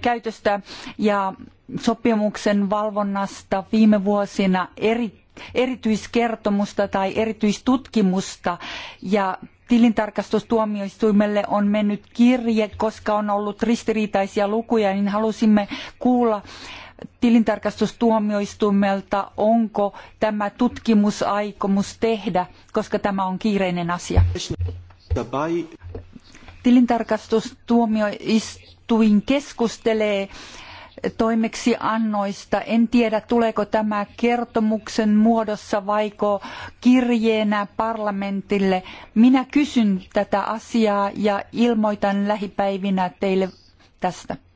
käytöstä ja sopimuksen valvonnasta viime vuosina eri erityiskertomusta tai erityistutkimusta ja tilintarkastustuomioistuimelle on mennyt kirje, koska on ollut ristiriitaisia lukuja, niin halusimme kuulla tilintarkastustuomioistuimelta, onko tämä tutkimusaikomus tehdä, koska tämä on kiireinen asia. Tilintarkastustuomioistuin keskustelee toimeksiannoista. En tiedä, tuleeko tämä kertomuksen muodossa vaiko kirjeenä parlamentille. Minä kysyn tätä asiaa ja ilmoitan lähipäivinä teille tästä.